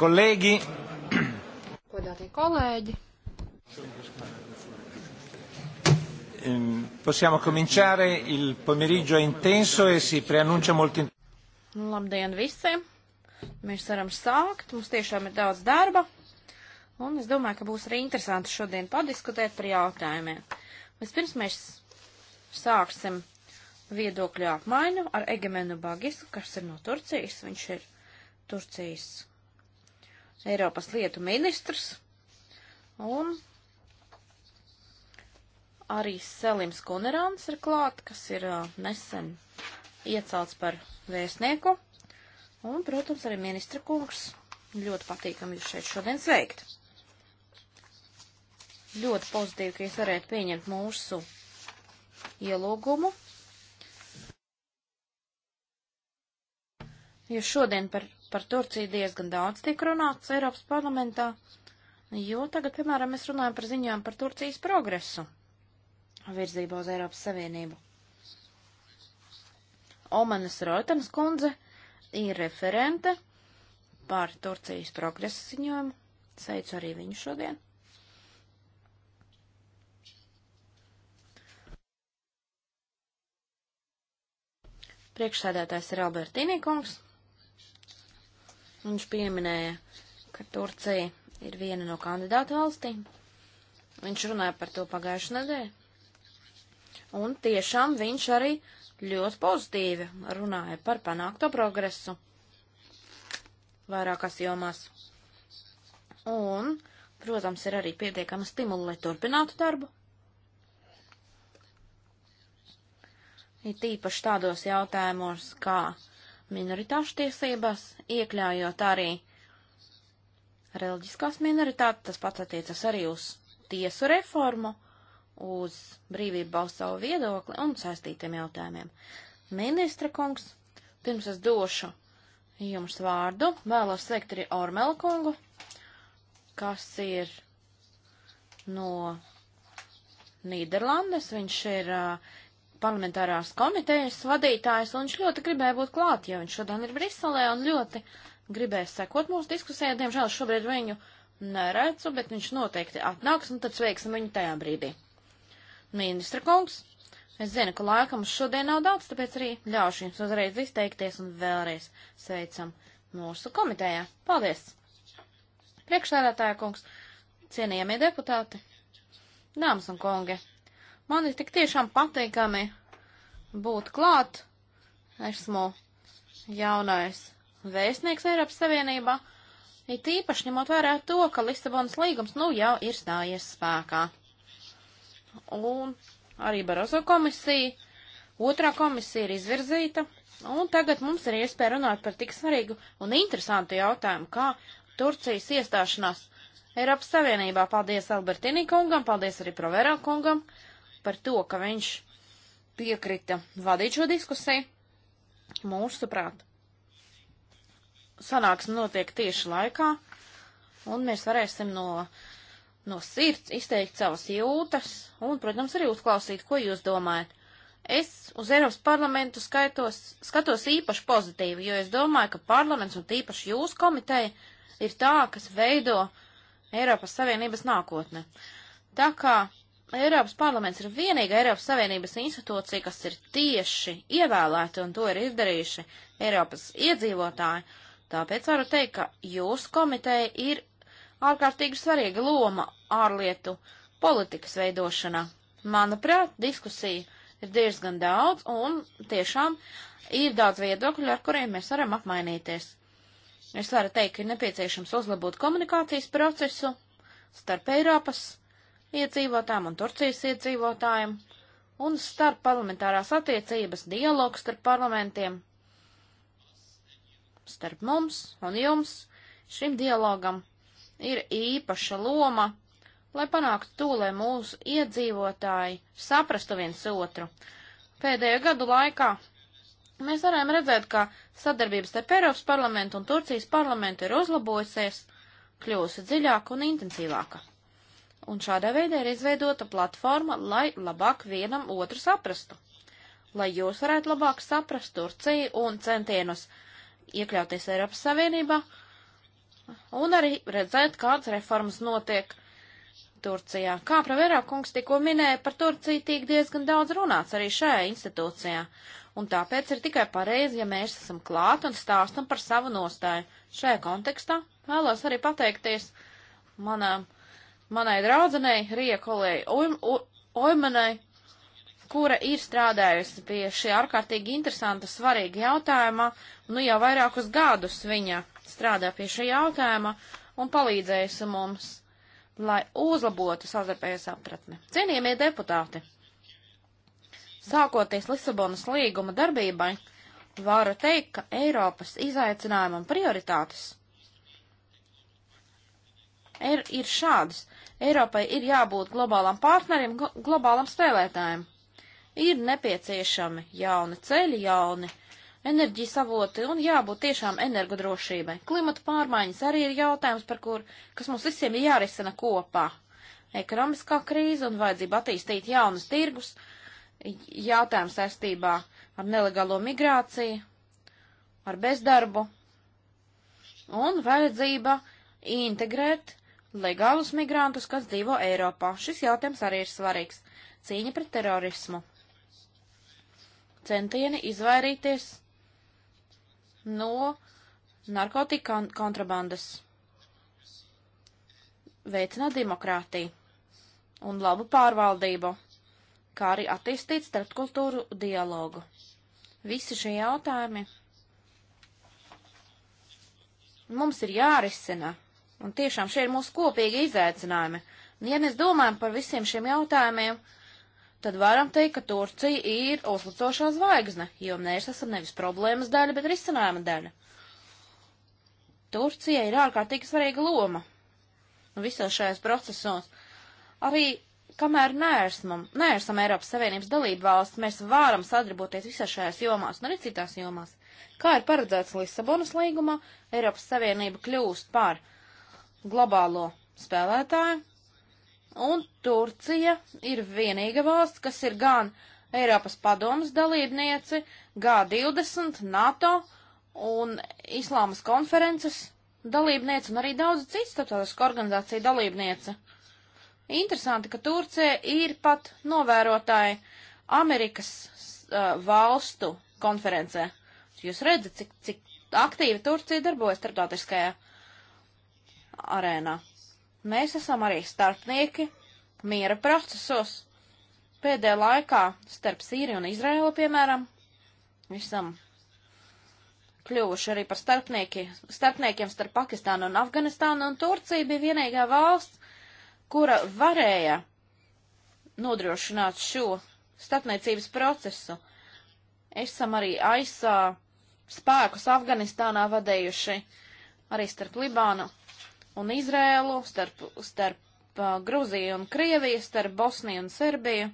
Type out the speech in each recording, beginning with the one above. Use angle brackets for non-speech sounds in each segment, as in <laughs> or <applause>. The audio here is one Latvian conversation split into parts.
Kolēģi! Godātie kolēģi! Ehm, possiamo cominciare, il pomeriggio è intenso e si preannuncia molto intenso. Nu, labdien visiem! Mēs varam sākt, mums tiešām ir daudz darba, un es domāju, ka būs arī interesanti šodien padiskutēt par jautājumiem. Vispirms mēs sāksim viedokļu apmaiņu ar Egemenu Bagisu, kas ir no Turcijas. Viņš ir Turcijas Eiropas lietu ministrs un arī Selims Kunerāns ir klāt, kas ir nesen iecelts par vēstnieku. Un, protams, arī ministra kungs. Ļoti patīkam jūs šeit šodien sveikt. Ļoti pozitīvi, ka jūs varētu pieņemt mūsu ielūgumu. Jūs šodien par Par Turciju diezgan daudz tiek runāts Eiropas parlamentā, jo tagad, piemēram, mēs runājam par ziņām par Turcijas progresu virzībā uz Eiropas Savienību. Omanas Rotens kundze ir referente par Turcijas progresa ziņojumu. Sveicu arī viņu šodien. Priekšsēdētājs ir Albertīnī kungs. Viņš pieminēja, ka Turcija ir viena no kandidātu valstīm. Viņš runāja par to pagājušajā nedēļā. Un tiešām viņš arī ļoti pozitīvi runāja par panākto progresu vairākās jomās. Un, protams, ir arī pietiekama stimula, lai turpinātu darbu. Ir tīpaši tādos jautājumos, kā minoritāšu tiesības, iekļaujot arī reliģiskās minoritātes, tas pats attiecas arī uz tiesu reformu, uz brīvību balst savu viedokli un saistītiem jautājumiem. Ministra kungs, pirms es došu jums vārdu, vēlos sveikt arī Ormela kungu, kas ir no Nīderlandes, viņš ir uh, parlamentārās komitejas vadītājs, un viņš ļoti gribēja būt klāt, jo viņš šodien ir Briselē un ļoti gribēja sekot mūsu diskusijai. Diemžēl šobrīd viņu neredzu, bet viņš noteikti atnāks, un tad sveiksim viņu tajā brīdī. Ministra kungs, es zinu, ka laika mums šodien nav daudz, tāpēc arī ļaušu jums uzreiz izteikties un vēlreiz sveicam mūsu komitejā. Paldies! Priekšsēdētāja kungs, cienījamie deputāti, dāmas un kungi! Man ir tik tiešām patīkami būt klāt. Esmu jaunais vēstnieks Eiropas Savienībā. It īpaši ņemot vērā to, ka Lisabonas līgums nu jau ir stājies spēkā. Un arī Barozo komisija, otrā komisija ir izvirzīta, un tagad mums ir iespēja runāt par tik svarīgu un interesantu jautājumu, kā Turcijas iestāšanās Eiropas Savienībā. Paldies Albertini kungam, paldies arī Proverā kungam. Uh, par to, ka viņš piekrita vadīt šo diskusiju. Mūsuprāt, sanāksme notiek tieši laikā, un mēs varēsim no, no sirds izteikt savas jūtas, un, protams, arī uzklausīt, ko jūs domājat. Es uz Eiropas parlamentu skaitos, skatos īpaši pozitīvi, jo es domāju, ka parlaments un tīpaši jūs komiteja ir tā, kas veido Eiropas Savienības nākotne. Tā kā Eiropas parlaments ir vienīga Eiropas Savienības institūcija, kas ir tieši ievēlēta, un to ir izdarījuši Eiropas iedzīvotāji. Tāpēc varu teikt, ka jūsu komiteja ir ārkārtīgi svarīga loma ārlietu politikas veidošanā. Manuprāt, diskusija ir diezgan daudz, un tiešām ir daudz viedokļu, ar kuriem mēs varam apmainīties. Es varu teikt, ka ir nepieciešams uzlabot komunikācijas procesu starp Eiropas iedzīvotājiem un Turcijas iedzīvotājiem un starp parlamentārās attiecības dialogs starp parlamentiem, starp mums un jums, šim dialogam ir īpaša loma, lai panāktu to, lai mūsu iedzīvotāji saprastu viens otru. Pēdējo gadu laikā mēs varējām redzēt, ka sadarbības starp Eiropas parlamentu un Turcijas parlamentu ir uzlabojusies, kļūsi dziļāka un intensīvāka. Un šādā veidā ir izveidota platforma, lai labāk vienam otru saprastu. Lai jūs varētu labāk saprast Turciju un centienus iekļauties Eiropas Savienībā un arī redzēt, kādas reformas notiek Turcijā. Kā Praverā kungs tikko minēja, par Turciju tiek diezgan daudz runāts arī šajā institūcijā, un tāpēc ir tikai pareizi, ja mēs esam klāt un stāstam par savu nostāju. Šajā kontekstā vēlos arī pateikties manām manai draudzenei, Rija kolēģi Oimanai, kura ir strādājusi pie šī ārkārtīgi interesanta, svarīga jautājuma. Nu jau vairākus gadus viņa strādā pie šī jautājuma un palīdzējusi mums, lai uzlabotu sazarpējas aptratni. Cienījamie deputāti, sākoties Lisabonas līguma darbībai, varu teikt, ka Eiropas izaicinājumi un prioritātes ir, ir šādas. Eiropai ir jābūt globālam partnerim, globālam spēlētājiem. Ir nepieciešami jauni ceļi, jauni enerģijas avoti un jābūt tiešām energodrošībai. Klimata pārmaiņas arī ir jautājums, par kur, kas mums visiem ir jārisina kopā. Ekonomiskā krīze un vajadzība attīstīt jaunus tirgus, jautājums saistībā ar nelegālo migrāciju, ar bezdarbu un vajadzība integrēt legālus migrantus, kas dzīvo Eiropā. Šis jautājums arī ir svarīgs. Cīņa pret terorismu. Centieni izvairīties no narkotika kontrabandas. Veicināt demokrātiju un labu pārvaldību, kā arī attīstīt starpkultūru dialogu. Visi šie jautājumi mums ir jārisina. Un tiešām šie ir mūsu kopīgi izaicinājumi. Un ja mēs domājam par visiem šiem jautājumiem, tad varam teikt, ka Turcija ir uzlicošā zvaigzne, jo mēs esam nevis problēmas daļa, bet risinājuma daļa. Turcija ir ārkārtīgi svarīga loma visos šajos procesos. Arī kamēr neesam, neesam Eiropas Savienības dalība valsts, mēs varam sadarboties visās šajās jomās un arī citās jomās. Kā ir paredzēts Lisabonas līgumā, Eiropas Savienība kļūst par globālo spēlētāju, un Turcija ir vienīga valsts, kas ir gan Eiropas padomas dalībnieci, G20, NATO un Islāmas konferences dalībniece un arī daudz citu starptautisku organizāciju dalībniece. Interesanti, ka Turcija ir pat novērotāji Amerikas uh, valstu konferencē. Jūs redzat, cik, cik aktīvi Turcija darbojas starptautiskajā arēnā. Mēs esam arī starpnieki miera procesos. Pēdējā laikā starp Sīriju un Izraēlu, piemēram, esam kļuvuši arī par starpnieki, starpniekiem starp Pakistānu un Afganistānu, un Turcija bija vienīgā valsts, kura varēja nodrošināt šo starpniecības procesu. Esam arī aizsā spēkus Afganistānā vadējuši, arī starp Libānu un Izrēlu, starp, starp uh, Gruziju un Krieviju, starp Bosniju un Serbiju.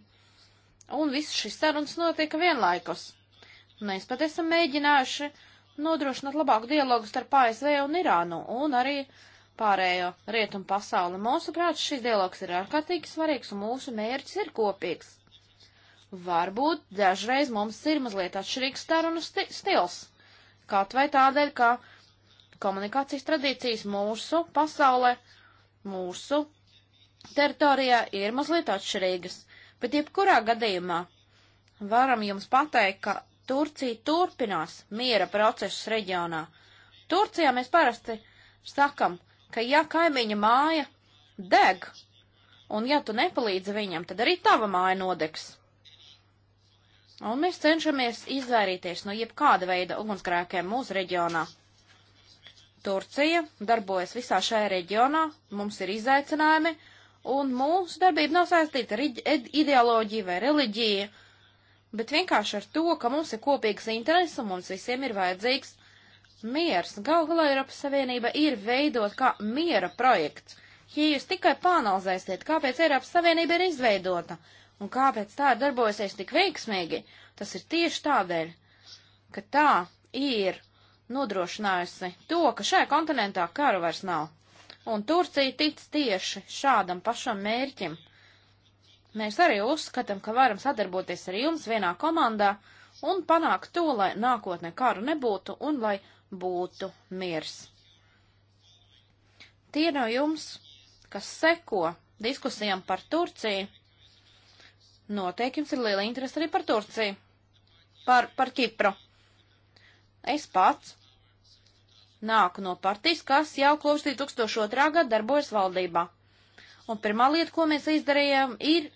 Un viss šis sarunas notika vienlaikus. Mēs pat esam mēģinājuši nodrošināt labāku dialogu starp ASV un Irānu un arī pārējo rietumu pasauli. Mūsuprāt, šis dialogs ir ārkārtīgi svarīgs un mūsu mērķis ir kopīgs. Varbūt dažreiz mums ir mazliet atšķirīgs sarunas stils. Kaut vai tādēļ, ka komunikācijas tradīcijas mūsu pasaulē, mūsu teritorijā ir mazliet atšķirīgas, bet jebkurā gadījumā varam jums pateikt, ka Turcija turpinās miera procesus reģionā. Turcijā mēs parasti sakam, ka ja kaimiņa māja deg, un ja tu nepalīdzi viņam, tad arī tava māja nodegs. Un mēs cenšamies izvairīties no jebkāda veida ugunsgrēkiem mūsu reģionā. Turcija darbojas visā šajā reģionā, mums ir izaicinājumi, un mūsu darbība nav saistīta ar ideoloģiju vai reliģiju, bet vienkārši ar to, ka mums ir kopīgs interesi un mums visiem ir vajadzīgs miers. Galu galā Eiropas Savienība ir veidot kā miera projekts. Ja jūs tikai pāanalizēsiet, kāpēc Eiropas Savienība ir izveidota un kāpēc tā ir darbojasies tik veiksmīgi, tas ir tieši tādēļ, ka tā ir nodrošinājusi to, ka šajā kontinentā kara vairs nav. Un Turcija tic tieši šādam pašam mērķim. Mēs arī uzskatām, ka varam sadarboties ar jums vienā komandā un panākt to, lai nākotnē karu nebūtu un lai būtu miers. Tie no jums, kas seko diskusijām par Turciju, noteikti jums ir liela interese arī par Turciju, par, par Kipru. Es pats nāku no partijas, kas jau kopš 2002. gada darbojas valdībā. Un pirmā lieta, ko mēs izdarījām, ir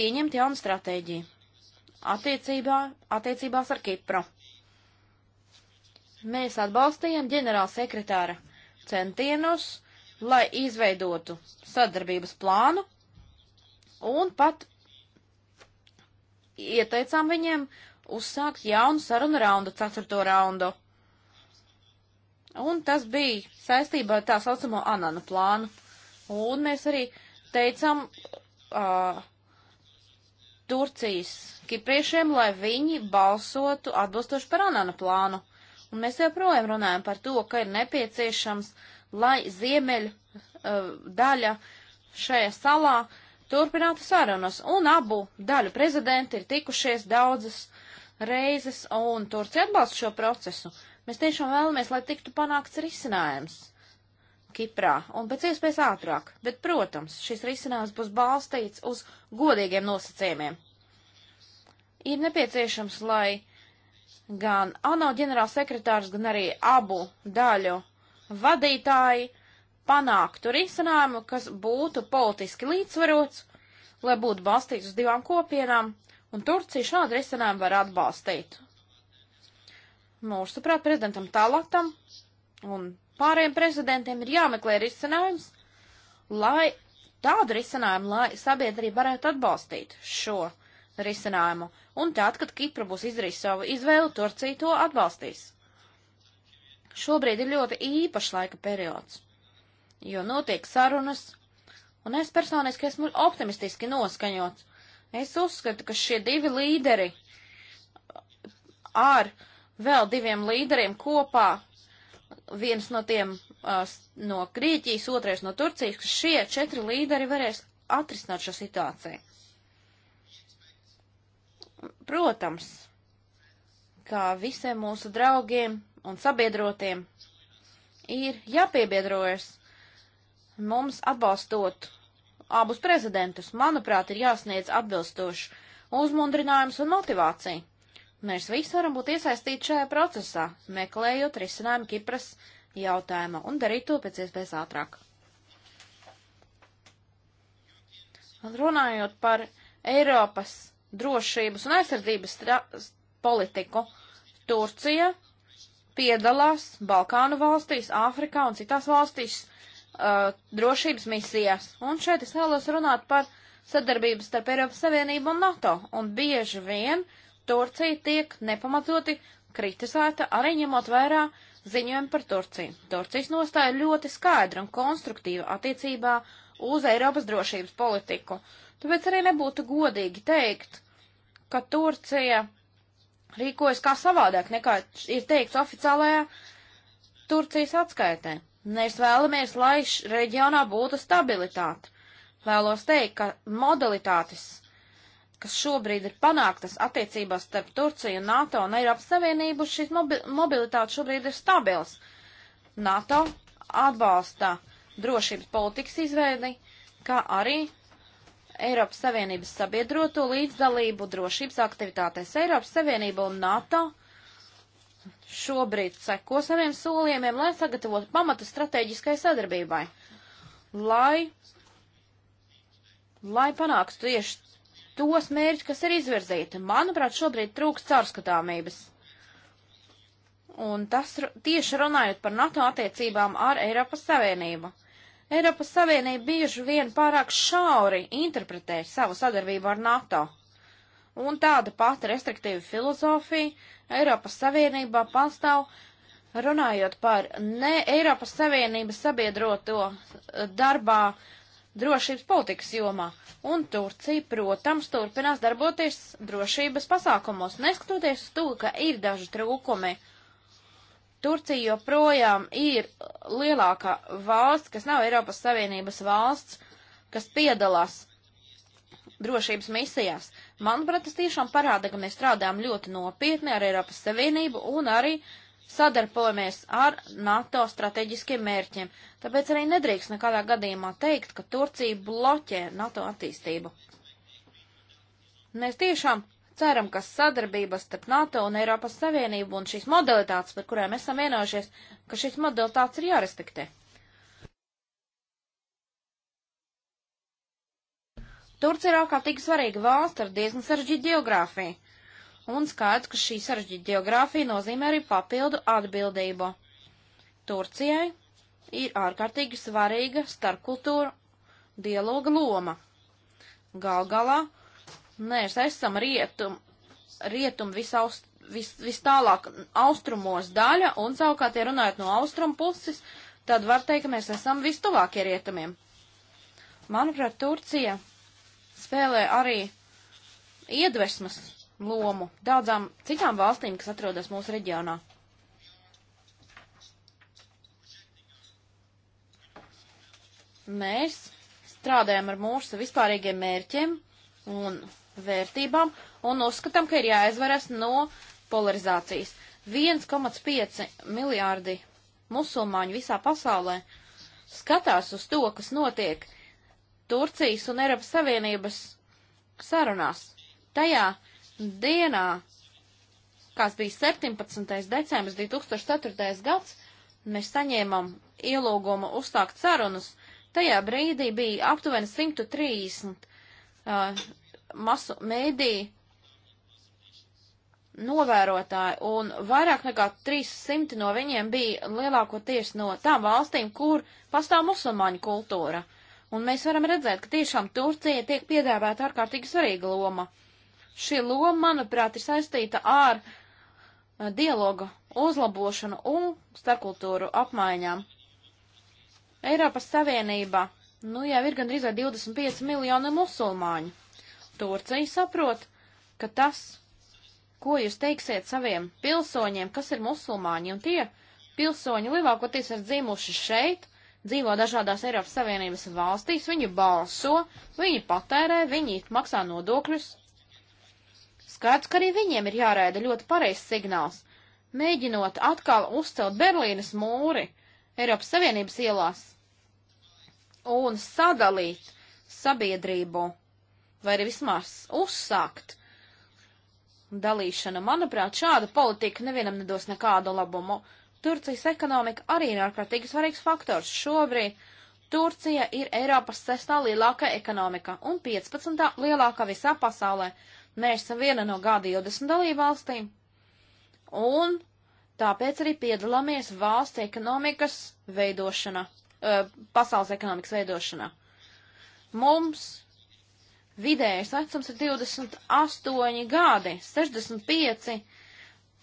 pieņemt jaunu stratēģiju attiecībā, attiecībās ar Kipru. Mēs atbalstījām ģenerāla sekretāra centienus, lai izveidotu sadarbības plānu un pat ieteicām viņiem uzsākt jaunu sarunu raundu, ceturto raundu. Un tas bija saistībā ar tā saucamo Anana plānu. Un mēs arī teicām uh, Turcijas kipriešiem, lai viņi balsotu atbilstoši par Anana plānu. Un mēs joprojām runājam par to, ka ir nepieciešams, lai ziemeļu uh, daļa šajā salā turpinātu sarunas. Un abu daļu prezidenti ir tikušies daudzas reizes, un Turcija atbalsta šo procesu. Mēs tiešām vēlamies, lai tiktu panākts risinājums Kiprā, un pēc iespējas ātrāk. Bet, protams, šis risinājums būs balstīts uz godīgiem nosacījumiem. Ir nepieciešams, lai gan ANO ģenerālsekretārs, gan arī abu daļu vadītāji panāktu risinājumu, kas būtu politiski līdzsvarots, lai būtu balstīts uz divām kopienām, Un Turcija šādu risinājumu var atbalstīt. Mūsuprāt, nu, prezidentam Talatam un pārējiem prezidentiem ir jāmeklē risinājums, lai tādu risinājumu, lai sabiedrība varētu atbalstīt šo risinājumu. Un tad, kad Kipra būs izdarījusi savu izvēli, Turcija to atbalstīs. Šobrīd ir ļoti īpašs laika periods, jo notiek sarunas, un es personiski esmu optimistiski noskaņots Es uzskatu, ka šie divi līderi ar vēl diviem līderiem kopā, viens no tiem uh, no Grieķijas, otrais no Turcijas, ka šie četri līderi varēs atrisināt šo situāciju. Protams, kā visiem mūsu draugiem un sabiedrotiem ir jāpiebiedrojas mums atbalstot abus prezidentus, manuprāt, ir jāsniedz atbilstošs uzmundrinājums un motivācija. Mēs visi varam būt iesaistīti šajā procesā, meklējot risinājumu Kipras jautājuma un darīt to pēc iespējas ātrāk. Runājot par Eiropas drošības un aizsardzības politiku, Turcija piedalās Balkānu valstīs, Āfrikā un citās valstīs uh, drošības misijās. Un šeit es vēlos runāt par sadarbību starp Eiropas Savienību un NATO. Un bieži vien Turcija tiek nepamatoti kritizēta, arī ņemot vērā ziņojumu par Turciju. Turcijas nostāja ļoti skaidra un konstruktīva attiecībā uz Eiropas drošības politiku. Tāpēc arī nebūtu godīgi teikt, ka Turcija rīkojas kā savādāk nekā ir teikts oficiālajā Turcijas atskaitē. Mēs vēlamies, lai reģionā būtu stabilitāte. Vēlos teikt, ka modalitātes, kas šobrīd ir panāktas attiecībās starp Turciju, NATO un Eiropas Savienību, šīs mobi mobilitāte šobrīd ir stabils. NATO atbalsta drošības politikas izveidi, kā arī Eiropas Savienības sabiedroto līdzdalību drošības aktivitātēs. Eiropas Savienība un NATO šobrīd seko saviem solījumiem, lai sagatavotu pamatu strateģiskai sadarbībai, lai, lai panāktu tieši tos mērķus, kas ir izvirzīti. Manuprāt, šobrīd trūks caurskatāmības. Un tas tieši runājot par NATO attiecībām ar Eiropas Savienību. Eiropas Savienība bieži vien pārāk šauri interpretē savu sadarbību ar NATO. Un tāda pati restriktīva filozofija Eiropas Savienībā pastāv runājot par ne Eiropas Savienības sabiedroto eh, darbā drošības politikas jomā. Un Turcija, protams, turpinās darboties drošības pasākumos, neskatoties uz to, ka ir daži trūkumi. Turcija joprojām ir lielākā valsts, kas nav Eiropas Savienības valsts, kas piedalās drošības misijās. Manuprāt, tas tiešām parāda, ka mēs strādājam ļoti nopietni ar Eiropas Savienību un arī sadarbojamies ar NATO strateģiskiem mērķiem. Tāpēc arī nedrīkst nekādā gadījumā teikt, ka Turcija bloķē NATO attīstību. Mēs tiešām ceram, ka sadarbības starp NATO un Eiropas Savienību un šīs modalitātes, par kurām esam vienojušies, ka šīs modalitātes ir jārespektē. Turcija ir ārkārtīgi svarīga valsts ar diezgan sarežģītu geogrāfiju, un skaidrs, ka šī sarežģīta geogrāfija nozīmē arī papildu atbildību. Turcijai ir ārkārtīgi svarīga starpkultūra dialoga loma. Gal galā mēs esam rietum, rietum visaust, vis, vis tālāk austrumos daļa, un savukārt, ja runājot no austrumu puses, tad var teikt, ka mēs esam vistuvākie rietumiem. Manuprāt, Turcija spēlē arī iedvesmas lomu daudzām citām valstīm, kas atrodas mūsu reģionā. Mēs strādājam ar mūsu vispārīgiem mērķiem un vērtībām un uzskatām, ka ir jāizveras no polarizācijas. 1,5 miljārdi musulmaņu visā pasaulē skatās uz to, kas notiek Turcijas un Eiropas Savienības sarunās. Tajā dienā, kas bija 17. decembris 2004. gads, mēs saņēmām ielūgumu uzsākt sarunas. Tajā brīdī bija aptuveni 130 uh, masu mēdī novērotāji, un vairāk nekā 300 no viņiem bija lielākoties no tām valstīm, kur pastāv musulmaņu kultūra. Un mēs varam redzēt, ka tiešām Turcija tiek piedāvāta ārkārtīgi svarīga loma. Šī loma, manuprāt, ir saistīta ar eh, dialoga uzlabošanu un starpkultūru apmaiņām. Eiropas Savienībā nu jau ir gandrīz 25 miljoni musulmaņu. Turcija saprot, ka tas, ko jūs teiksiet saviem pilsoņiem, kas ir musulmaņi, un tie pilsoņi nu, lielākoties ir dzimuši šeit, dzīvo dažādās Eiropas Savienības valstīs, viņi balso, viņi patērē, viņi maksā nodokļus. Skaidrs, ka arī viņiem ir jāraida ļoti pareizs signāls, mēģinot atkal uzcelt Berlīnas mūri Eiropas Savienības ielās un sadalīt sabiedrību, vai arī vismaz uzsākt dalīšana. Manuprāt, šāda politika nevienam nedos nekādu labumu. Turcijas ekonomika arī ir ārkārtīgi svarīgs faktors. Šobrīd Turcija ir Eiropas sestā lielākā ekonomika un 15. lielākā visā pasaulē. Mēs esam viena no G20 dalībvalstīm. Un tāpēc arī piedalāmies valsts ekonomikas veidošanā, e, pasaules ekonomikas veidošanā. Mums vidējais vecums ir 28 gadi, 65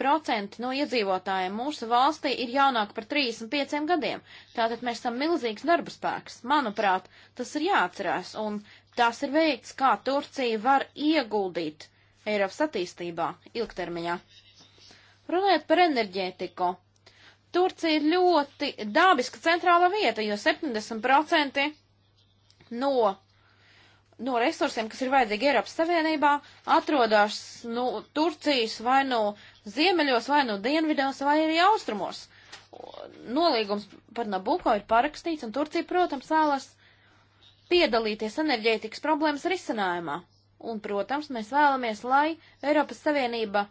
30% no iedzīvotājiem mūsu valstī ir jaunāki par 35 gadiem. Tātad mēs esam milzīgs darba spēks. Manuprāt, tas ir jāatcerās, un tas ir veids, kā Turcija var ieguldīt Eiropas attīstībā ilgtermiņā. Runājot par enerģētiku, Turcija ir ļoti dabiska centrāla vieta, jo 70% no no resursiem, kas ir vajadzīgi Eiropas Savienībā, atrodas nu, Turcijas vai nu ziemeļos, vai nu dienvidos, vai arī austrumos. Nolīgums par Nabuko ir parakstīts, un Turcija, protams, vēlas piedalīties enerģētikas problēmas risinājumā. Un, protams, mēs vēlamies, lai Eiropas Savienība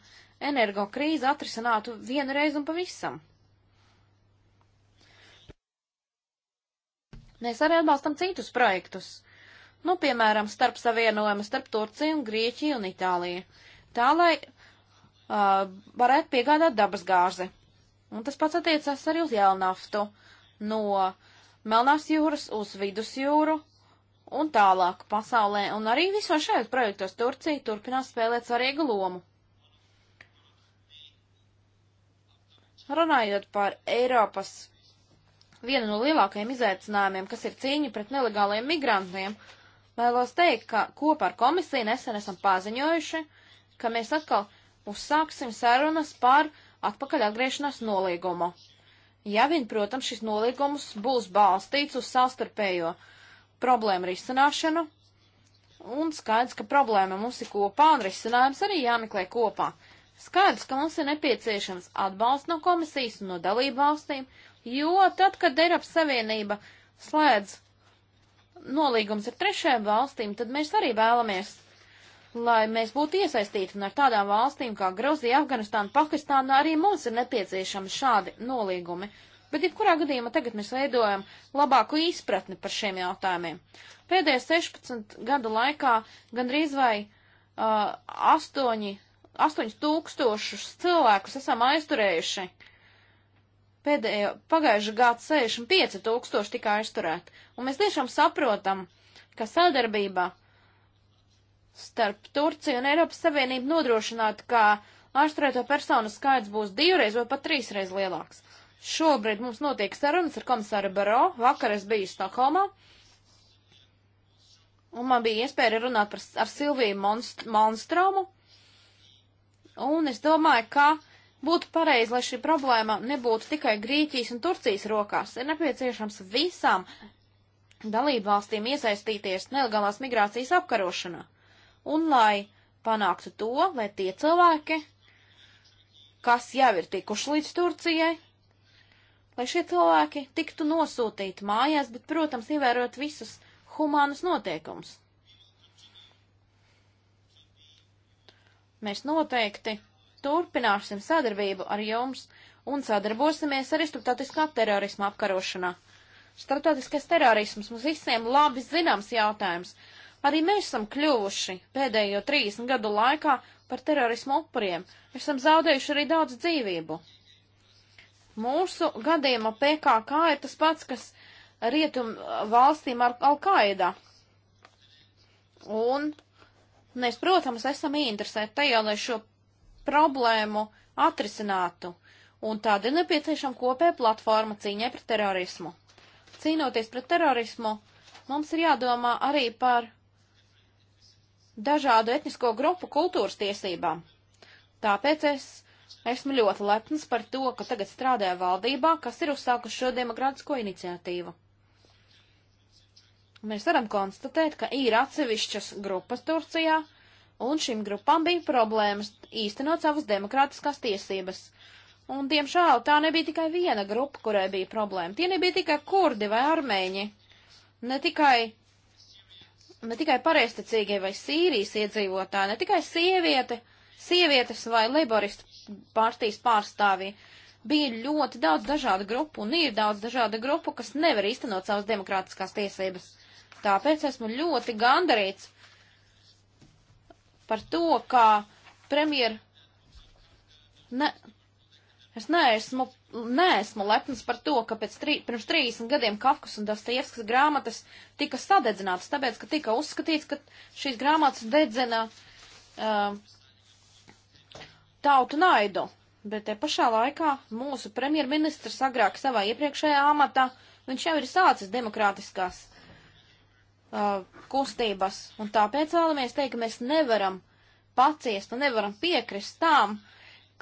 energo krīzi atrisinātu vienreiz un pavisam. Mēs arī atbalstam citus projektus nu, piemēram, starp savienojumu starp Turciju, un Grieķiju un Itāliju, tā lai uh, varētu piegādāt dabas gāzi. Un tas pats attiecas arī uz jēlnaftu no Melnās jūras uz Vidusjūru un tālāk pasaulē, un arī visos šajos projektos Turcija turpinās spēlēt svarīgu lomu. Runājot par Eiropas vienu no lielākajiem izaicinājumiem, kas ir cīņa pret nelegāliem migrantiem, uh, Vēlos teikt, ka kopā ar komisiju nesen esam paziņojuši, ka mēs atkal uzsāksim sarunas par atpakaļ atgriešanās nolīgumu. Ja vien, protams, šis nolīgums būs balstīts uz savstarpējo problēmu risināšanu, un skaidrs, ka problēma mums ir kopā un risinājums arī jāmeklē kopā. Skaidrs, ka mums ir nepieciešams atbalsts no komisijas un no dalību valstīm, jo tad, kad Eiropas Savienība slēdz nolīgums ar trešajām valstīm, tad mēs arī vēlamies, lai mēs būtu iesaistīti un ar tādām valstīm kā Gruzija, Afganistāna, Pakistāna arī mums ir nepieciešami šādi nolīgumi. Bet, ja kurā gadījumā tagad mēs veidojam labāku izpratni par šiem jautājumiem. Pēdējos 16 gadu laikā gandrīz vai uh, 8, 8 tūkstošus cilvēkus esam aizturējuši uh, Pēdējo pagājušā gada 65 tūkstoši tika aizturēti. Un mēs tiešām saprotam, ka sadarbībā starp Turciju un Eiropas Savienību nodrošināt, ka ārstrēto personu skaits būs divreiz vai pat trīsreiz lielāks. Šobrīd mums notiek sarunas ar komisāru Baro, vakar es biju Stokholmā, un man bija iespēja runāt par, ar Silviju Monst Monstromu, un es domāju, ka Būtu pareizi, lai šī problēma nebūtu tikai Grieķijas un Turcijas rokās. Ir nepieciešams visām dalībvalstīm iesaistīties nelegālās migrācijas apkarošanā. Un lai panāktu to, lai tie cilvēki, kas jau ir tikuši līdz Turcijai, lai šie cilvēki tiktu nosūtīti mājās, bet, protams, ievērot visus humānus noteikumus. Mēs noteikti turpināsim sadarbību ar jums un sadarbosimies arī starptautiskā terorisma apkarošanā. Startautiskais terorisms mums visiem labi zināms jautājums. Arī mēs esam kļuvuši pēdējo 30 gadu laikā par terorismu upuriem. Mēs esam zaudējuši arī daudz dzīvību. Mūsu gadījumā PKK ir tas pats, kas rietum valstīm ar Al-Qaeda. Un mēs, protams, esam interesēti tajā, lai šo problēmu atrisinātu, un tāda ir nepieciešama kopēja platforma cīņai pret terorismu. Cīnoties pret terorismu, mums ir jādomā arī par dažādu etnisko grupu kultūras tiesībām. Tāpēc es esmu ļoti lepns par to, ka tagad strādāju valdībā, kas ir uzsākusi šo demokrātisko iniciatīvu. Mēs varam konstatēt, ka ir atsevišķas grupas Turcijā, un šīm grupām bija problēmas īstenot savas demokrātiskās tiesības. Un, diemžēl, tā nebija tikai viena grupa, kurai bija problēma. Tie nebija tikai kurdi vai armēņi, ne tikai, ne tikai pareisticīgie vai sīrijas iedzīvotāji, ne tikai sieviete, sievietes vai laboristu partijas pārstāvji. Bija ļoti daudz dažādu grupu, un ir daudz dažādu grupu, kas nevar īstenot savas demokrātiskās tiesības. Tāpēc esmu ļoti gandarīts, par to, kā premjer. Ne, es neesmu, neesmu lepns par to, ka pēc tri, pirms 30 gadiem Kafkas un Dostoevskas grāmatas tika sadedzinātas, tāpēc, ka tika uzskatīts, ka šīs grāmatas dedzina uh, tautu naidu. Bet te pašā laikā mūsu premjerministrs agrāk savā iepriekšējā amatā, viņš jau ir sācis demokrātiskās uh, kustības. Un tāpēc vēlamies teikt, ka mēs nevaram paciest un nevaram piekrist tām,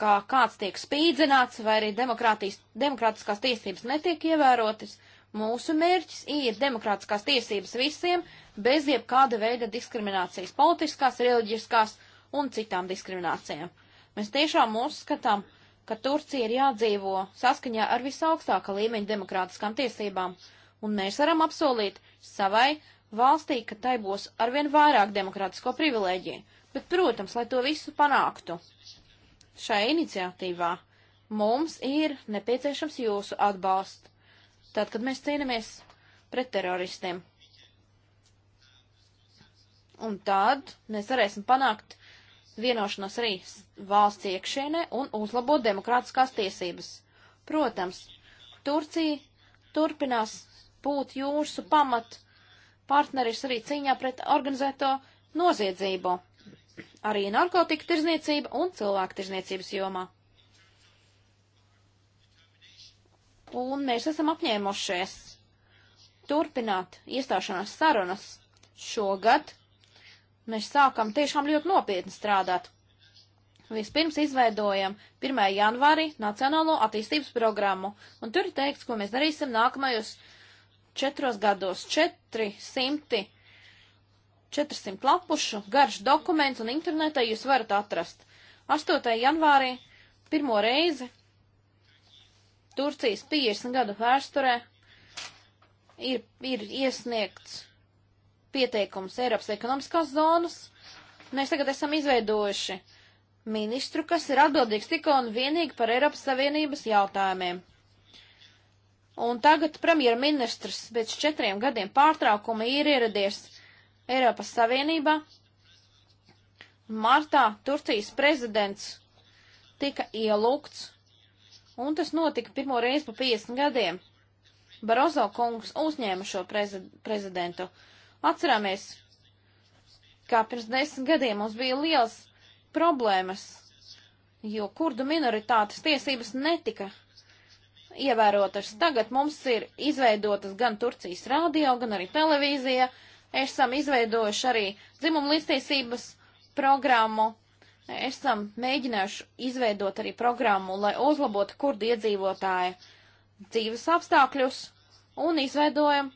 ka kāds tiek spīdzināts vai arī demokrātiskās tiesības netiek ievērotas. Mūsu mērķis ir demokrātiskās tiesības visiem, bez jebkāda veida diskriminācijas, politiskās, reliģiskās un citām diskriminācijām. Mēs tiešām uzskatām, ka Turcija ir jādzīvo saskaņā ar visaugstākā līmeņa demokrātiskām tiesībām, un mēs varam apsolīt savai valstī, ka tai būs arvien vairāk demokrātisko privilēģiju. Bet, protams, lai to visu panāktu šajā iniciatīvā, mums ir nepieciešams jūsu atbalsts. Tad, kad mēs cīnāmies pret teroristiem. Un tad mēs varēsim panākt vienošanos arī valsts iekšienē un uzlabot demokrātiskās tiesības. Protams, Turcija turpinās būt jūsu pamat partneris arī cīņā pret organizēto noziedzību, arī narkotika tirzniecība un cilvēku tirzniecības jomā. Un mēs esam apņēmušies turpināt iestāšanās sarunas šogad. Mēs sākam tiešām ļoti nopietni strādāt. Vispirms izveidojam 1. janvāri Nacionālo attīstības programmu, un tur ir teikts, ko mēs darīsim nākamajos četros gados 400, 400 lapušu garš dokuments un internetā jūs varat atrast. 8. janvārī pirmo reizi Turcijas 50 gadu vēsturē ir, ir iesniegts pieteikums Eiropas ekonomiskās zonas. Mēs tagad esam izveidojuši ministru, kas ir atbildīgs tikai un vienīgi par Eiropas Savienības jautājumiem. Un tagad premjerministrs pēc četriem gadiem pārtraukuma ir ieradies Eiropas Savienībā. Martā Turcijas prezidents tika ielūgts, un tas notika pirmo reizi pa 50 gadiem. Barozo kungs uzņēma šo prezi prezidentu. Atcerāmies, kā pirms desmit gadiem mums bija liels problēmas, jo kurdu minoritātes tiesības netika ievērotas. Tagad mums ir izveidotas gan Turcijas rādio, gan arī televīzija. Esam izveidojuši arī dzimumu līdztiesības programmu. Esam mēģinājuši izveidot arī programmu, lai uzlabotu kurdu iedzīvotāju dzīves apstākļus un izveidojam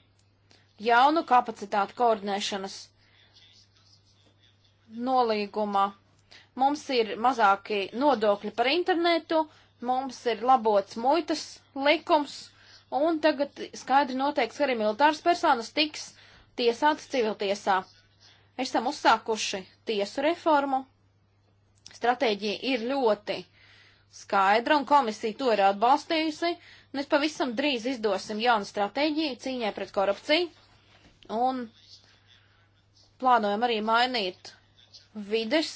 jaunu kapacitātu koordinēšanas nolīgumā. Mums ir mazāki nodokļi par internetu, mums ir labots muitas likums, un tagad skaidri noteikts, ka arī militārs personas tiks tiesāts civiltiesā. Esam uzsākuši tiesu reformu. Stratēģija ir ļoti skaidra, un komisija to ir atbalstījusi. Mēs pavisam drīz izdosim jaunu stratēģiju cīņai pret korupciju, un plānojam arī mainīt vides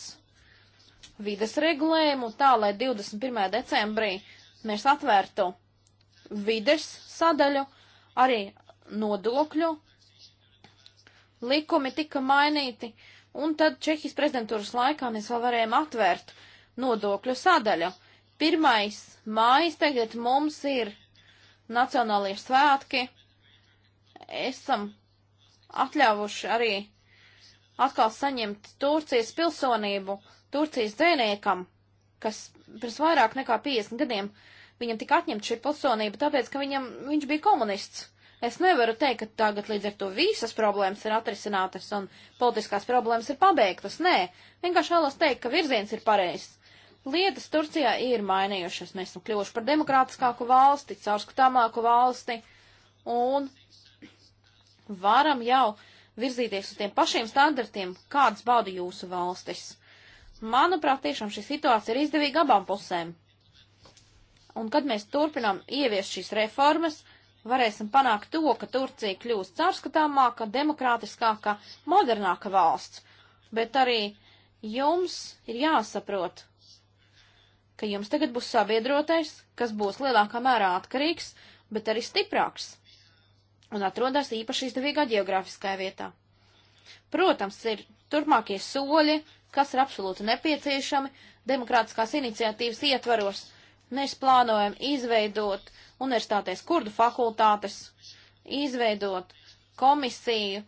vides regulējumu tā, lai 21. decembrī mēs atvērtu vides sadaļu, arī nodokļu likumi tika mainīti, un tad Čehijas prezidentūras laikā mēs vēl varējām atvērt nodokļu sadaļu. Pirmais mājas tagad mums ir nacionālie svētki. Esam atļāvuši arī atkal saņemt Turcijas pilsonību Turcijas dzēniekam, kas pirms vairāk nekā 50 gadiem viņam tika atņemta šī pilsonība, tāpēc, ka viņam, viņš bija komunists. Es nevaru teikt, ka tagad līdz ar to visas problēmas ir atrisinātas un politiskās problēmas ir pabeigtas. Nē, vienkārši vēlos teikt, ka virziens ir pareizs. Lietas Turcijā ir mainījušas. Mēs esam kļuvuši par demokrātiskāku valsti, caurskatāmāku valsti un varam jau virzīties uz tiem pašiem standartiem, kādas bauda jūsu valstis. Manuprāt, tiešām šī situācija ir izdevīga abām pusēm. Un kad mēs turpinām ieviest šīs reformas, varēsim panākt to, ka Turcija kļūst caurskatāmāka, demokrātiskāka, modernāka valsts. Bet arī jums ir jāsaprot, ka jums tagad būs sabiedrotais, kas būs lielākā mērā atkarīgs, bet arī stiprāks un atrodas īpaši izdevīgā geogrāfiskajā vietā. Protams, ir turpmākie soļi, kas ir absolūti nepieciešami demokrātiskās iniciatīvas ietvaros. Mēs plānojam izveidot universitātēs kurdu fakultātes, izveidot komisiju,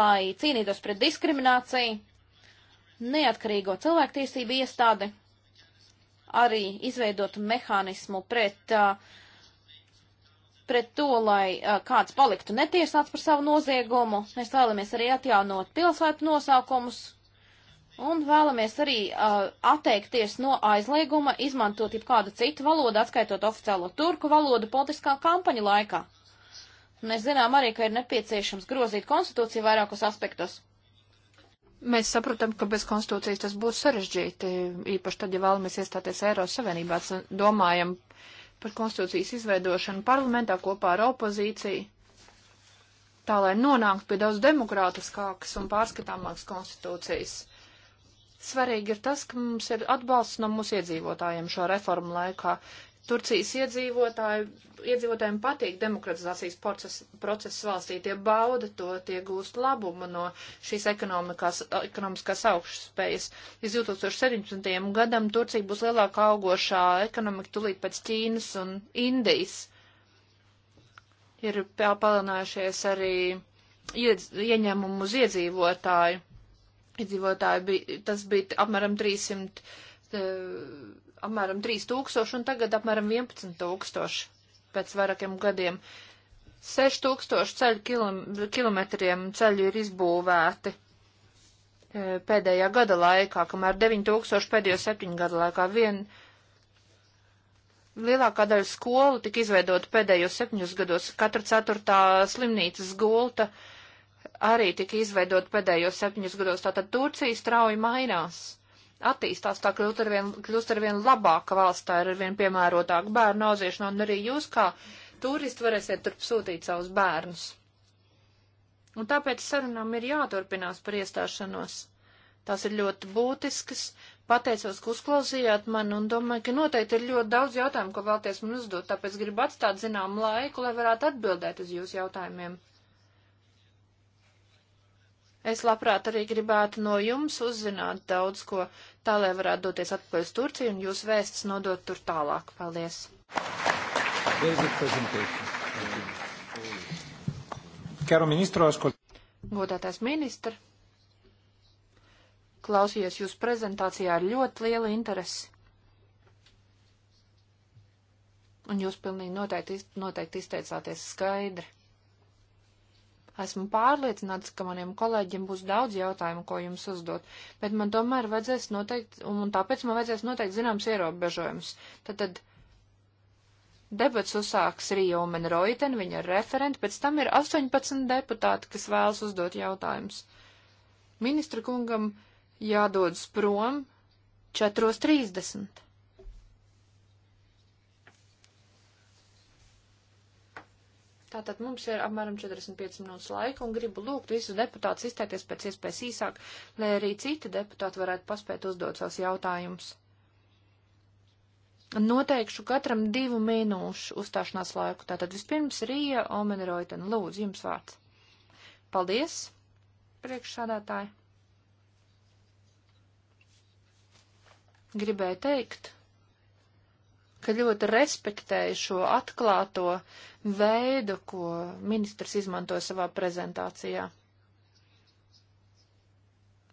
lai cīnītos pret diskrimināciju, neatkarīgo cilvēktiesību iestādi, arī izveidot mehānismu pret, uh, pret to, lai uh, kāds paliktu netiesāts par savu noziegumu. Mēs vēlamies arī atjaunot pilsētu nosaukumus, Un vēlamies arī uh, atteikties no aizlieguma izmantot jau kādu citu valodu, atskaitot oficiālo turku valodu politiskā kampaņa laikā. Mēs zinām arī, ka ir nepieciešams grozīt konstitūciju vairākos aspektos. Mēs saprotam, ka bez konstitūcijas tas būs sarežģīti, īpaši tad, ja vēlamies iestāties Eiropas Savienībā, domājam par konstitūcijas izveidošanu parlamentā kopā ar opozīciju, tā lai nonāktu pie daudz demokrātiskākas un pārskatāmākas konstitūcijas. Svarīgi ir tas, ka mums ir atbalsts no mūsu iedzīvotājiem šo reformu laikā. Turcijas iedzīvotāji, iedzīvotājiem patīk demokratizācijas process, process valstī, tie bauda to, tie gūst labumu no šīs ekonomiskās augšspējas. Līdz 2017. gadam Turcija būs lielākā augošā ekonomika tulīt pēc Ķīnas un Indijas. Ir palielinājušies arī iedz, ieņēmumu uz iedzīvotāju iedzīvotāji, bija, tas bija apmēram 300, eh, apmēram 3000 un tagad apmēram 11000 pēc vairākiem gadiem. 6000 ceļu kilom, kilometriem ceļu ir izbūvēti eh, pēdējā gada laikā, kamēr 9000 pēdējo septiņu gadu laikā vien lielākā daļa skolu tika izveidota pēdējos septiņus gados. Katra ceturtā slimnīcas gulta uh, arī tika izveidot pēdējos septiņus gados. Tātad Turcija strauji mainās, attīstās, tā kļūst arvien, kļūst arvien labāka valsts, tā ir arvien piemērotāka bērnu auzīšanā, un arī jūs kā turisti varēsiet turp sūtīt savus bērnus. Un tāpēc sarunām ir jāturpinās par iestāšanos. Tās ir ļoti būtiskas. Pateicos, ka uzklausījāt mani un domāju, ka noteikti ir ļoti daudz jautājumu, ko vēlties man uzdot, tāpēc gribu atstāt zinām laiku, lai varētu atbildēt uz jūsu jautājumiem. Es labprāt arī gribētu no jums uzzināt daudz ko, tā lai varētu doties atpakaļ uz Turciju un jūs vēstis nodot tur tālāk. Paldies! Godātais ministra, klausījos jūsu prezentācijā ar ļoti lielu interesi. Un jūs pilnīgi noteikti, noteikti izteicāties skaidri. Esmu pārliecināts, ka maniem kolēģiem būs daudz jautājumu, ko jums uzdot, bet man tomēr vajadzēs noteikt, un tāpēc man vajadzēs noteikt zināms ierobežojums. Tad, tad debats uzsāks Rija Omen Roiten, viņa ir referenti, pēc tam ir 18 deputāti, kas vēlas uzdot jautājumus. Ministra kungam jādodas prom 4.30. Tātad mums ir apmēram 45 minūtes laika un gribu lūgt visus deputātus izteikties pēc iespējas īsāk, lai arī citi deputāti varētu paspēt uzdot savus jautājumus. Noteikšu katram divu minūšu uzstāšanās laiku. Tātad vispirms Rija Omenroitena. Lūdzu, jums vārds. Paldies, priekšsādātāji. Gribēju teikt ka ļoti respektēju šo atklāto veidu, ko ministrs izmantoja savā prezentācijā.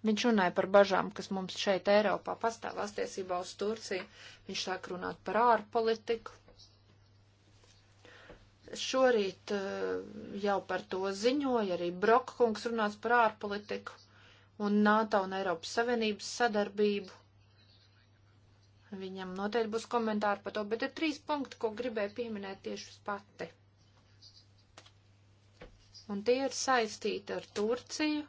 Viņš runāja par bažām, kas mums šeit Eiropā pastāv attiecībā uz Turciju. Viņš sāk runāt par ārpolitiku. Šorīt eh, jau par to ziņoja arī Brokkungs runāts par ārpolitiku un NATO un Eiropas Savienības sadarbību Viņam noteikti būs komentāri par to, bet ir trīs punkti, ko gribēju pieminēt tieši uz pati. Un tie ir saistīti ar Turciju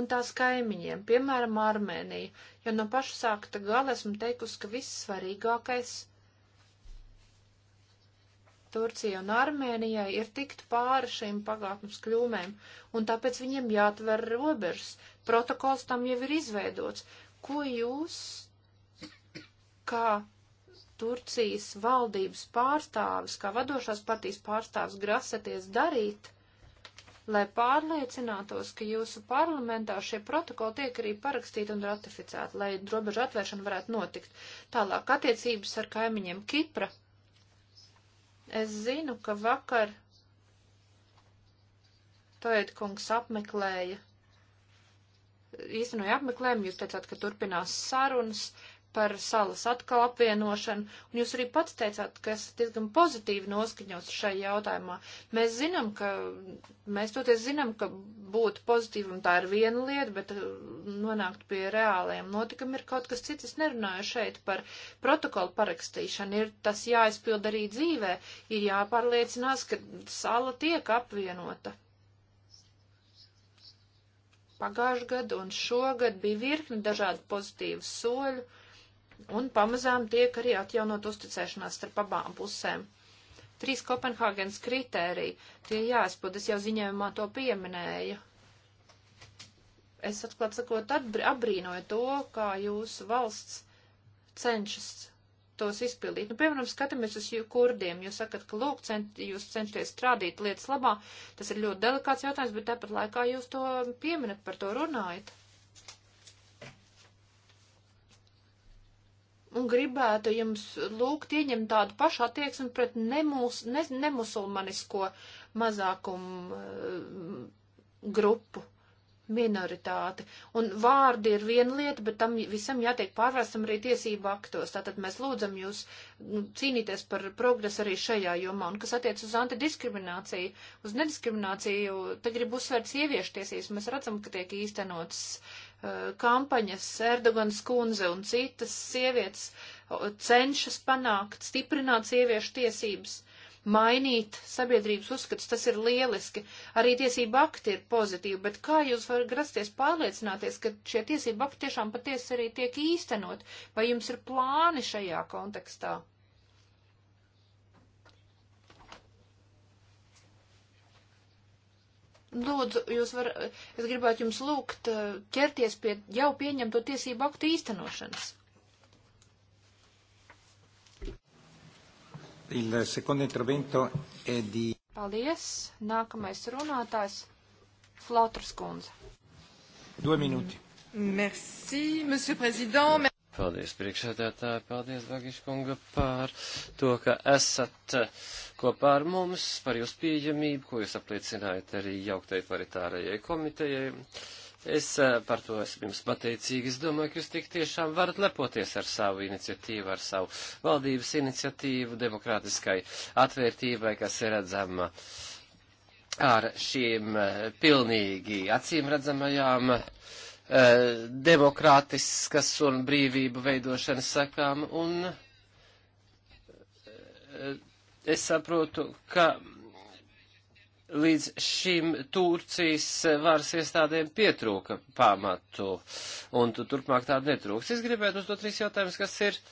un tās kaimiņiem, piemēram, Armēniju, jo no paša sākta gala esmu teikusi, ka viss svarīgākais Turcija un Armēnijai ir tikt pāri šīm pagātnes kļūmēm, un tāpēc viņiem jāatver robežas. Protokols tam jau ir izveidots. Ko jūs kā Turcijas valdības pārstāvis, kā vadošās partijas pārstāvis grasaties darīt, lai pārliecinātos, ka jūsu parlamentā šie protokoli tiek arī parakstīti un ratificēti, lai robežu atvēršana varētu notikt. Tālāk attiecības ar kaimiņiem Kipra. Es zinu, ka vakar Toiet kungs apmeklēja, īstenoja apmeklējumu, jūs teicāt, ka turpinās sarunas. Uh, par salas atkal apvienošanu, un jūs arī pats teicāt, ka esat diezgan pozitīvi noskaņots šai jautājumā. Mēs zinām, ka, mēs toties zinām, ka būt pozitīvam tā ir viena lieta, bet uh, nonākt pie reāliem notikam ir kaut kas cits. Es nerunāju šeit par protokolu parakstīšanu, ir tas jāizpild arī dzīvē, ir jāpārliecinās, ka sala tiek apvienota pagājušajā gadā un šogad bija virkni dažādu pozitīvu soļu, un pamazām tiek arī atjaunot uzticēšanās starp abām pusēm. Trīs Kopenhāgenes kritēriji, tie jāizpilda, es jau ziņojumā to pieminēju. Es atklāt sakot, apbrīnoju to, kā jūsu valsts cenšas tos izpildīt. Nu, piemēram, skatāmies uz kurdiem. Jūs sakat, ka lūk, cent, jūs cenšaties strādīt lietas labā. Tas ir ļoti delikāts jautājums, bet tāpat laikā jūs to pieminat, par to runājat. un gribētu jums lūgt ieņemt tādu pašu attieksmi pret nemus, ne, nemusulmanisko mazākumu uh, grupu, minoritāti. Un vārdi ir viena lieta, bet tam visam jātiek pārvērstam arī tiesību aktos. Tātad mēs lūdzam jūs nu, cīnīties par progresu arī šajā jomā. Un kas attiec uz antidiskrimināciju, uz nediskrimināciju, te grib uzsvērt sieviešu tiesības. Mēs redzam, ka tiek īstenotas uh, kampaņas Erdogans kundze un citas sievietes cenšas panākt, stiprināt sieviešu tiesības, mainīt sabiedrības uzskats, tas ir lieliski. Arī tiesība akti ir pozitīvi, bet kā jūs varat grasties pārliecināties, ka šie tiesība akti tiešām patiesi arī tiek īstenot? Vai jums ir plāni šajā kontekstā? lūdzu, jūs var, es gribētu jums lūgt eh, ķerties pie jau pieņemto tiesību aktu īstenošanas. Il secondo intervento è di... Paldies. Nākamais runātājs Flotras kundze. Divi minūti. Merci, monsieur président. Paldies, priekšsēdētāji, paldies, Vagiškunga, par to, ka esat eh, kopā ar mums, par jūsu pieejamību, ko jūs apliecinājat arī jauktai paritārajai komitejai. Es eh, par to esmu jums pateicīgi. Es domāju, ka jūs tik tiešām varat lepoties ar savu iniciatīvu, ar savu valdības iniciatīvu, demokrātiskai atvērtībai, kas ir redzama ar šīm eh, pilnīgi acīm redzamajām uh, Eh, demokrātiskas un brīvību veidošanas sakām, un eh, es saprotu, ka līdz šim Turcijas varas iestādēm pietrūka pamatu, un tu, turpmāk tādu netrūks. Es gribētu uzdot trīs jautājumus, kas ir eh,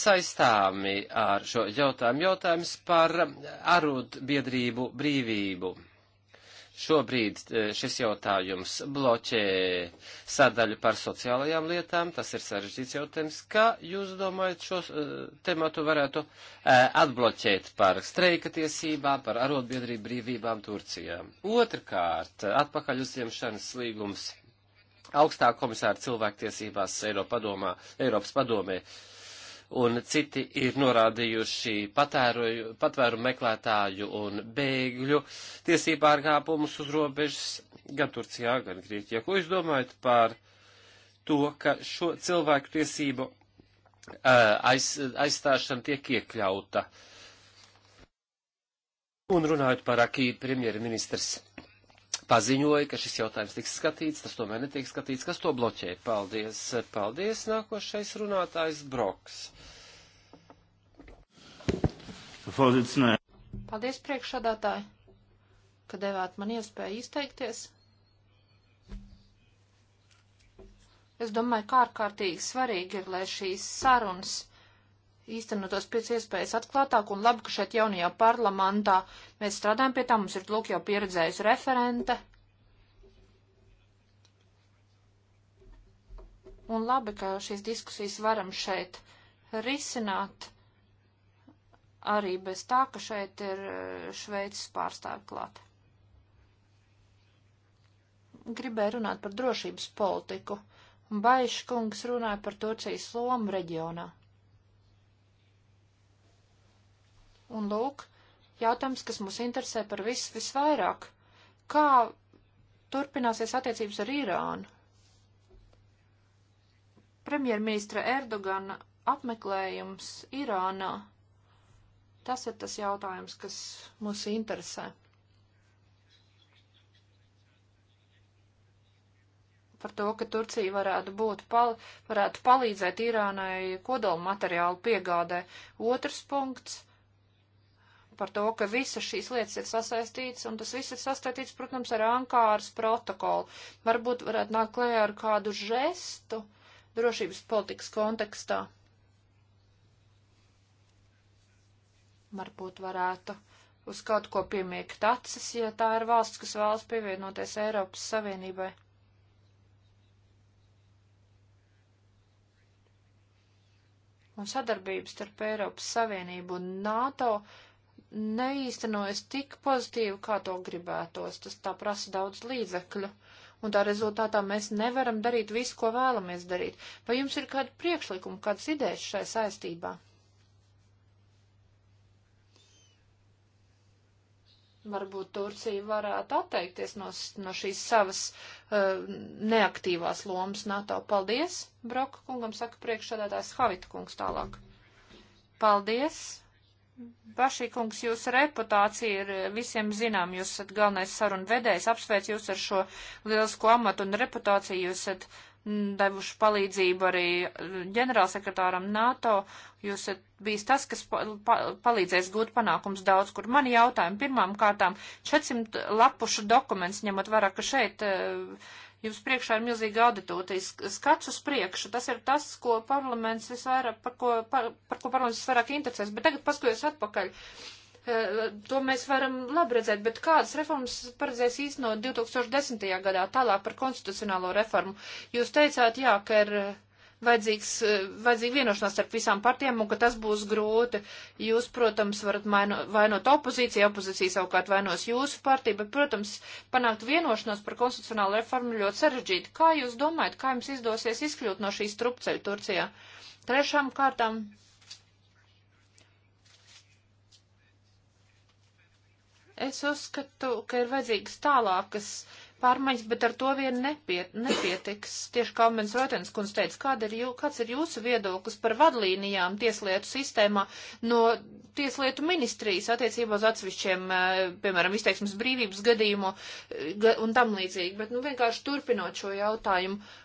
saistāmi ar šo jautājumu. Jautājums par arotbiedrību brīvību. Šobrīd e, šis jautājums bloķē sadaļu par sociālajām lietām. Tas ir sarežģīts jautājums. Kā jūs domājat šo uh, tematu varētu uh, atbloķēt par streika tiesībām, par arotbiedrību brīvībām Turcijā? Otrkārt, atpakaļ uzņemšanas līgums augstā komisāra cilvēktiesībās Eiropa padomā, Eiropas padomē. Uh, un citi ir norādījuši patēroju, patvēru meklētāju un bēgļu tiesību pārkāpumus uz robežas gan Turcijā, gan Grieķijā. Ko jūs domājat par to, ka šo cilvēku tiesību aiz, aizstāšana tiek iekļauta? Un runājot par akī, premjerministrs paziņoja, ka šis jautājums tiks skatīts, tas tomēr netiek skatīts. Kas to bloķē? Paldies. Paldies. Nākošais runātājs Broks. Paldies priekšādātāji, ka devāt man iespēju izteikties. Es domāju, kā ārkārtīgi svarīgi ir, lai šīs sarunas īstenotos pēc iespējas atklātāk un labi, ka šeit jaunajā parlamentā mēs strādājam pie tā, mums ir lūk jau pieredzējusi referente. Un labi, ka šīs diskusijas varam šeit risināt arī bez tā, ka šeit ir eh, Šveices pārstāvi klāt. Gribēju runāt par drošības politiku, un Baiškungs runāja par Turcijas lomu reģionā. Un lūk, jautājums, kas mūs interesē par vis, visvairāk. Kā turpināsies attiecības ar Irānu? Premjerministra Erdogana apmeklējums Irānā. Tas ir tas jautājums, kas mūs interesē. par to, ka Turcija varētu, būt, pal, varētu palīdzēt Irānai kodolmateriālu piegādē. Otrs punkts par to, ka visas šīs lietas ir sasaistītas, un tas viss ir sasaistīts, protams, ar Ankāras protokolu. Varbūt varētu nākt klējā ar kādu žestu drošības politikas kontekstā. Varbūt varētu uz kaut ko piemiekt acis, ja tā ir valsts, kas vēlas pievienoties Eiropas Savienībai. Un sadarbības starp Eiropas Savienību un NATO neīstenojas tik pozitīvi, kā to gribētos. Tas tā prasa daudz līdzekļu. Un tā rezultātā mēs nevaram darīt visu, ko vēlamies darīt. Vai jums ir kādi priekšlikumi, kādas idejas šai saistībā? Varbūt Turcija varētu atteikties no, no šīs savas uh, neaktīvās lomas NATO. Paldies, Broka kungam saka priekšsēdētājs Havita kungs tālāk. Paldies! Bašī kungs, jūsu reputācija ir eh, visiem zinām, jūs esat galvenais sarunu vedējs, apsveic jūs ar šo lielisko amatu un reputāciju, jūs esat mm, devuši palīdzību arī eh, ģenerālsekretāram NATO, jūs esat bijis tas, kas pa, pa, palīdzēs gūt panākums daudz, kur mani jautājumi pirmām kārtām 400 lapušu dokuments, ņemot vērā, ka šeit uh, Jums priekšā ir milzīga auditūtīs. Skats uz priekšu, tas ir tas, ko parlaments visvairāk, par ko, par, par ko parlaments visvairāk interesēs. Bet tagad paskatieties atpakaļ. Eh, to mēs varam labi redzēt, bet kādas reformas paredzēs īstenot 2010. gadā tālāk par konstitucionālo reformu? Jūs teicāt, jā, ka ir. Er, vajadzīgs, eh, vajadzīga vienošanās starp visām partijām un ka tas būs grūti. Jūs, protams, varat maino, vainot opozīciju, opozīcija savukārt vainos jūsu partiju, bet, protams, panākt vienošanos par konstitucionālu reformu ļoti sarežģīti. Kā jūs domājat, kā jums izdosies izkļūt no šīs trupceļa Turcijā? Trešām kārtām. Es uzskatu, ka ir vajadzīgas tālākas pārmaiņas, bet ar to vien nepiet, nepietiks. Tieši kā Mens Rotens kundze teica, kāda ir, jū, kāds ir jūsu viedoklis par vadlīnijām tieslietu sistēmā no tieslietu ministrijas attiecībā uz atsevišķiem, eh, piemēram, izteiksmes brīvības gadījumu eh, un tam līdzīgi. Bet, nu, vienkārši turpinot šo jautājumu,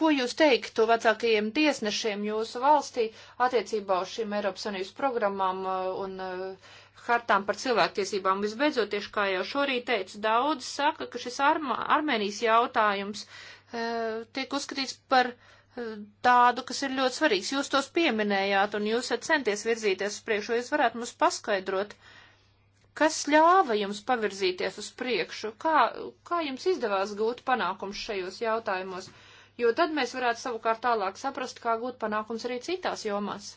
Ko jūs teiktu vecākajiem tiesnešiem jūsu valstī attiecībā uz šīm Eiropas Savienības programmām eh, un uh, hartām par cilvēktiesībām. Visbeidzot, tieši kā jau šorīt teicu, daudz saka, ka šis arma, Armēnijas jautājums e, tiek uzskatīts par e, tādu, kas ir ļoti svarīgs. Jūs tos pieminējāt, un jūs esat centies virzīties uz priekšu, jūs varētu mums paskaidrot, kas ļāva jums pavirzīties uz priekšu, kā, kā jums izdevās gūt panākums šajos jautājumos, jo tad mēs varētu savukārt tālāk saprast, kā gūt panākums arī citās jomās.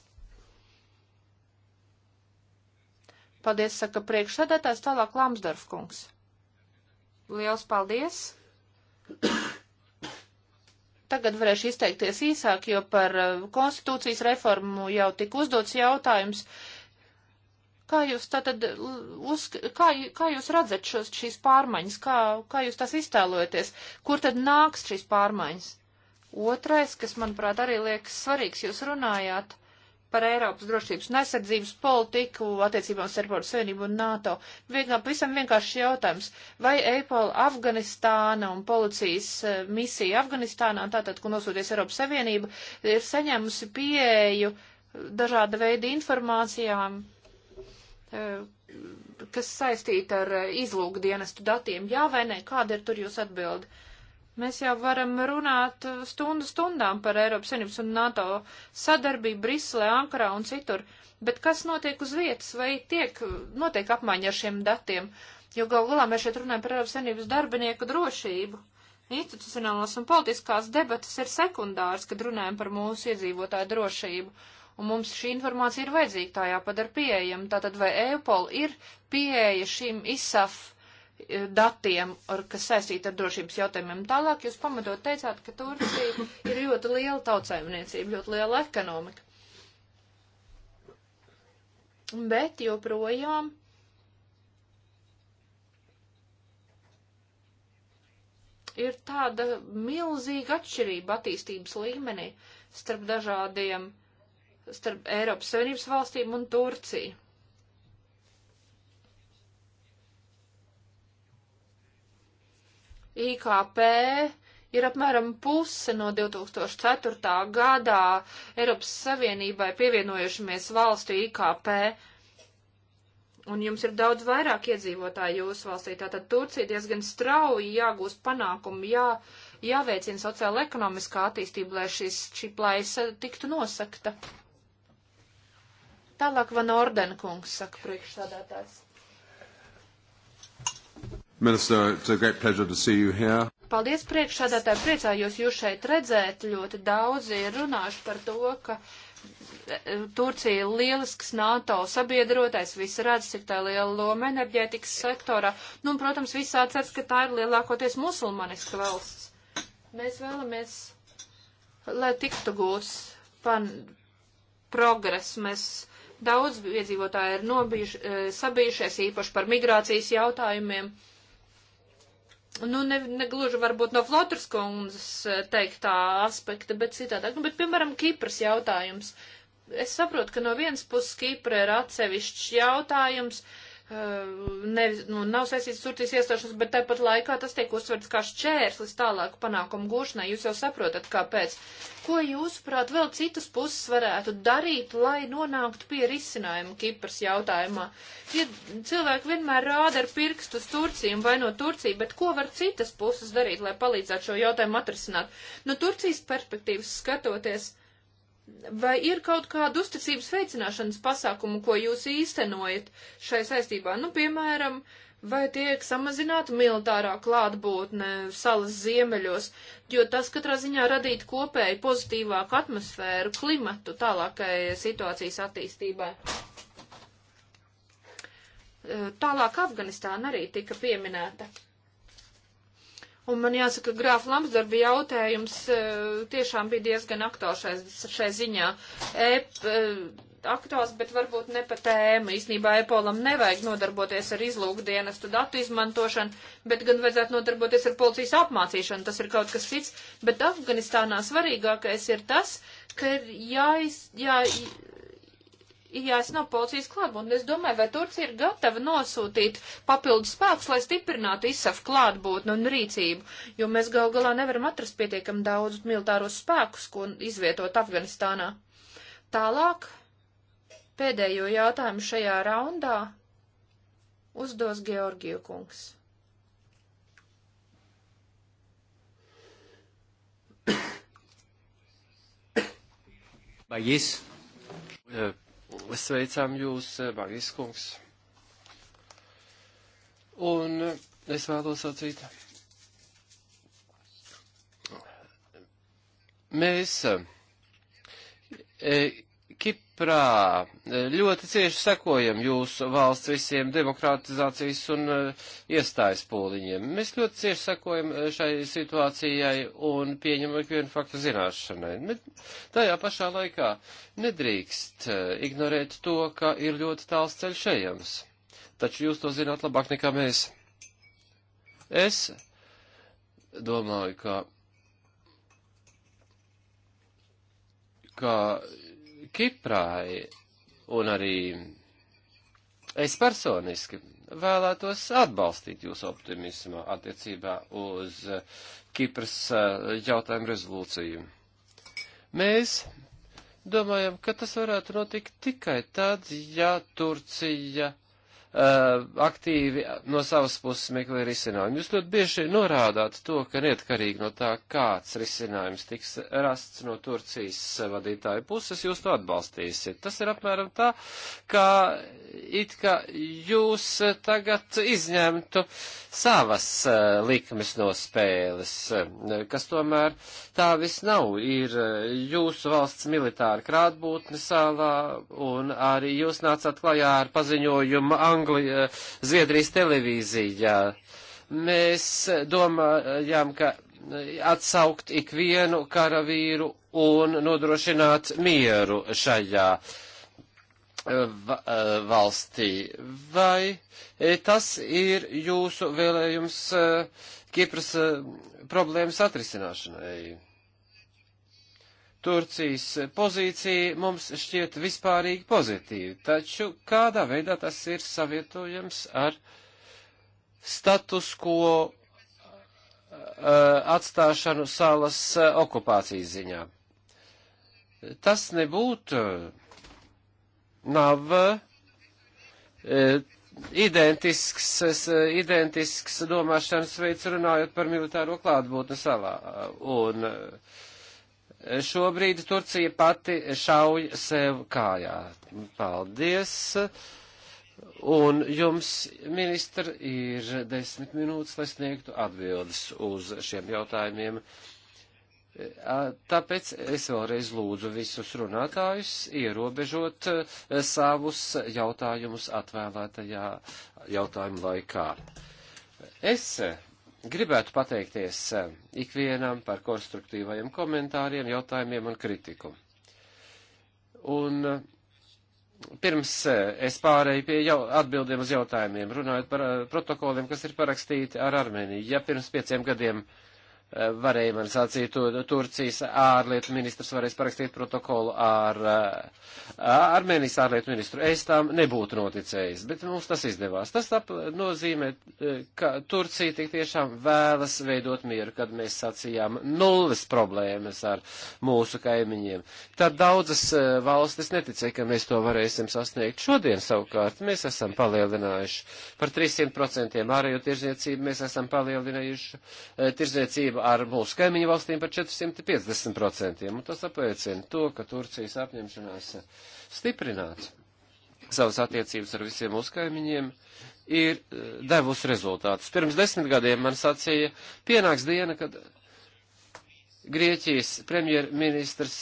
Paldies, saka priekšsēdētājs, tālāk Lamsdorf kungs. Liels paldies! Tagad varēšu izteikties īsāk, jo par eh, konstitūcijas reformu jau tik uzdots jautājums. Kā jūs tātad, uz, kā, kā jūs redzat šos, šīs pārmaiņas, kā, kā jūs tās iztēlojaties, kur tad nāks šīs pārmaiņas? Otrais, kas manuprāt arī liekas svarīgs, jūs runājāt par Eiropas drošības un aizsardzības politiku attiecībām starp Eiropas Savienību un NATO. Vienkār, visam vienkārši jautājums, vai EIPOL Afganistāna un policijas e, misija Afganistānā, tātad, ko nosūties Eiropas Savienība, ir saņēmusi pieeju dažāda veida informācijām, e, kas saistīta ar e, izlūkdienestu datiem. Jā vai nē, kāda ir tur jūs atbildi? Mēs jau varam runāt stundu stundām par Eiropas Savienības un NATO sadarbību Briselē, Ankarā un citur, bet kas notiek uz vietas vai tiek, notiek apmaiņa ar šiem datiem, jo gal galā mēs šeit runājam par Eiropas Savienības darbinieku drošību. Institucionālās un politiskās debatas ir sekundārs, kad runājam par mūsu iedzīvotāju drošību un mums šī informācija ir vajadzīga, tā jāpadara pieejama. Tātad vai Eiropol ir pieeja šīm ISAF datiem, ar, kas saistīta ar drošības jautājumiem. Tālāk jūs pamatot teicāt, ka Turcija ir ļoti liela tautsēmniecība, ļoti liela ekonomika. Bet joprojām ir tāda milzīga atšķirība attīstības līmenī starp dažādiem, starp Eiropas Savienības valstīm un Turciju. IKP ir apmēram puse no 2004. gadā Eiropas Savienībai pievienojušamies valstu IKP. Un jums ir daudz vairāk iedzīvotāju jūsu valstī. Tātad Turcija diezgan strauji jāgūst panākumu, jā, jāveicina sociāla ekonomiskā attīstība, lai šis, šī plaisa tiktu nosakta. Tālāk Van Ordenkungs saka priekšsādātājs. Minister, it's a great pleasure to see you here. Paldies priekšsādātāji, priecājos jūs šeit redzēt. Ļoti daudzi ir runājuši par to, ka e, e, Turcija ir lielisks NATO sabiedrotais, visi redz, cik tā liela loma enerģētikas sektorā. Nu, un, protams, visi atceras, ka tā ir lielākoties musulmaniska valsts. Mēs vēlamies, lai tiktu gūs pan progresu. Mēs daudz iedzīvotāji ir nobijuši, e, sabijušies īpaši par migrācijas jautājumiem. Uh, nu, ne, ne gluži varbūt no Flotras kundzes e, teiktā aspekta, bet citādāk. Nu, bet, piemēram, Kipras jautājums. Es saprotu, ka no vienas puses Kipra ir atsevišķs jautājums, uh, Eh, nevis, nu, nav saistīts Turcijas iestāšanās, bet tāpat laikā tas tiek uzsverts kā šķērslis tālāku panākumu gūšanai. Jūs jau saprotat, kāpēc. Ko jūsuprāt vēl citas puses varētu darīt, lai nonāktu pie risinājuma Kipras jautājumā? Ja cilvēki vienmēr rāda ar pirkstu uz Turciju vai no Turciju, bet ko var citas puses darīt, lai palīdzētu šo jautājumu atrisināt? No Turcijas perspektīvas skatoties Vai ir kaut kāda uzticības veicināšanas pasākumu, ko jūs īstenojat šai saistībā? Nu, piemēram, vai tiek samazināta militārā klātbūtne salas ziemeļos, jo tas katrā ziņā radītu kopēju pozitīvāku atmosfēru, klimatu tālākai situācijas attīstībai. Tālāk Afganistāna arī tika pieminēta. Un man jāsaka, grāf Lamsdarbi jautājums eh, tiešām bija diezgan aktuāls šai, šai ziņā. E, aktuāls, bet varbūt ne pa tēmu. Īsnībā Epolam nevajag nodarboties ar izlūkdienestu datu izmantošanu, bet gan vajadzētu nodarboties ar policijas apmācīšanu. Tas ir kaut kas cits. Bet Afganistānā svarīgākais ir tas, ka ir jāiz, jā, jāsno policijas klātbūtni. Es domāju, vai Turcija ir gatava nosūtīt papildus spēkus, lai stiprinātu ISAF klātbūtni un rīcību, jo mēs gal galā nevaram atrast pietiekam daudz militāros spēkus, ko izvietot Afganistānā. Tālāk pēdējo jautājumu šajā raundā uzdos Georgiju kungs. País. Sveicām jūs, eh, Bagis kungs. Un eh, es vēlos atzīt. Mēs e, Kiprā ļoti cieši sekojam jūsu valsts visiem demokratizācijas un eh, iestājas pūliņiem. Mēs ļoti cieši sekojam eh, šai situācijai un pieņemam ikvienu faktu zināšanai. Bet tajā pašā laikā nedrīkst eh, ignorēt to, ka ir ļoti tāls ceļš ejams. Taču jūs to zināt labāk nekā mēs. Es domāju, ka, ka Kiprai un arī es personiski vēlētos atbalstīt jūsu optimismu attiecībā uz Kipras eh, jautājumu rezolūciju. Mēs domājam, ka tas varētu notikt tikai tad, ja Turcija Uh, aktīvi no savas puses meklē risinājumu. Jūs ļoti bieži norādāt to, ka neatkarīgi no tā, kāds risinājums tiks rasts no Turcijas vadītāju puses, jūs to atbalstīsiet. Tas ir apmēram tā, kā it kā jūs tagad izņemtu savas uh, likmes no spēles, uh, kas tomēr tā viss nav. Ir jūsu valsts militāra krātbūtne salā, un arī jūs nācāt klajā ar paziņojumu Anglijā Angli, eh, Zviedrijas televīzijā. Mēs domājām, ka eh, atsaukt ikvienu karavīru un nodrošināt mieru šajā eh, va valstī. Vai tas ir jūsu vēlējums Kipras problēmas atrisināšanai? Turcijas pozīcija mums šķiet vispārīgi pozitīva, taču kādā veidā tas ir savietojams ar status quo eh, atstāšanu salas eh, okupācijas ziņā. Tas nebūtu, eh, nav identisks, identisks domāšanas veids runājot par militāro klātbūtni salā. Un, uh, Šobrīd Turcija pati šauj sev kājā. Paldies! Un jums, ministra, ir desmit minūtes, lai sniegtu atbildes uz šiem jautājumiem. Tāpēc es vēlreiz lūdzu visus runātājus ierobežot e, savus jautājumus atvēlētajā jautājuma laikā. Es Gribētu pateikties eh, ikvienam par konstruktīvajiem komentāriem, jautājumiem un kritiku. Un eh, pirms eh, es pārēju pie jau, atbildiem uz jautājumiem, runājot par protokoliem, kas ir parakstīti ar Armēniju. Ja pirms pieciem gadiem uh, Eh, varēja man sacīt, tur, Turcijas ārlietu ministrs varēs parakstīt protokolu eh, ar Armēnijas ārlietu ministru. Es tam nebūtu noticējis, bet mums tas izdevās. Tas tap, nozīmē, eh, ka Turcija tik tiešām vēlas veidot mieru, kad mēs sacījām nulles problēmas ar mūsu kaimiņiem. Tad daudzas valstis neticēja, ka mēs to varēsim sasniegt. Šodien savukārt mēs esam palielinājuši par 300% ārējo tirzniecību, mēs esam palielinājuši tirzniecību sadarbība ar mūsu kaimiņu valstīm par 450%, un tas apliecina to, ka Turcijas apņemšanās stiprināt savas attiecības ar visiem mūsu kaimiņiem ir eh, devusi rezultātus. Pirms desmit gadiem man sacīja, pienāks diena, kad Grieķijas premjerministrs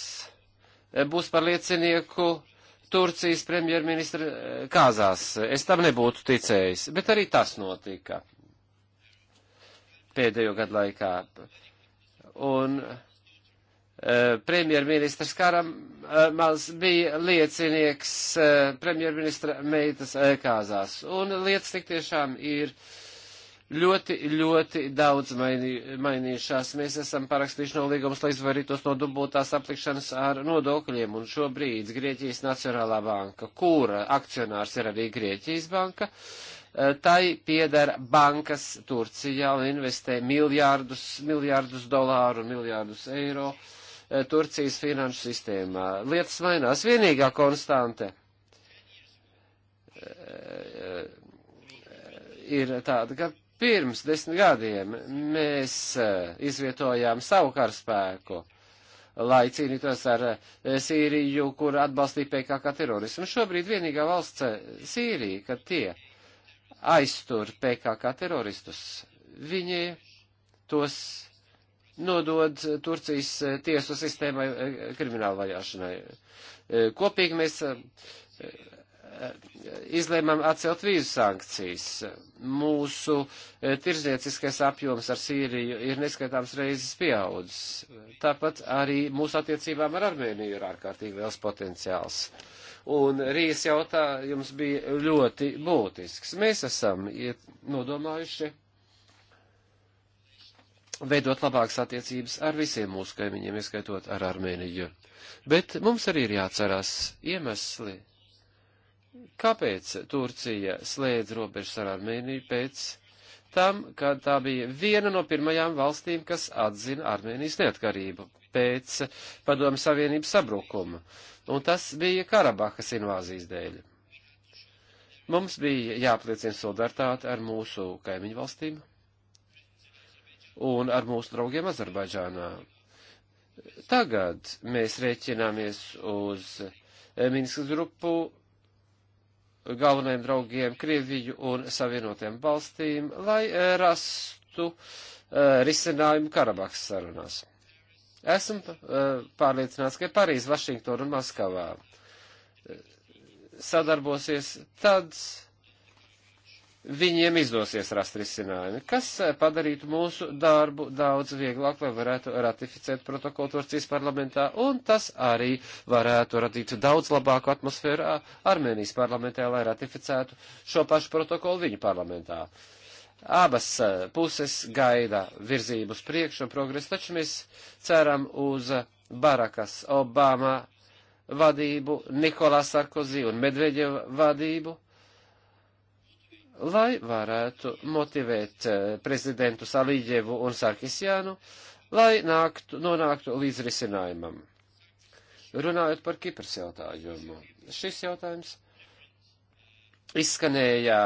eh, būs par liecinieku Turcijas premjerministra eh, kāzās. Es tam nebūtu ticējis, bet arī tas notika pēdējo gadu laikā. Un e, premjerministrs Karam e, eh, maz bija liecinieks e, premjerministra meitas e, kāzās. Un lietas tik tiešām ir ļoti, ļoti daudz mainī, mainījušās. Mēs esam parakstījuši nolīgumus, lai izvairītos no dubultās aplikšanas ar nodokļiem, un šobrīd Grieķijas Nacionālā banka, kura akcionārs ir arī Grieķijas banka, Eh, tai piedara bankas Turcijā un investē miljārdus, miljārdus dolāru, miljārdus eiro eh, Turcijas finanšu sistēmā. Lietas mainās. Vienīgā konstante eh, ir tāda, ka pirms desmit gadiem mēs izvietojām savu karaspēku lai cīnītos ar Sīriju, kur atbalstīja PKK terorismu. Šobrīd vienīgā valsts Sīrija, kad tie aiztur PKK teroristus, viņi tos nodod Turcijas tiesu sistēmai eh, krimināla vajāšanai. Eh, kopīgi mēs eh, izlēmām atcelt vīzu sankcijas. Mūsu tirzniecīskais apjoms ar Sīriju ir neskaitāms reizes pieaudzis. Tāpat arī mūsu attiecībām ar Armēniju ir ārkārtīgi liels potenciāls un Rīs jautājums bija ļoti būtisks. Mēs esam nodomājuši veidot labākas attiecības ar visiem mūsu kaimiņiem, ieskaitot ar Armēniju. Bet mums arī ir jāatcerās iemesli, kāpēc Turcija slēdz robežas ar Armēniju pēc tam, kad tā bija viena no pirmajām valstīm, kas atzina Armēnijas neatkarību pēc Padomu Savienības sabrukuma, un tas bija Karabahas invāzijas dēļ. Mums bija jāpliecina solidaritāte ar mūsu kaimiņu valstīm un ar mūsu draugiem Azerbaidžānā. Tagad mēs rēķināmies uz eh, Minskas grupu galvenajiem draugiem Krieviju un Savienotiem valstīm, lai eh, rastu uh, risinājumu Karabahas sarunās. Esmu uh, pārliecināts, ka Parīz, Vašingtona un Maskavā uh, sadarbosies tad, viņiem izdosies rast risinājumi, kas uh, padarītu mūsu darbu daudz vieglāk, lai varētu ratificēt protokolu Turcijas parlamentā, un tas arī varētu radīt daudz labāku atmosfēru Armēnijas parlamentā, lai ratificētu šo pašu protokolu viņu parlamentā. Uh, Abas eh, puses gaida virzību uz priekšu un progresu, taču mēs ceram uz Barakas Obama vadību, Nikolā Sarkozī un Medveģeva vadību, lai varētu motivēt eh, prezidentus Alīģevu un Sarkisjānu, lai nāktu, nonāktu līdz risinājumam. Runājot par Kipras jautājumu, šis jautājums izskanēja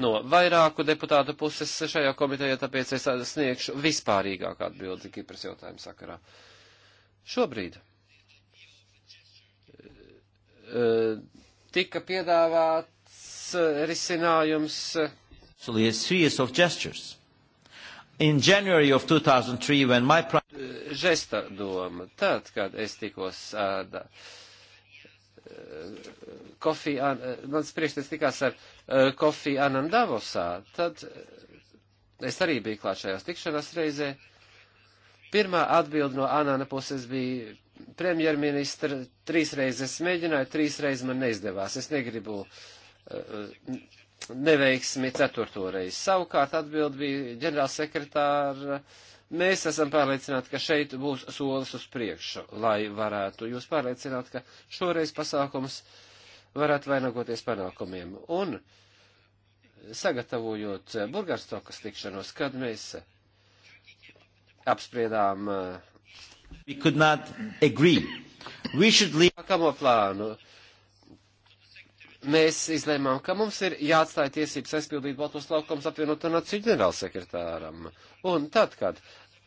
no vairāku deputātu puses šajā komitejā, tāpēc es sniegšu vispārīgāku atbildi Kipras jautājumu sakarā. Šobrīd eh, eh, tika piedāvāts eh, risinājums. So the series of gestures. In January of 2003, when my prime... Žesta doma, tad, kad es tikos ar uh, Eh, Kofi, eh, mans priekšnieks tikās ar eh, Kofi Anam Davosā, tad es arī biju klāt šajās tikšanās reizē. Pirmā atbilde no Anana puses bija premjerministra, trīs reizes es mēģināju, trīs reizes man neizdevās. Es negribu neveiksmi ceturto reizi. Savukārt atbildi bija ģenerālsekretāra uh, Mēs esam pārliecināti, ka šeit būs solis uz priekšu, lai varētu jūs pārliecināt, ka šoreiz pasākums varētu vainagoties panākumiem. Un sagatavojot Burgarstokas tikšanos, kad mēs apspriedām nākamo uh, plānu, mēs izlēmām, ka mums ir jāatstāja tiesības aizpildīt Baltos laukums apvienoto nāciju ģenerālsekretāram. Un tad, kad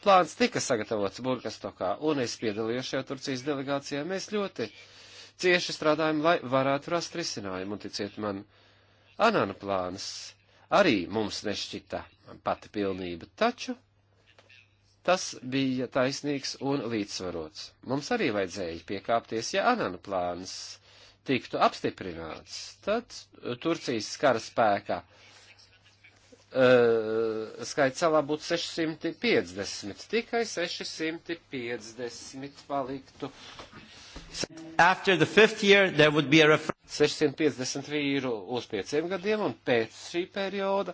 plāns tika sagatavots Burkastokā, un es piedalījos šajā Turcijas delegācijā, mēs ļoti cieši strādājam, lai varētu rast risinājumu, un ticiet man, Anana plāns arī mums nešķita pati pilnība, taču tas bija taisnīgs un līdzsvarots. Mums arī vajadzēja piekāpties, ja Anana plāns tiktu apstiprināts, tad Turcijas kara spēkā uh, uh, skaits salā būtu 650, tikai 650 paliktu. 650 vīru uz pieciem gadiem un pēc šī perioda,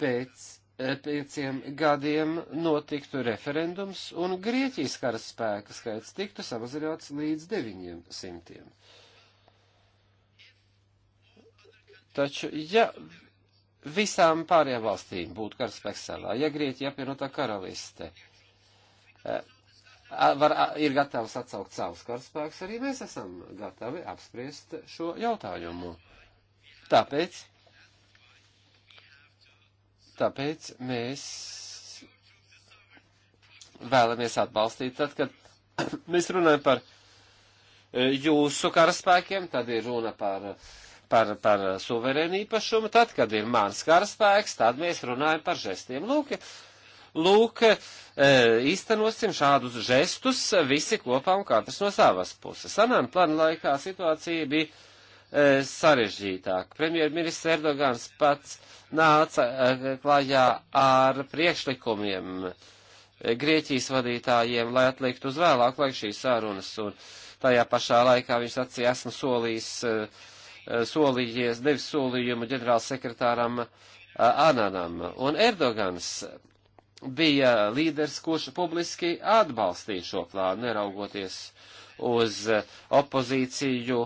pēc eh, pieciem gadiem notiktu referendums un Grieķijas karaspēka skaits tiktu samazināts līdz 900. Taču, ja visām pārējām valstīm būtu karaspēks salā. Ja Grieķija apvienotā karaliste eh, var, ir gatavs atsaukt savus karaspēks, arī mēs esam gatavi apspriest šo jautājumu. Tāpēc, tāpēc mēs vēlamies atbalstīt tad, kad <clears throat> mēs runājam par eh, jūsu karaspēkiem, tad ir runa par uh, par, par suverēnu īpašumu, tad, kad ir mans karaspēks, tad mēs runājam par žestiem. Lūk, lūk e, īstenosim šādus žestus visi kopā un katrs no savas puses. Sanāna plana laikā situācija bija e, sarežģītāk. Premjerministrs Erdogans pats nāca e, klajā ar priekšlikumiem Grieķijas vadītājiem, lai atliktu uz vēlāku laiku šīs sarunas, un tajā pašā laikā viņš sacīja, esmu solījis uh, Eh, solījies, devis solījumu ģenerālsekretāram eh, Ananam. Un Erdogans bija līderis, kurš publiski atbalstīja šo plānu, neraugoties uz eh, opozīciju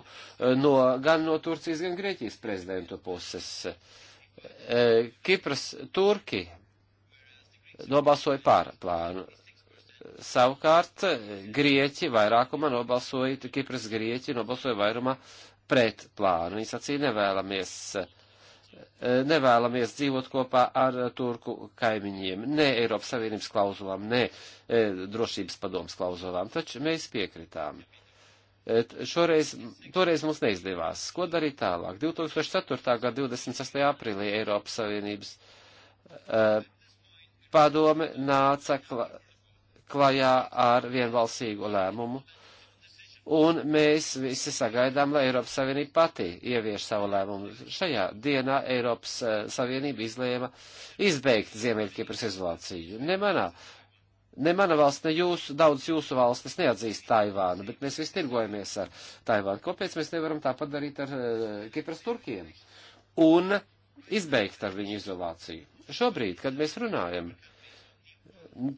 no, gan no Turcijas, gan Grieķijas prezidentu puses. Kipras turki nobalsoja pār plānu. Savukārt Grieķi vairākumā nobalsoja, Kipras Grieķi nobalsoja vairumā pret plānu. Viņi sacīja, nevēlamies, eh, nevēlamies dzīvot kopā ar turku kaimiņiem, ne Eiropas Savienības klauzulām, ne eh, drošības padomas klauzulām, taču mēs piekritām. Eh, šoreiz, toreiz mums neizdevās. Ko darīt tālāk? 2004. gada 26. aprīlī Eiropas Savienības uh, padome nāca kla, klajā ar vienbalsīgu lēmumu, uh, un mēs visi sagaidām, lai Eiropas Savienība pati ievieš savu lēmumu. Šajā dienā Eiropas eh, Savienība izlēma izbeigt Ziemeļkipras izolāciju. Ne manā, ne mana valsts, ne jūsu, daudz jūsu valstis neatzīst Taivānu, bet mēs visi tirgojamies ar Taivānu. Kāpēc mēs nevaram tāpat darīt ar uh, Kipras turkiem? Un izbeigt ar viņu izolāciju. Šobrīd, kad mēs runājam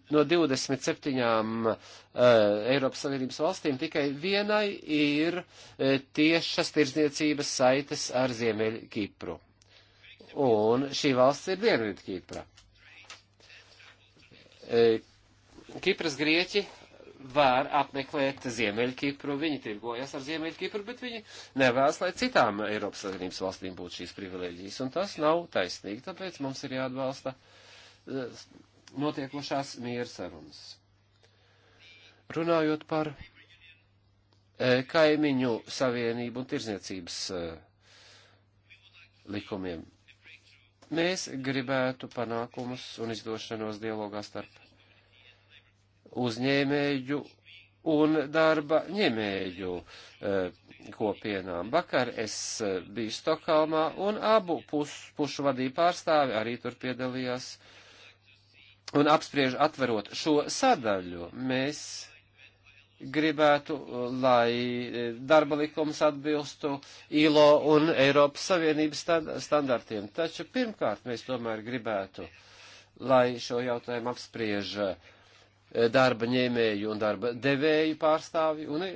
no 27 uh, eh, Eiropas Savienības valstīm tikai vienai ir uh, tiešas tirzniecības saites ar Ziemeļu Kipru. Un šī valsts ir Dienvidu Kipra. Uh, eh, Kipras grieķi var apmeklēt Ziemeļkipru, viņi tirgojas ar Ziemeļkipru, bet viņi nevēlas, lai citām Eiropas Savienības valstīm būtu šīs privilēģijas, un tas nav taisnīgi, tāpēc mums ir jāatbalsta notiekošās miera sarunas. Runājot par e, kaimiņu savienību un tirzniecības e, likumiem. Mēs gribētu panākumus un izdošanos dialogā starp uzņēmēju un darba ņemēju e, kopienām. Vakar es biju Stokholmā un abu pus, pušu vadīju pārstāvi arī tur piedalījās. Uh, un apspriež atverot šo sadaļu, mēs gribētu, lai e, darba likums atbilstu ILO un Eiropas Savienības standartiem. Taču pirmkārt mēs tomēr gribētu, lai šo jautājumu apspriež e, darba ņēmēju un darba devēju pārstāvi un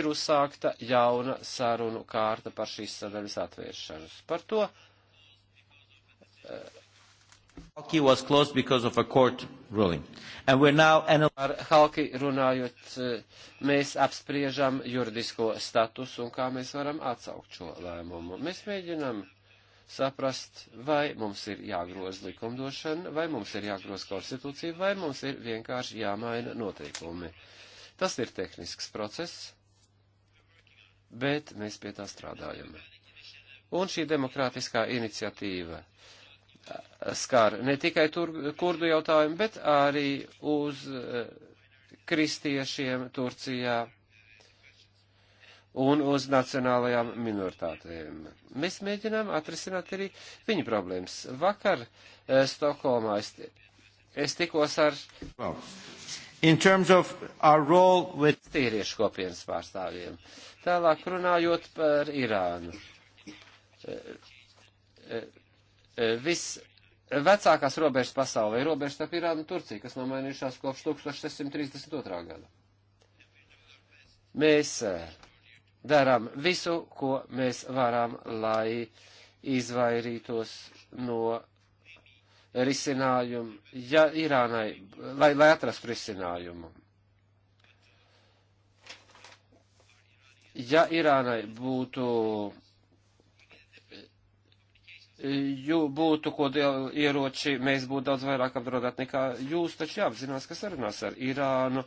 ir uzsākta jauna sarunu kārta par šīs sadaļas atvēršanu. Par to e, Halki was closed because of a court ruling. And we're now Ar Halki runājot, eh, mēs apspriežam juridisko statusu un kā mēs varam atsaukt šo lēmumu. Mēs mēģinam saprast, vai mums ir jāgroz likumdošana, vai mums ir jāgroz konstitūcija, vai mums ir vienkārši jāmaina noteikumi. Tas ir tehnisks process, bet mēs pie tā strādājam. Un šī demokrātiskā iniciatīva skar ne tikai tur, kurdu jautājumu, bet arī uz eh, kristiešiem Turcijā un uz nacionālajām minoritātēm. Mēs mēģinām atrisināt arī viņu problēmas. Vakar eh, Stokholmā es, es tikos ar well, with... tīriešu kopienas pārstāvjiem. Tālāk runājot par Irānu. Eh, eh, Eh, visvecākās robežas pasaulē ir robežas starp Irānu un Turciju, kas nav mainījušās kopš 1632. gada. Mēs eh, darām visu, ko mēs varam, lai izvairītos no risinājumu, ja Irānai, lai, lai atrastu risinājumu. Ja Irānai būtu jū, būtu, ko ieroči, mēs būtu daudz vairāk apdraudēti nekā jūs, taču jāapzinās, ka sarunās ar Irānu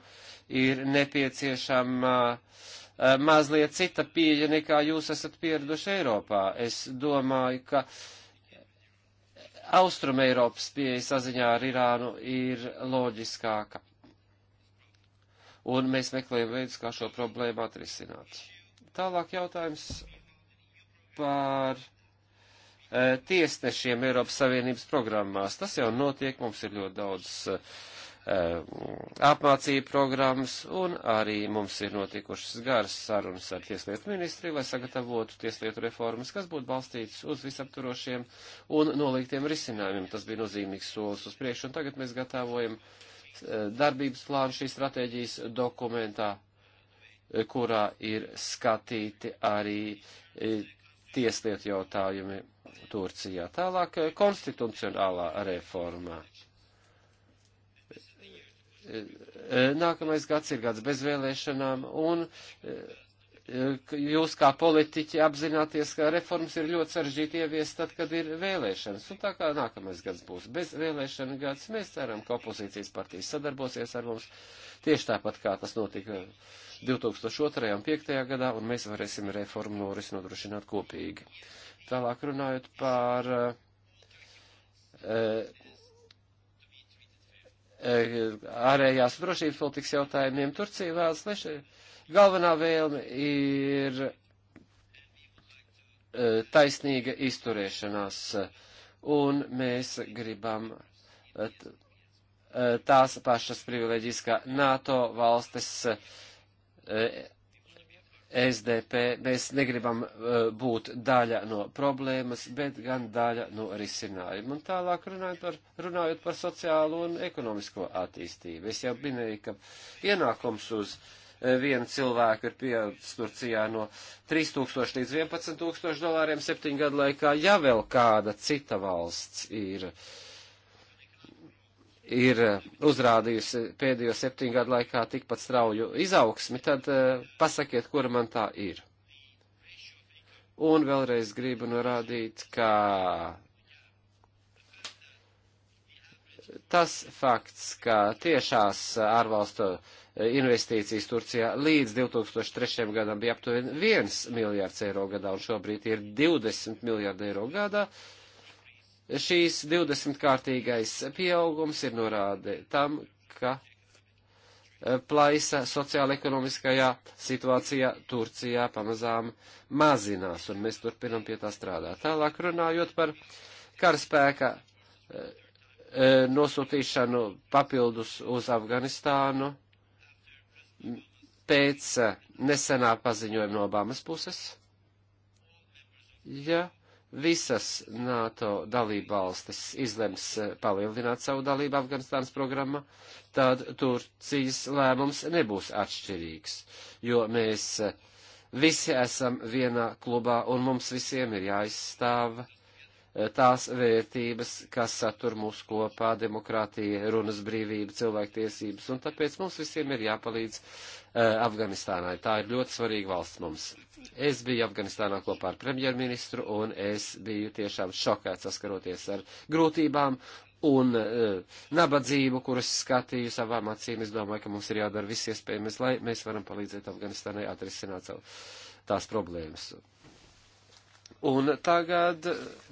ir nepieciešama eh, mazliet cita pieeja nekā jūs esat pieraduši Eiropā. Es domāju, ka Austrum Eiropas pieeja saziņā ar Irānu ir loģiskāka. Un mēs meklējam veidus, kā šo problēmu atrisināt. Tālāk jautājums par E, tiesnešiem Eiropas Savienības programmās. Tas jau notiek, mums ir ļoti daudz e, apmācību programmas, un arī mums ir notikušas garas sarunas ar Tieslietu ministri, lai sagatavotu tieslietu reformas, kas būtu balstītas uz visapturošiem un noliktiem risinājumiem. Tas bija nozīmīgs solis uz priekšu, un tagad mēs gatavojam e, darbības plānu šīs stratēģijas dokumentā, kurā ir skatīti arī tieslietu jautājumi Turcijā. Tālāk eh, konstitucionālā reformā. Eh, eh, nākamais gads ir gads bez vēlēšanām, un jūs kā politiķi apzināties, ka reformas ir ļoti sarežģīti ieviest tad, kad ir vēlēšanas. Un tā kā nākamais gads būs bez vēlēšana gads, mēs ceram, ka opozīcijas partijas sadarbosies ar mums tieši tāpat, kā tas notika 2002. un 2005. gadā, un mēs varēsim reformu noris nodrošināt kopīgi. Tālāk runājot par eh, eh, ārējās drošības politikas jautājumiem, Turcija vēlas, lai šī galvenā vēlme ir eh, taisnīga izturēšanās, un mēs gribam tās pašas privileģijas kā NATO valstis E, SDP mēs negribam e, būt daļa no problēmas, bet gan daļa no risinājuma. Un tālāk runājot par, runājot par sociālo un ekonomisko attīstību. Es jau minēju, ka ienākums uz e, vienu cilvēku ir pieaudzis Turcijā no 3000 līdz 11000 dolāriem septiņu gadu laikā, ja vēl kāda cita valsts ir uh, ir eh, uzrādījusi pēdējo septiņu gadu laikā tikpat strauju izaugsmi, tad eh, pasakiet, kura man tā ir. Un vēlreiz gribu norādīt, ka tas fakts, ka tiešās ārvalstu investīcijas Turcijā līdz 2003. gadam bija aptuveni 1 miljārds eiro gadā, un šobrīd ir 20 miljārdi eiro gadā, uh, Šīs 20 kārtīgais pieaugums ir norāde tam, ka e, plaisa sociāla-ekonomiskajā situācijā Turcijā pamazām mazinās, un mēs turpinam pie tā strādāt. Tālāk runājot par karaspēka e, e, nosūtīšanu papildus uz Afganistānu pēc nesenā paziņojuma no Obamas puses. Ja visas NATO dalībvalstis izlems eh, palielināt savu dalību Afganistānas programma, tad Turcijas lēmums nebūs atšķirīgs, jo mēs eh, visi esam vienā klubā un mums visiem ir jāizstāv tās vērtības, kas satur mūsu kopā - demokrātija, runas brīvība, cilvēktiesības, un tāpēc mums visiem ir jāpalīdz uh, Afganistānai. Tā ir ļoti svarīga valsts mums. Es biju Afganistānā kopā ar premjerministru, un es biju tiešām šokēts saskaroties ar grūtībām un uh, nabadzību, kuras skatīju savām acīm. Es domāju, ka mums ir jādara viss iespējamais, lai mēs varam palīdzēt Afganistānai atrisināt savu tās problēmas. Un tagad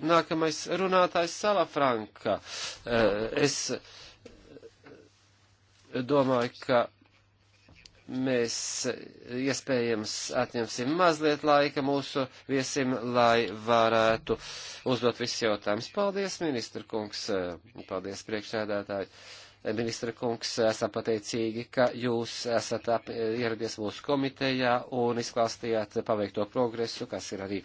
nākamais runātājs Sala Franka. Eh, es domāju, ka mēs iespējams atņemsim mazliet laika mūsu viesim, lai varētu uzdot visus jautājumus. Paldies, ministra kungs, eh, paldies priekšsēdētāji ministra kungs, esam pateicīgi, ka jūs esat ap, ieradies mūsu komitejā un izklāstījāt paveikto progresu, kas ir arī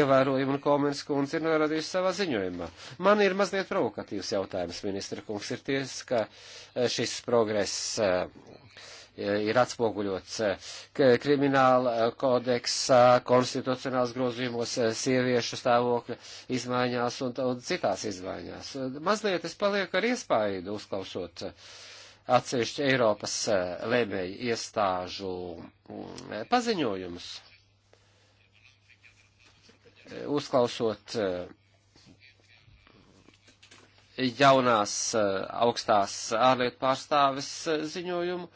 ievērojumi un komens kundze ir norādījusi savā ziņojumā. Man ir mazliet provokatīvs jautājums, ministra kungs, ir ties, ka eh, šis progress eh, E, ir atspoguļots e, krimināla e, kodeksā, konstitucionāls grozījumos, sieviešu stāvokļa izmaiņās un, un citās izmaiņās. Mazliet es palieku ar iespaidu uzklausot atsevišķu Eiropas lēmēju iestāžu paziņojumus, uzklausot jaunās augstās ārlietu pārstāves ziņojumu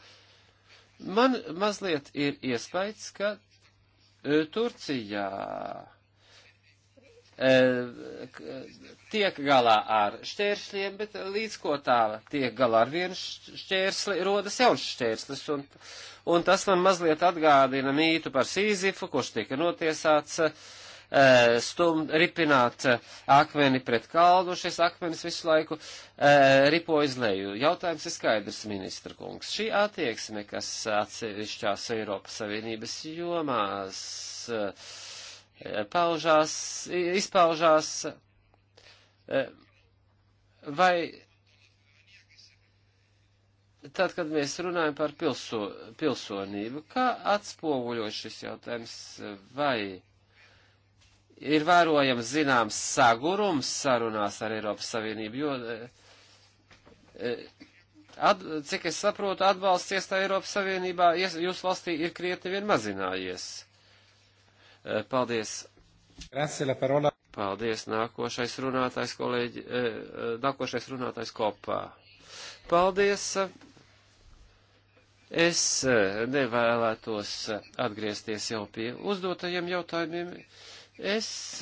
Man mazliet ir iespējas, ka e, Turcijā e, tiek galā ar šķēršļiem, bet līdz ko tā tiek galā ar vienu šķērsli, rodas jauns šķērslis. Un, un tas man mazliet atgādina mītu par Sīzifu, kurš tika notiesāts uh, Eh, stum, ripināt eh, akmeni pret kalnu, šis akmenis visu laiku eh, ripo iz leju. Jautājums ir skaidrs, ministra kungs. Šī attieksme, kas atsevišķās Eiropas Savienības jomās paužās, izpaužās, vai tad, kad mēs runājam par pilso, pilsonību, kā atspoguļo šis jautājums, vai ir vērojams zināms sagurums sarunās ar Eiropas Savienību, jo, e, e, at, cik es saprotu, atbalsts iestāja Eiropas Savienībā, jūsu valstī ir krietni vien mazinājies. E, paldies. Paldies, nākošais runātājs kolēģi, nākošais runātājs kopā. Paldies. Es nevēlētos atgriezties jau pie uzdotajiem jautājumiem. Es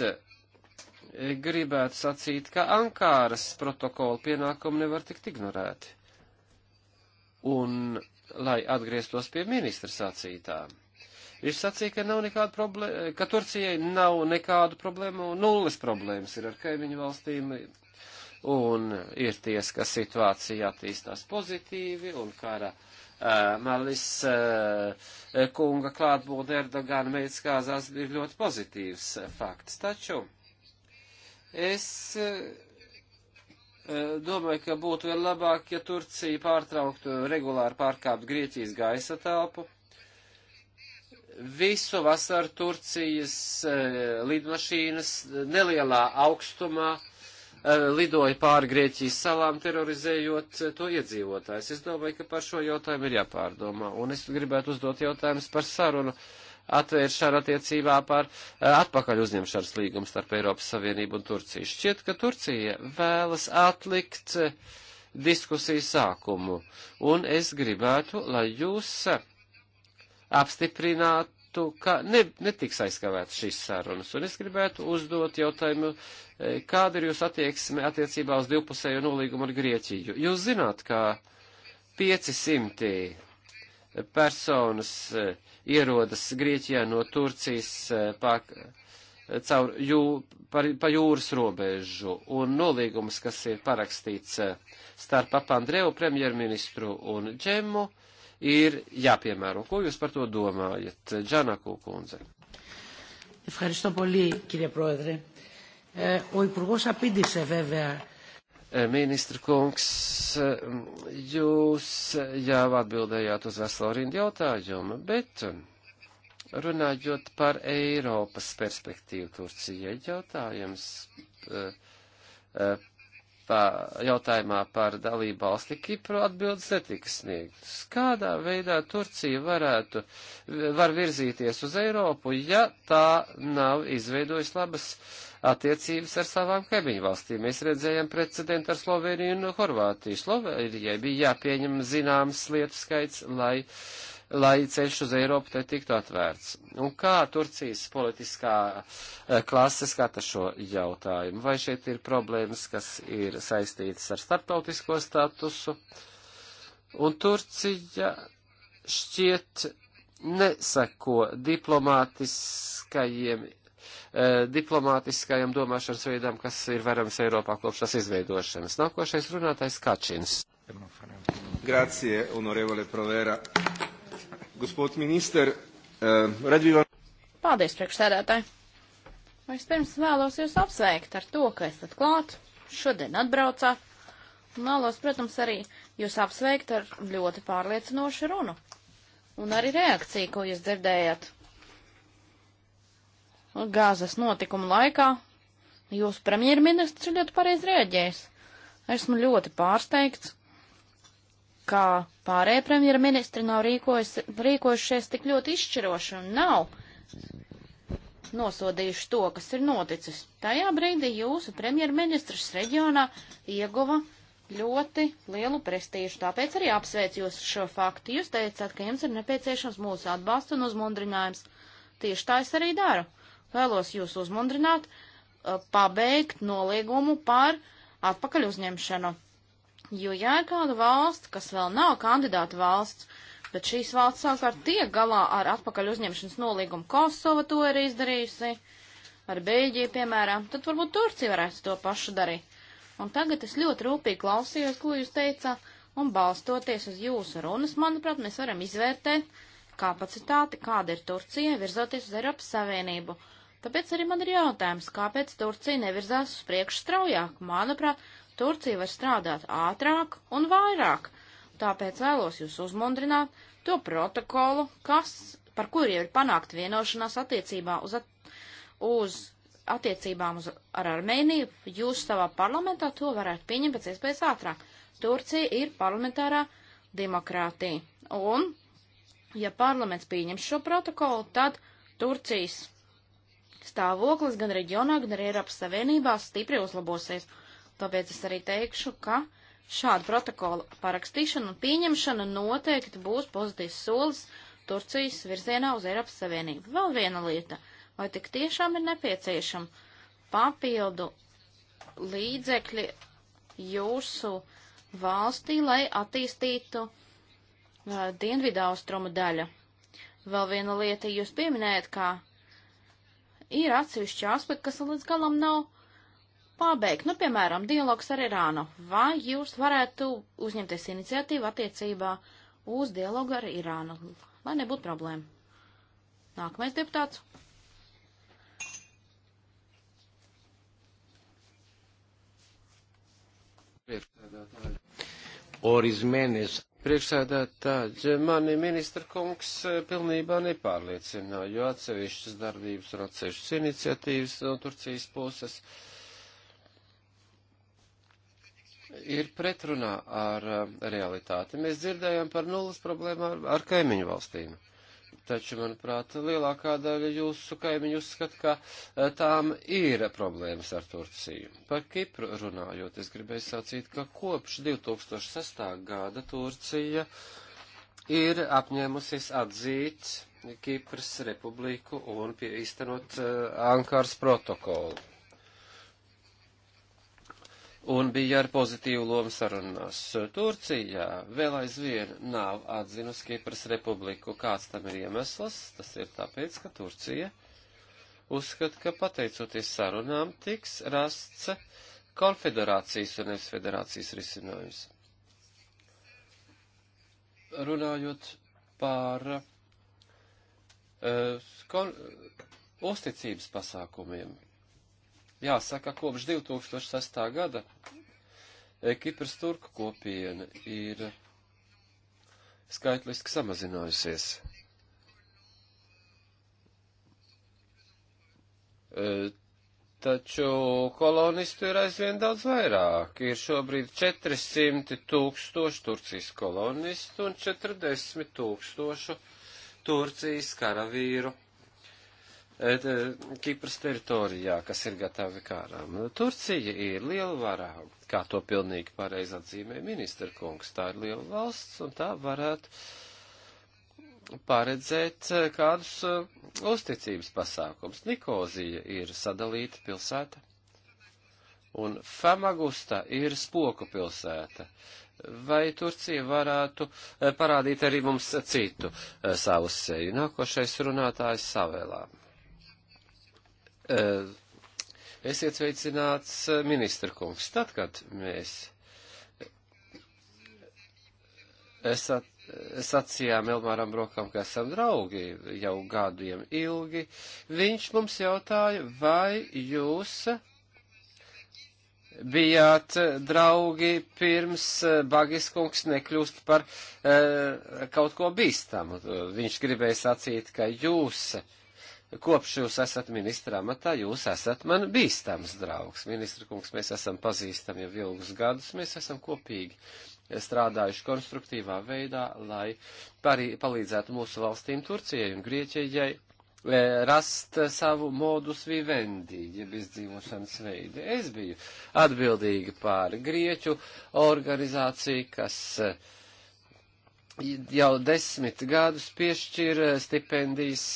eh, gribētu sacīt, ka Ankāras protokola pienākumi nevar tikt ignorēti. Un, lai atgrieztos pie ministra sacītā, viņš sacīja, ka nav nekāda problēma, ka Turcijai nav nekādu problēmu, nulles problēmas ir ar kaimiņu valstīm, un ir ties, ka situācija attīstās pozitīvi, un kara. Kā Eh, Malis eh, kunga klātbūtne Erdogana meitas kāzās bija ļoti pozitīvs eh, fakts. Taču es domāju, ka būtu vēl labāk, ja Turcija pārtrauktu regulāri pārkāpt Grieķijas gaisa telpu. Visu vasaru Turcijas lidmašīnas nelielā augstumā uh, Eh, lidoja pāri Grieķijas salām, terorizējot eh, to iedzīvotājs. Es domāju, ka par šo jautājumu ir jāpārdomā, un es gribētu uzdot jautājumus par sarunu atvēršanu attiecībā par eh, atpakaļ uzņemšanas līgumu starp Eiropas Savienību un Turciju. Šķiet, ka Turcija vēlas atlikt diskusiju sākumu, un es gribētu, lai jūs apstiprināt uzskatu, ka ne, netiks aizskavēt šīs sarunas. Un es gribētu uzdot jautājumu, e, kāda ir jūsu attieksme attiecībā uz divpusējo nolīgumu ar Grieķiju. Jūs zināt, ka 500 personas e, ierodas Grieķijā no Turcijas e, pār, caur jū, par, pa jūras robežu un nolīgums, kas ir parakstīts starp Papandreju premjerministru un Džemu, uh, ir jāpiemēro. Ko jūs par to domājat, Džanaku kundze? Ευχαριστώ πολύ, κύριε Πρόεδρε. Ε, ο Υπουργός απήντησε βέβαια Ministra kungs, jūs jau atbildējāt uz veselu rindu jautājumu, bet runājot par Eiropas perspektīvu Turcijai, jautājums eh, eh, pa jautājumā par dalību valsti Kipru atbildes netika sniegtas. Kādā veidā Turcija varētu, var virzīties uz Eiropu, ja tā nav izveidojusi labas attiecības ar savām kaimiņu valstīm? Mēs redzējām precedentu ar Sloveniju un Horvātiju. Slovenijai bija jāpieņem zināms lietu skaits, lai uh, lai ceļš uz Eiropu te tiktu atvērts. Un kā Turcijas politiskā eh, klase skata šo jautājumu? Vai šeit ir problēmas, kas ir saistītas ar starptautisko statusu? Un Turcija šķiet nesako diplomātiskajiem eh, diplomātiskajam domāšanas veidam, kas ir varams Eiropā kopš tās izveidošanas. Nākošais runātais Kačins. Grazie, onorevole Provera. Gospod minister, eh, rad bi vam. Paldies, priekšsēdētāji. Vispirms vēlos jūs apsveikt ar to, ka esat klāt, šodien atbraucāt. Un vēlos, protams, arī jūs apsveikt ar ļoti pārliecinošu runu. Un arī reakciju, ko jūs dzirdējat. Gāzes notikuma laikā jūsu premjerministrs ļoti pareizi rēģējis. Esmu ļoti pārsteigts, kā pārējie premjera ministri nav rīkojas, rīkojušies tik ļoti izšķiroši un nav nosodījuši to, kas ir noticis. Tajā brīdī jūsu premjerministrs reģionā ieguva ļoti lielu prestīžu, tāpēc arī apsveicu jūs šo faktu. Jūs teicāt, ka jums ir nepieciešams mūsu atbalsts un uzmundrinājums. Tieši tā es arī daru. Vēlos jūs uzmundrināt, uh, pabeigt noliegumu par atpakaļ uzņemšanu. Jo ja ir kāda valsts, kas vēl nav kandidāta valsts, bet šīs valsts savukārt tiek galā ar atpakaļ uzņemšanas nolīgumu, Kosova to ir izdarījusi, ar Beļģiju, piemēram, tad varbūt Turcija varētu to pašu darīt. Un tagad es ļoti rūpīgi klausījos, ko jūs teicāt, un balstoties uz jūsu runas, manuprāt, mēs varam izvērtēt kapacitāti, kāda ir Turcija virzoties uz Eiropas Savienību. Tāpēc arī man ir jautājums, kāpēc Turcija nevirzās uz priekšu straujāk? Manuprāt, Turcija var strādāt ātrāk un vairāk. Tāpēc vēlos jūs uzmundrināt to protokolu, kas, par kuriem ir panākt vienošanās attiecībā uz, at, uz attiecībām uz, ar Armēniju. Jūs savā parlamentā to varētu pieņemt pēc iespējas ātrāk. Turcija ir parlamentārā demokrātija. Un, ja parlaments pieņems šo protokolu, tad Turcijas stāvoklis gan reģionā, gan arī Eiropas Savienībā stipri uzlabosies. Tāpēc es arī teikšu, ka šāda protokola parakstīšana un pieņemšana noteikti būs pozitīvs solis Turcijas virzienā uz Eiropas Savienību. Vēl viena lieta, vai tik tiešām ir nepieciešama papildu līdzekļi jūsu valstī, lai attīstītu uh, dienvidu austrumu daļu. Vēl viena lieta, jūs pieminējat, kā ir atsevišķi aspekti, kas līdz galam nav pabeigt, nu, piemēram, dialogs ar Irānu, vai jūs varētu uzņemties iniciatīvu attiecībā uz dialogu ar Irānu, lai nebūtu problēma? Nākamais deputāts. Orizmenis. Priekšsēdētāji, mani ministra kungs eh, pilnībā nepārliecināja, jo atsevišķas darbības un atsevišķas iniciatīvas no Turcijas puses. Uh, ir pretrunā ar um, realitāti. Mēs dzirdējām par nulles problēmām ar, ar kaimiņu valstīm. Taču, manuprāt, lielākā daļa jūsu kaimiņu uzskata, ka uh, tām ir problēmas ar Turciju. Par Kipru runājot, es gribēju sacīt, ka kopš 2006. gada Turcija ir apņēmusies atzīt Kipras republiku un pie, iztenot uh, Ankāras protokolu un bija ar pozitīvu lomu sarunās. Turcijā vēl aizvien nav atzinusi Kipras republiku. Kāds tam ir iemesls? Tas ir tāpēc, ka Turcija uzskata, ka pateicoties sarunām tiks rasts konfederācijas un nevis federācijas risinājums. Runājot par uh, kon, uzticības pasākumiem, Jāsaka, kopš 2006. gada Kipras turku kopiena ir skaitliski samazinājusies. E, taču kolonistu ir aizvien daudz vairāk. Ir šobrīd 400 tūkstoši Turcijas kolonistu un 40 tūkstošu Turcijas karavīru E, Kipras teritorijā, kas ir gatavi kārām. Turcija ir liela varā, kā to pilnīgi pareizi atzīmē ministra kungs. Tā ir liela valsts, un tā varētu paredzēt e, kādus e, uzticības pasākums. Nikozija ir sadalīta pilsēta, un Famagusta ir spoku pilsēta. Vai Turcija varētu parādīt arī mums citu savu seju? Nākošais runātājs Savēlā. Eh, esiet sveicināts, eh, ministra kungs, tad, kad mēs eh, esat sacījām Elmāram Brokam, ka esam draugi jau gadiem ilgi, viņš mums jautāja, vai jūs bijāt draugi pirms Bagiskungs nekļūst par e, kaut ko bīstamu. Viņš gribēja sacīt, ka jūs e, kopš jūs esat ministra amatā, jūs esat man bīstams draugs. Ministra kungs, mēs esam pazīstami jau ilgus gadus, mēs esam kopīgi strādājuši konstruktīvā veidā, lai parī, palīdzētu mūsu valstīm Turcijai un Grieķijai eh, rast savu modus vivendi, jeb izdzīvošanas veidu. Es biju atbildīgi pār Grieķu organizāciju, kas eh, jau desmit gadus piešķir eh, stipendijas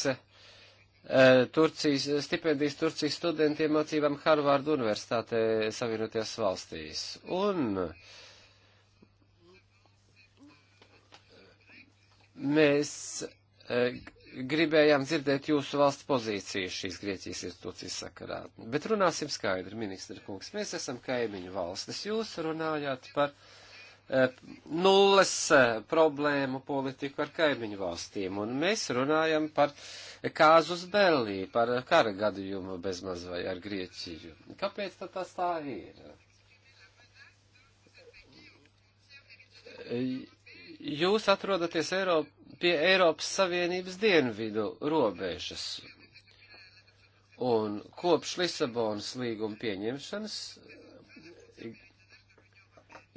Eh, Turcijas, eh, stipendijas Turcijas studentiem mācībām Harvārdu Universitātē Savienotajās valstīs. Un eh, mēs gribējām dzirdēt jūsu valsts pozīciju šīs Grieķijas institūcijas sakarā. Bet runāsim skaidri, ministra kungs. Mēs esam kaimiņu valstis. Jūs runājāt par Eh, nulles eh, problēmu politiku ar kaimiņu valstīm, un mēs runājam par kāzus Bellī, par kara gadījumu bezmaz vai ar Grieķiju. Kāpēc tad tas tā ir? Eh, jūs atrodaties Eiropa, pie Eiropas Savienības dienvidu robežas, un kopš Lisabonas līguma pieņemšanas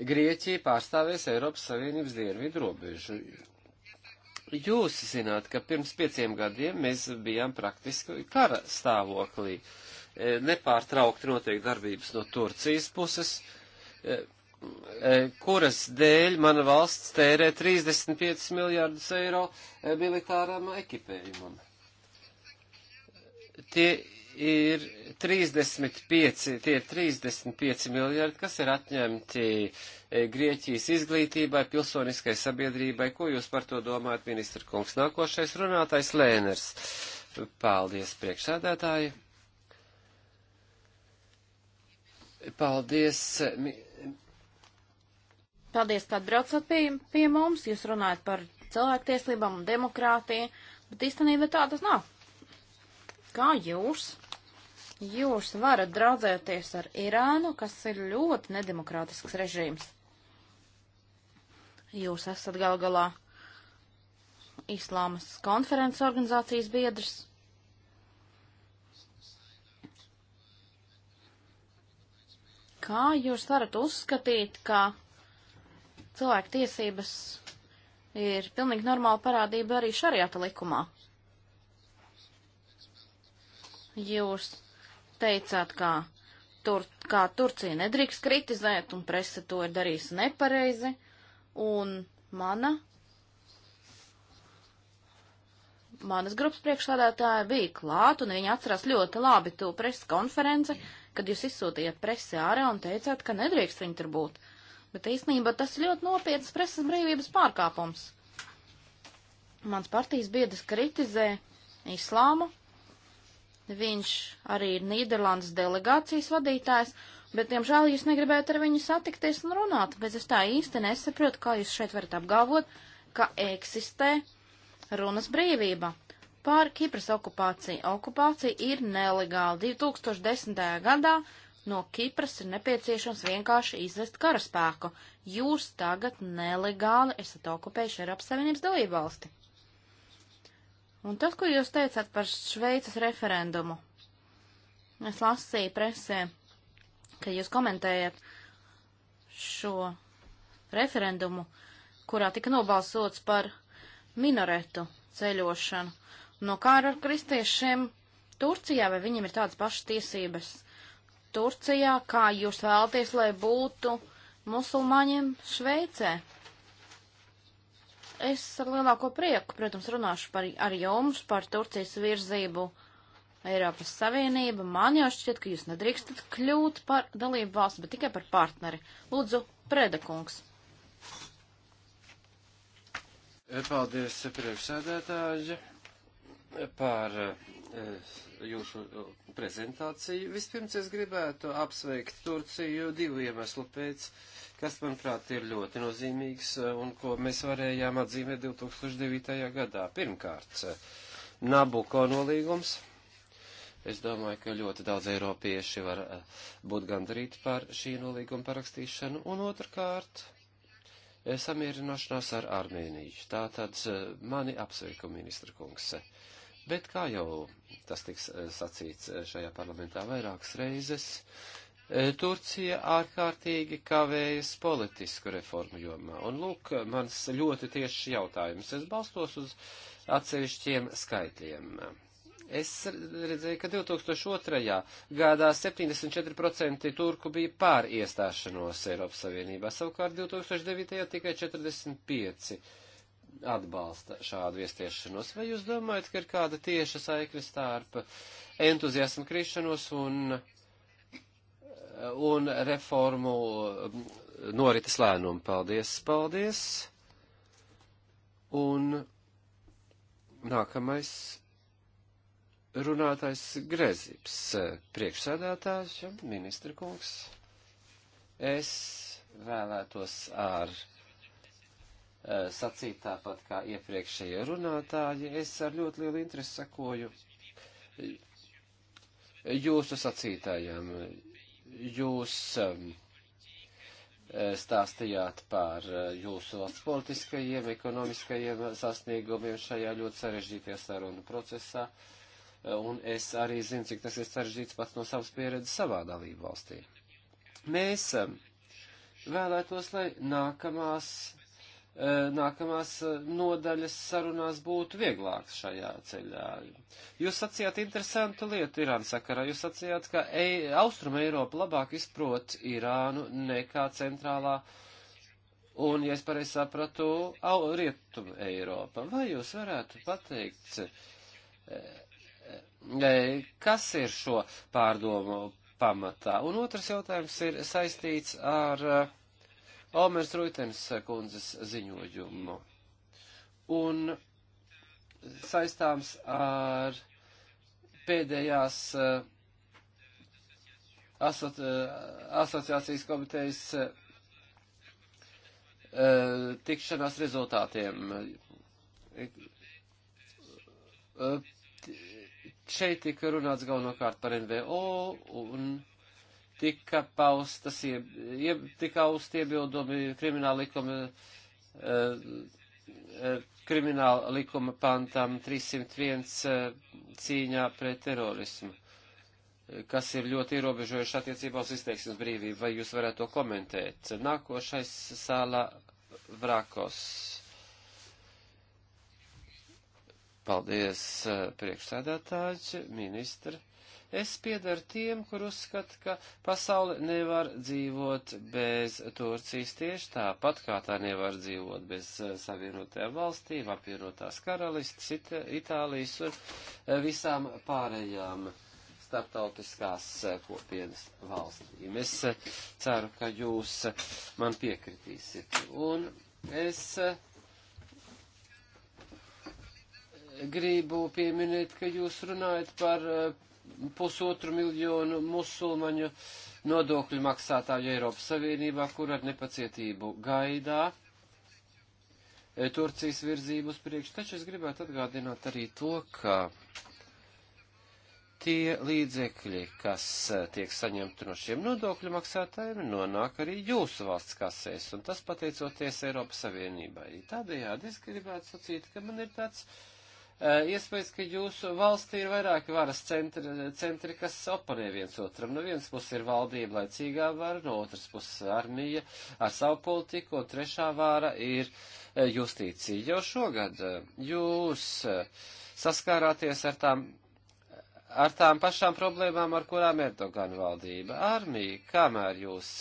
Grieķija pārstāvēs Eiropas Savienības dienvidu robežu. Jūs zināt, ka pirms pieciem gadiem mēs bijām praktiski kara stāvoklī. E, nepārtraukti notiek darbības no Turcijas puses, e, e, kuras dēļ mana valsts tērē 35 miljārdus eiro militāram ekipējumam. Tie ir 35, tie ir 35 miljardi, kas ir atņemti e, Grieķijas izglītībai, pilsoniskai sabiedrībai. Ko jūs par to domājat, ministra kungs? Nākošais runātais Lēners. Paldies, priekšsēdētāji. Paldies. Paldies, ka atbraucat pie, pie mums. Jūs runājat par cilvēktieslībām un demokrātiju, bet īstenībā tā tas nav. Kā jūs Jūs varat draudzēties ar Irānu, kas ir ļoti nedemokrātisks režīms. Jūs esat gal galā Islāmas konferences organizācijas biedrs. Kā jūs varat uzskatīt, ka cilvēku tiesības ir pilnīgi normāla parādība arī šariata likumā. Jūs teicāt, kā, tur, kā Turcija nedrīkst kritizēt, un presa to ir darījusi nepareizi, un mana, manas grupas priekšsādātāja bija klāt, un viņa atcerās ļoti labi to presa konferenci, kad jūs izsūtījāt presi ārā un teicāt, ka nedrīkst viņi tur būt. Bet īstenībā tas ļoti nopietnas presas brīvības pārkāpums. Mans partijas biedrs kritizē islāmu, Viņš arī ir Nīderlandes delegācijas vadītājs, bet, diemžēl, jūs negribējat ar viņu satikties un runāt, bet es tā īsti nesaprotu, kā jūs šeit varat apgalvot, ka eksistē runas brīvība. Pār Kipras okupāciju. Okupācija ir nelegāla. 2010. gadā no Kipras ir nepieciešams vienkārši izvest karaspēku. Jūs tagad nelegāli esat okupējuši Eiropas Savienības dalībvalsti. Un tas, ko jūs teicāt par Šveicas referendumu, es lasīju presē, ka jūs komentējat šo referendumu, kurā tika nobalsots par minaretu ceļošanu. No kā ar kristiešiem Turcijā, vai viņiem ir tādas pašas tiesības Turcijā, kā jūs vēlaties, lai būtu musulmaņiem Šveicē? Es ar lielāko prieku, protams, runāšu par, ar jums par Turcijas virzību Eiropas Savienību. Man jau šķiet, ka jūs nedrīkstat kļūt par dalību valsts, bet tikai par partneri. Lūdzu, Predekungs. Paldies, priekšsēdētāji, par jūsu prezentāciju. Vispirms es gribētu apsveikt Turciju divu iemeslu pēc, kas, manuprāt, ir ļoti nozīmīgs e, un ko mēs varējām atzīmēt 2009. gadā. Pirmkārt, e, Nabuko nolīgums. Es domāju, ka ļoti daudz eiropieši var e, būt gandrīt par šī nolīguma parakstīšanu. Un otrkārt, samierināšanās ar Armēniju. Tātad mani apsveiku, ministra kungs. Uh, Bet kā jau tas tiks eh, sacīts eh, šajā parlamentā vairākas reizes, eh, Turcija ārkārtīgi kavējas politisku reformu jomā. Un lūk, mans ļoti tieši jautājums. Es balstos uz atsevišķiem skaitļiem. Es redzēju, ka 2002. gadā 74% turku bija pār iestāšanos Eiropas Savienībā, savukārt 2009. tikai 45% atbalsta šādu iestiešanos. Vai jūs domājat, ka ir kāda tieša saikne starp entuziasmu krišanos un, un reformu um, noritas lēnumu? Paldies, paldies. Un nākamais runātais Grezības priekšsēdētājs, ministra kungs. Es vēlētos ar. Ār Eh, sacīt tāpat kā iepriekšējie runātāji. Es ar ļoti lielu interesi sakoju eh, jūsu sacītājiem. Jūs eh, stāstījāt par jūsu valsts politiskajiem, ekonomiskajiem sasniegumiem šajā ļoti sarežģītajā sarunu procesā. Un es arī zinu, cik tas ir sarežģīts pats no savas pieredzes savā dalību valstī. Mēs vēlētos, lai nākamās Eh, nākamās eh, nodaļas sarunās būtu vieglāks šajā ceļā. Jūs sacījāt interesantu lietu Irānas sakarā. Jūs sacījāt, ka e Austruma Eiropa labāk izprot Irānu nekā centrālā un, ja es pareizi sapratu, Rietuma Eiropa. Vai jūs varētu pateikt, e e kas ir šo pārdomu pamatā? Un otrs jautājums ir saistīts ar. Uh, Almers Ruitenes kundzes ziņojumu. Un saistāms ar pēdējās eh, aso eh, asociācijas komitejas eh, tikšanās rezultātiem. Šeit tika runāts galvenokārt par NVO un tika paustas, ieb, ieb, tika austi iebildumi krimināla likuma, uh, krimināla likuma pantam 301 uh, eh, cīņā pret terorismu, kas ir ļoti ierobežojuši attiecībā uz izteiksmes brīvību. Vai jūs varētu to komentēt? Nākošais sāla Vrakos. Paldies, priekšsēdētāji, ministri. Es piedaru tiem, kur uzskata, ka pasauli nevar dzīvot bez Turcijas tieši tāpat, kā tā nevar dzīvot bez eh, Savienotajām valstīm, apvienotās karalistas, It Itālijas un eh, visām pārējām starptautiskās eh, kopienas valstīm. Es ceru, ka jūs man piekritīsiet. Un es gribu pieminēt, ka jūs runājat par pusotru miljonu musulmaņu nodokļu maksātāju Eiropas Savienībā, kur ar nepacietību gaidā e, Turcijas virzību uz priekšu. Taču es gribētu atgādināt arī to, ka tie līdzekļi, kas e, tiek saņemti no šiem nodokļu maksātājiem, nonāk arī jūsu valsts kasēs, un tas pateicoties Eiropas Savienībai. Tādējādi es gribētu sacīt, ka man ir tāds Eh, iespējas, ka jūsu valstī ir vairāki varas centri, centri kas oponē viens otram. No nu, vienas puses ir valdība laicīgā vara, no otras puses armija ar savu politiku, un trešā vara ir eh, justīcija. Jau šogad eh, jūs saskārāties ar tām, ar tām pašām problēmām, ar kurām Erdogan valdība. Armija, kamēr jūs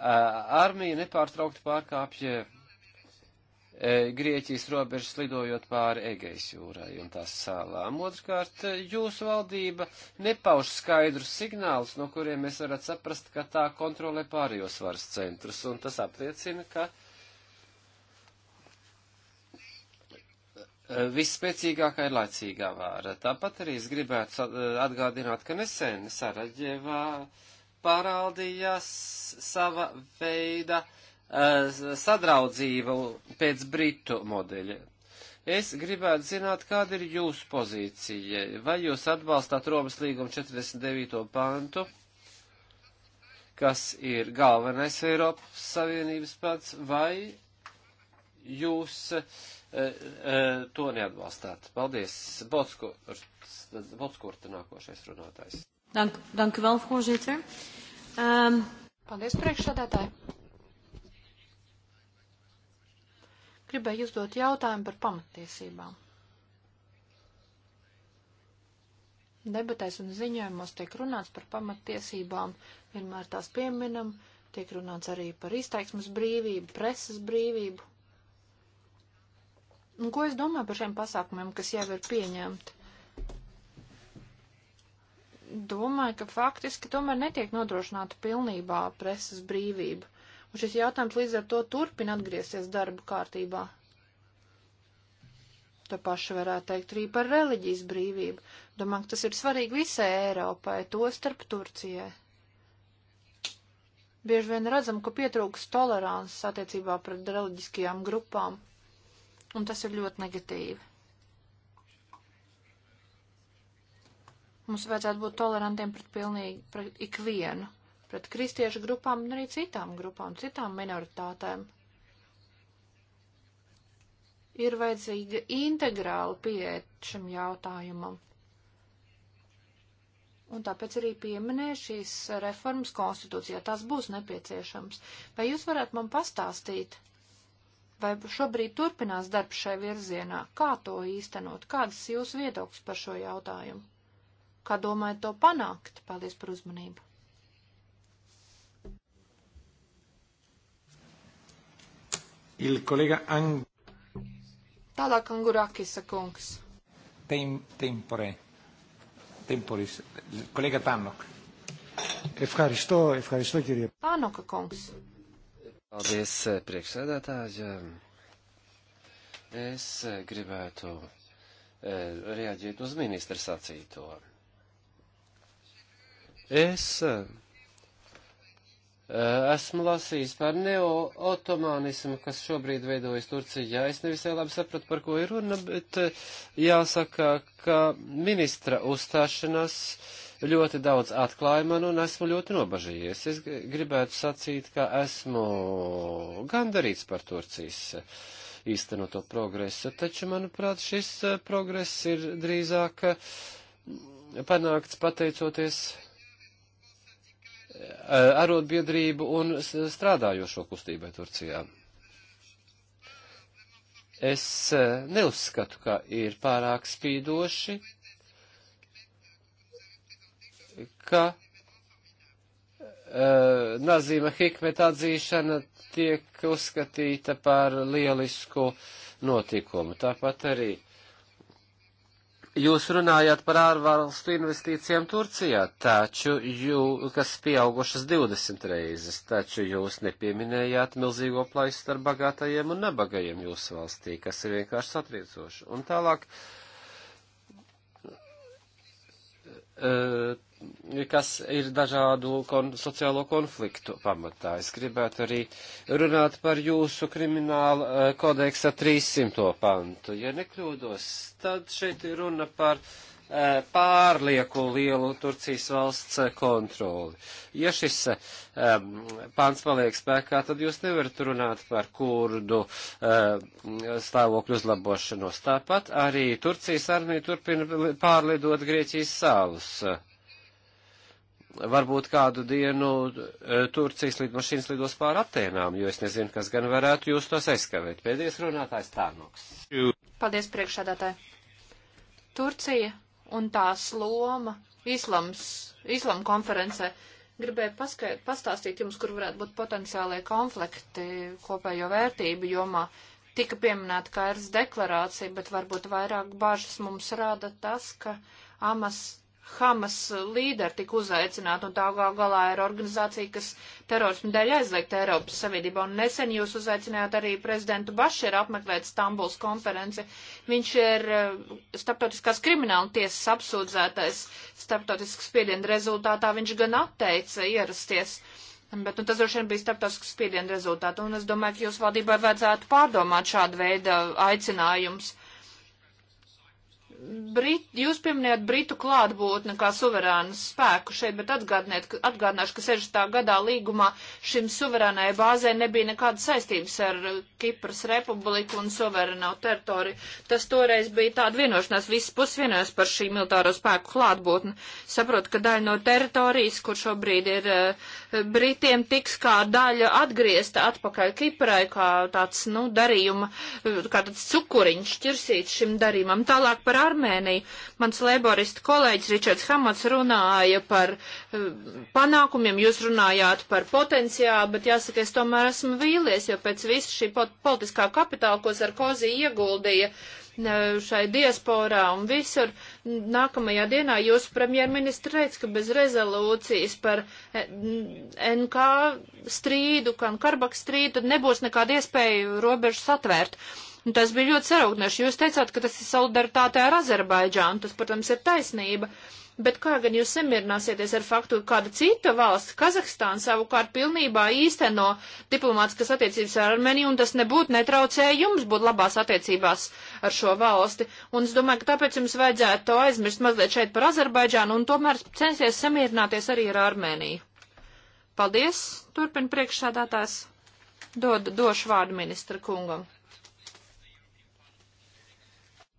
armija nepārtraukti pārkāpja E, Grieķijas robežas lidojot pāri Egejas jūrai un tās sālām. Otrkārt, e, jūsu valdība nepauž skaidrus signālus, no kuriem mēs varētu saprast, ka tā kontrolē pārējos varas centrus, un tas apliecina, ka e, visspēcīgākā ir laicīgā vāra. Tāpat arī es gribētu atgādināt, ka nesen Saraģevā parādījās sava veida uh, Eh, sadraudzība pēc britu modeļa. Es gribētu zināt, kāda ir jūsu pozīcija. Vai jūs atbalstāt Romas līguma 49. pantu, kas ir galvenais Eiropas Savienības pats, vai jūs e, e, to neatbalstāt? Paldies. Botskurta nākošais runātājs. Dank, dank vēl, voorzitter. Um... Paldies, priekšsādātāji. Gribēju uzdot jautājumu par pamatiesībām. Debatēs un ziņojumos tiek runāts par pamatiesībām, vienmēr tās pieminam, tiek runāts arī par izteiksmes brīvību, preses brīvību. Un ko es domāju par šiem pasākumiem, kas jau ir pieņemti? Domāju, ka faktiski tomēr netiek nodrošināta pilnībā preses brīvība un šis jautājums līdz ar to turpina atgriezties darba kārtībā. To pašu varētu teikt arī par reliģijas brīvību. Domāju, ka tas ir svarīgi visai Eiropai, to starp Turcijai. Bieži vien redzam, ka pietrūks tolerants attiecībā pret reliģiskajām grupām, un tas ir ļoti negatīvi. Mums vajadzētu būt tolerantiem pret pilnīgi pret ikvienu pret kristiešu grupām un arī citām grupām, citām minoritātēm. Ir vajadzīga integrāla pieeja šim jautājumam. Un tāpēc arī pieminēju šīs reformas konstitūcijā. Tās būs nepieciešams. Vai jūs varētu man pastāstīt, vai šobrīd turpinās darbs šai virzienā? Kā to īstenot? Kādas jūs viedoklis par šo jautājumu? Kā domājat to panākt? Paldies par uzmanību! il kolega Ang... Tālāk Angurakis kungs. Tem, tempore. Temporis. Kolega Tannok. Ευχαριστώ, ευχαριστώ κύριε. Τάνοκα kungs. Paldies, eh, priekšsēdētāji. Es eh, gribētu eh, reaģēt uz ministra sacīto. Es Eh, esmu lasījis par neo-otomānismu, kas šobrīd veidojas Turcijā. Es nevisai labi sapratu, par ko ir runa, bet eh, jāsaka, ka ministra uzstāšanās ļoti daudz atklāja man un esmu ļoti nobažījies. Es gribētu sacīt, ka esmu gandarīts par Turcijas eh, īstenoto progresu, taču, manuprāt, šis progress ir drīzāk panākts pateicoties Eh, arotbiedrību un strādājošo kustībai Turcijā. Es eh, neuzskatu, ka ir pārāk spīdoši, ka eh, Nazīma Hikmeta atzīšana tiek uzskatīta par lielisku notikumu. Tāpat arī uh, Jūs runājāt par ārvalstu investīcijām Turcijā, taču jū, kas pieaugušas 20 reizes, taču jūs nepieminējāt milzīgo plaisu starp bagātajiem un nabagajiem jūsu valstī, kas ir vienkārši satriecoši. Un tālāk, kas ir dažādu kon sociālo konfliktu pamatā. Es gribētu arī runāt par jūsu krimināla eh, kodeksa 300. pantu. Ja nekļūdos, tad šeit ir runa par eh, pārlieku lielu Turcijas valsts eh, kontroli. Ja šis um, pāns paliek spēkā, tad jūs nevarat runāt par kurdu um, stāvokļu uzlabošanos. Tāpat arī Turcijas armija turpina pārlidot Grieķijas salus. Uh, varbūt kādu dienu e, Turcijas lidmašīnas lidos pār Atēnām, jo es nezinu, kas gan varētu jūs tos aizskavēt. Pēdējais runātājs Tārnoks. Paldies, priekšādātāji. Turcija un tās loma islams, islama konferencē. Gribēju paskai, pastāstīt jums, kur varētu būt potenciālie konflikti kopējo vērtību jomā. Tika pieminēta Kairas deklarācija, bet varbūt vairāk bažas mums rāda tas, ka Amas Hamas līderi tika uzaicināti, un tā gal galā ir organizācija, kas terorismu dēļ aizliegta Eiropas Savienībā. Un nesen jūs uzaicinājāt arī prezidentu Bašeru apmeklēt Stambuls konferenci. Viņš ir eh, starptautiskās krimināla tiesas apsūdzētais starptautiskas spiediena rezultātā. Viņš gan atteica ierasties. Bet nu, tas droši vien bija starptautiskas spiediena rezultāts, un es domāju, ka jūs valdībai vajadzētu pārdomāt šādu veidu aicinājumus. Brit, jūs pieminējat Britu klātbūtni kā suverēnu spēku šeit, bet atgādināšu, ka 60. gadā līgumā šim suverēnai bāzē nebija nekāda saistības ar uh, Kipras republiku un suverēno teritoriju. Tas toreiz bija tāda vienošanās, visas puses vienojas par šī militāro spēku klātbūtni. Saprotu, ka daļa no teritorijas, kur šobrīd ir uh, Britiem, tiks kā daļa atgriezta atpakaļ Kiprai, kā tāds, nu, darījuma, uh, kā tāds cukuriņš ķirsīts šim darījumam. Tālāk par Armēniju. Mans leiboristu kolēģis Ričards Hamats runāja par eh, panākumiem, jūs runājāt par potenciālu, bet jāsaka, es tomēr esmu vīlies, jo pēc visu šī politiskā kapitāla, ko Sarkozi ieguldīja, eh, šai diasporā un visur. Nākamajā dienā jūsu premjerministra teica, ka bez rezolūcijas par eh, NK strīdu, kā Karbaks strīdu, nebūs nekāda iespēja robežas atvērt. Un tas bija ļoti sarūgnoši. Jūs teicāt, ka tas ir solidaritāte ar Azerbaidžānu. Tas, protams, ir taisnība. Bet kā gan jūs samierināsieties ar faktu, ka kāda cita valsts, Kazahstāna, savukārt pilnībā īsteno diplomātiskas attiecības ar Armēniju, un tas nebūtu netraucē jums būt labās attiecībās ar šo valsti? Un es domāju, ka tāpēc jums vajadzētu to aizmirst mazliet šeit par Azerbaidžānu, un tomēr censties samierināties arī ar Armēniju. Paldies, turpin priekšsādātājs. Dod, došu vārdu ministra kungam.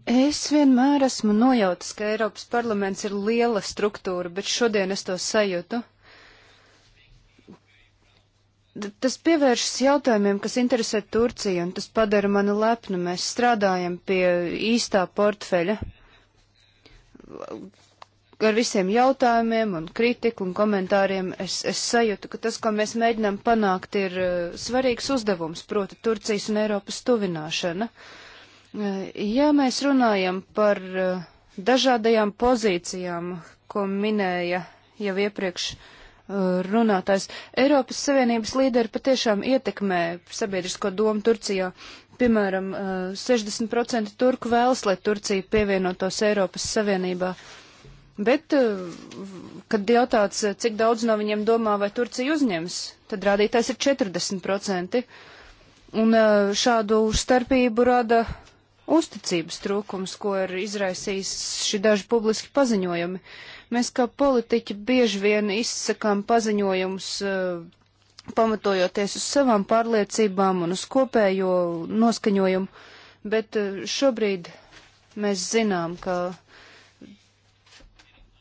Es vienmēr esmu nojautis, ka Eiropas parlaments ir liela struktūra, bet šodien es to sajūtu. Tas pievēršas jautājumiem, kas interesē Turciju, un tas padara mani lepnu. Mēs strādājam pie īstā portfeļa ar visiem jautājumiem un kritiku un komentāriem. Es, es sajūtu, ka tas, ko mēs mēģinām panākt, ir eh, svarīgs uzdevums, proti Turcijas un Eiropas tuvināšana. Uh, Ja mēs runājam par eh, dažādajām pozīcijām, ko minēja jau iepriekš eh, runātājs, Eiropas Savienības līderi patiešām ietekmē sabiedrisko domu Turcijā. Piemēram, 60% eh, turku vēlas, lai Turcija pievienotos Eiropas Savienībā. Bet, kad jautāts, cik daudz no viņiem domā, vai Turcija uzņems, tad rādītājs ir 40%. Un šādu starpību rada uzticības trūkums, ko ir izraisījis šī daži publiski paziņojumi. Mēs kā politiķi bieži vien izsakām paziņojumus eh, pamatojoties uz savām pārliecībām un uz kopējo noskaņojumu, bet eh, šobrīd mēs zinām, ka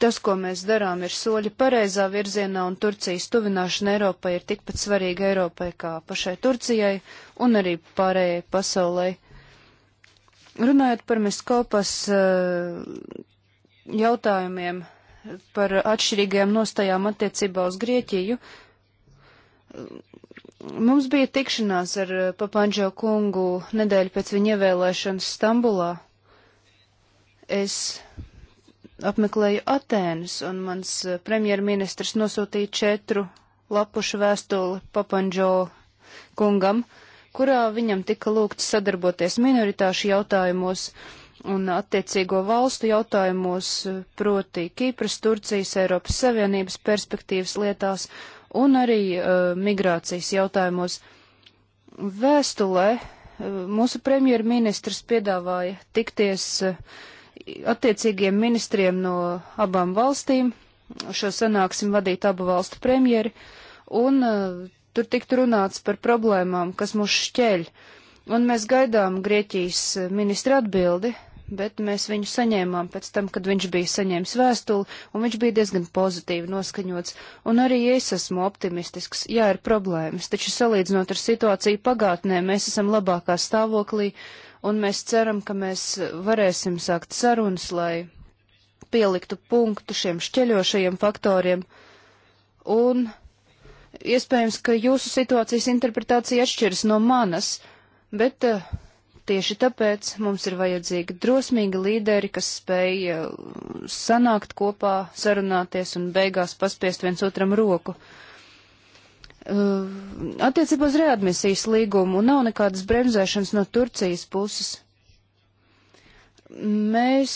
tas, ko mēs darām, ir soļi pareizā virzienā, un Turcijas tuvināšana Eiropai ir tikpat svarīga Eiropai kā pašai Turcijai un arī pārējai pasaulei. Runājot par Miskopas eh, jautājumiem par atšķirīgajām nostājām attiecībā uz Grieķiju, eh, mums bija tikšanās ar eh, Papanģo kungu nedēļu pēc viņa ievēlēšanas Stambulā. Es apmeklēju Atēnas, un mans premjerministrs nosūtīja četru lapušu vēstuli Papanģo kungam. Uh, kurā viņam tika lūgts sadarboties minoritāšu jautājumos un attiecīgo valstu jautājumos, proti Kīpras, Turcijas, Eiropas Savienības perspektīvas lietās un arī uh, migrācijas jautājumos. Vēstulē uh, mūsu premjerministrs piedāvāja tikties uh, attiecīgiem ministriem no abām valstīm. Šo sanāksim vadīt abu valstu premjeri. Un tur tiktu runāts par problēmām, kas mūs šķeļ, un mēs gaidām Grieķijas eh, ministra atbildi, bet mēs viņu saņēmām pēc tam, kad viņš bija saņēmis vēstuli, un viņš bija diezgan pozitīvi noskaņots, un arī es esmu optimistisks, jā, ir problēmas, taču salīdzinot ar situāciju pagātnē, mēs esam labākā stāvoklī, un mēs ceram, ka mēs varēsim sākt sarunas, lai pieliktu punktu šiem šķeļošajiem faktoriem, un Iespējams, ka jūsu situācijas interpretācija atšķiras no manas, bet eh, tieši tāpēc mums ir vajadzīgi drosmīgi līderi, kas spēj eh, sanākt kopā, sarunāties un beigās paspiest viens otram roku. Eh, attiecībā uz readmisijas līgumu nav nekādas bremzēšanas no Turcijas puses. Mēs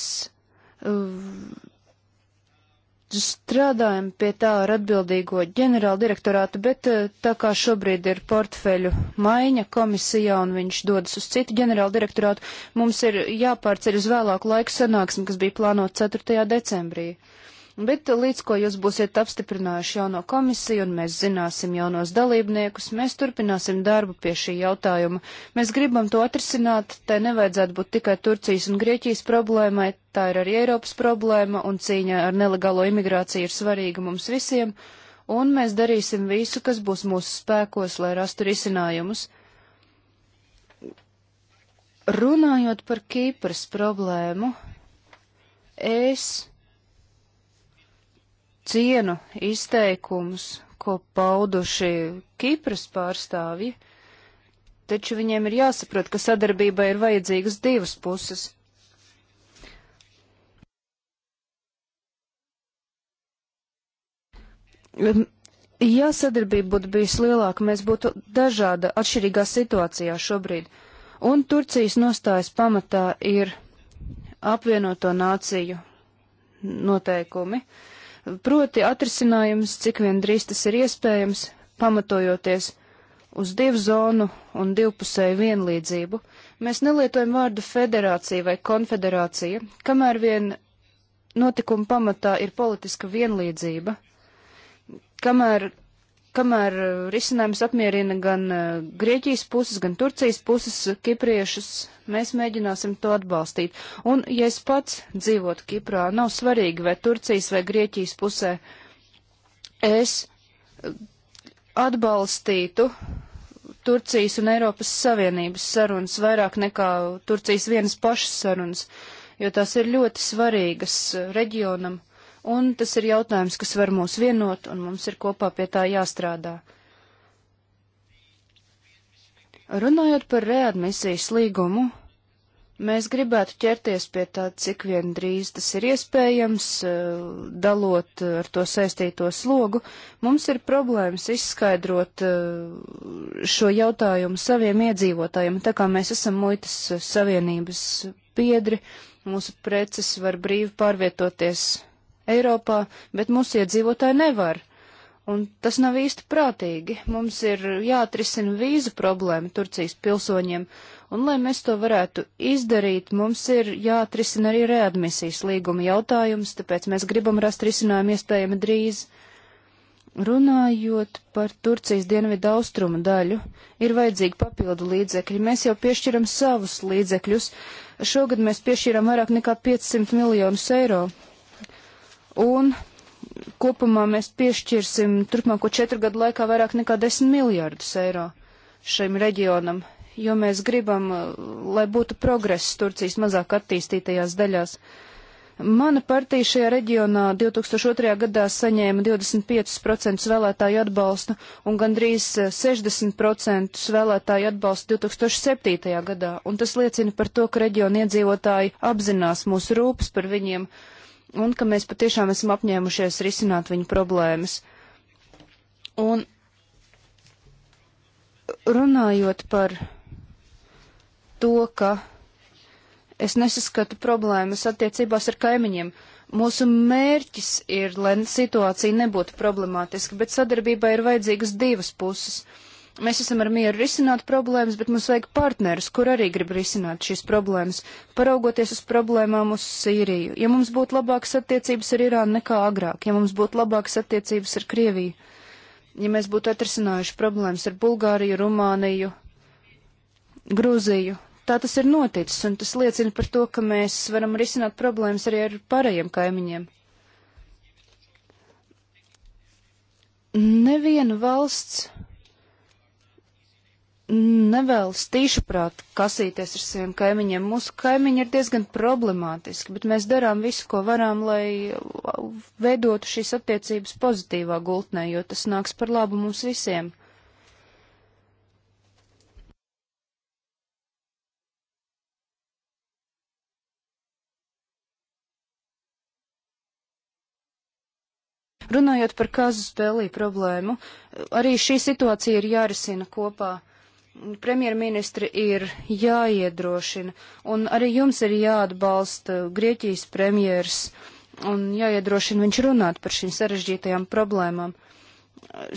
strādājam pie tā ar atbildīgo ģenerāla direktorātu, bet eh, tā kā šobrīd ir portfeļu maiņa komisijā un viņš dodas uz citu ģenerāla direktorātu, mums ir jāpārceļ uz vēlāku laiku sanāksmi, kas bija plānota 4. decembrī. Uh, Bet līdz ko jūs būsiet apstiprinājuši jauno komisiju un mēs zināsim jaunos dalībniekus, mēs turpināsim darbu pie šī jautājuma. Mēs gribam to atrisināt, tai nevajadzētu būt tikai Turcijas un Grieķijas problēmai, tā ir arī Eiropas problēma un cīņa ar nelegālo imigrāciju ir svarīga mums visiem, un mēs darīsim visu, kas būs mūsu spēkos, lai rastu risinājumus. Runājot par Kīpras problēmu, es cienu izteikumus, ko pauduši Kipras pārstāvji, taču viņiem ir jāsaprot, ka sadarbībai ir vajadzīgas divas puses. Ja sadarbība būtu bijusi lielāka, mēs būtu dažāda atšķirīgā situācijā šobrīd. Un Turcijas nostājas pamatā ir apvienoto nāciju noteikumi. Uh, proti atrisinājums, cik vien drīz tas ir iespējams, pamatojoties uz divu zonu un divpusēju vienlīdzību. Mēs nelietojam vārdu federācija vai konfederācija, kamēr vien notikuma pamatā ir politiska vienlīdzība, kamēr kamēr eh, risinājums apmierina gan eh, Grieķijas puses, gan Turcijas puses kipriešus, mēs mēģināsim to atbalstīt. Un, ja es pats dzīvotu Kiprā, nav svarīgi, vai Turcijas vai Grieķijas pusē, es eh, atbalstītu Turcijas un Eiropas Savienības sarunas vairāk nekā Turcijas vienas pašas sarunas, jo tās ir ļoti svarīgas reģionam. Uh, un tas ir jautājums, kas var mūs vienot, un mums ir kopā pie tā jāstrādā. Runājot par readmisijas līgumu, mēs gribētu ķerties pie tā, cik vien drīz tas ir iespējams, eh, dalot eh, ar to saistīto slogu. Mums ir problēmas izskaidrot eh, šo jautājumu saviem iedzīvotājiem, tā kā mēs esam muitas savienības biedri, mūsu preces var brīvi pārvietoties Eiropā, bet mūsu iedzīvotāji nevar. Un tas nav īsti prātīgi. Mums ir jāatrisina vīzu problēma Turcijas pilsoņiem, un lai mēs to varētu izdarīt, mums ir jāatrisina arī readmisijas līguma jautājums, tāpēc mēs gribam rast risinājumu iespējami drīz. Runājot par Turcijas dienvidu austrumu daļu, ir vajadzīgi papildu līdzekļi. Mēs jau piešķiram savus līdzekļus. Šogad mēs piešķiram vairāk nekā 500 miljonus eiro un kopumā mēs piešķirsim turpmāko četru gadu laikā vairāk nekā 10 miljārdus eiro šim reģionam, jo mēs gribam, uh, lai būtu progress Turcijas mazāk attīstītajās daļās. Mana partija šajā reģionā 2002. gadā saņēma 25% vēlētāju atbalstu un gandrīz 60% uh, vēlētāju atbalstu 2007. gadā, un tas liecina par to, ka reģiona iedzīvotāji apzinās mūsu rūpes par viņiem un ka mēs patiešām esam apņēmušies risināt viņu problēmas. Un runājot par to, ka es nesaskatu problēmas attiecībās ar kaimiņiem. Mūsu mērķis ir, lai situācija nebūtu problemātiska, bet sadarbībai ir vajadzīgas divas puses. Mēs esam ar mieru risināt problēmas, bet mums vajag partnerus, kur arī grib risināt šīs problēmas, paraugoties uz problēmām uz Sīriju. Ja mums būtu labākas attiecības ar Irānu nekā agrāk, ja mums būtu labākas attiecības ar Krieviju, ja mēs būtu atrisinājuši problēmas ar Bulgāriju, Rumāniju, Grūziju. Tā tas ir noticis, un tas liecina par to, ka mēs varam risināt problēmas arī ar pārējiem kaimiņiem. Neviena valsts nevēlas tīšaprāt kasīties ar saviem kaimiņiem. Mūsu kaimiņi ir diezgan problemātiski, bet mēs darām visu, ko varam, lai veidotu šīs attiecības pozitīvā gultnē, jo tas nāks par labu mums visiem. Runājot par kazu spēlī problēmu, arī šī situācija ir jārisina kopā premjerministri ir jāiedrošina, un arī jums ir jāatbalsta Grieķijas premjers, un jāiedrošina viņš runāt par šīm sarežģītajām problēmām.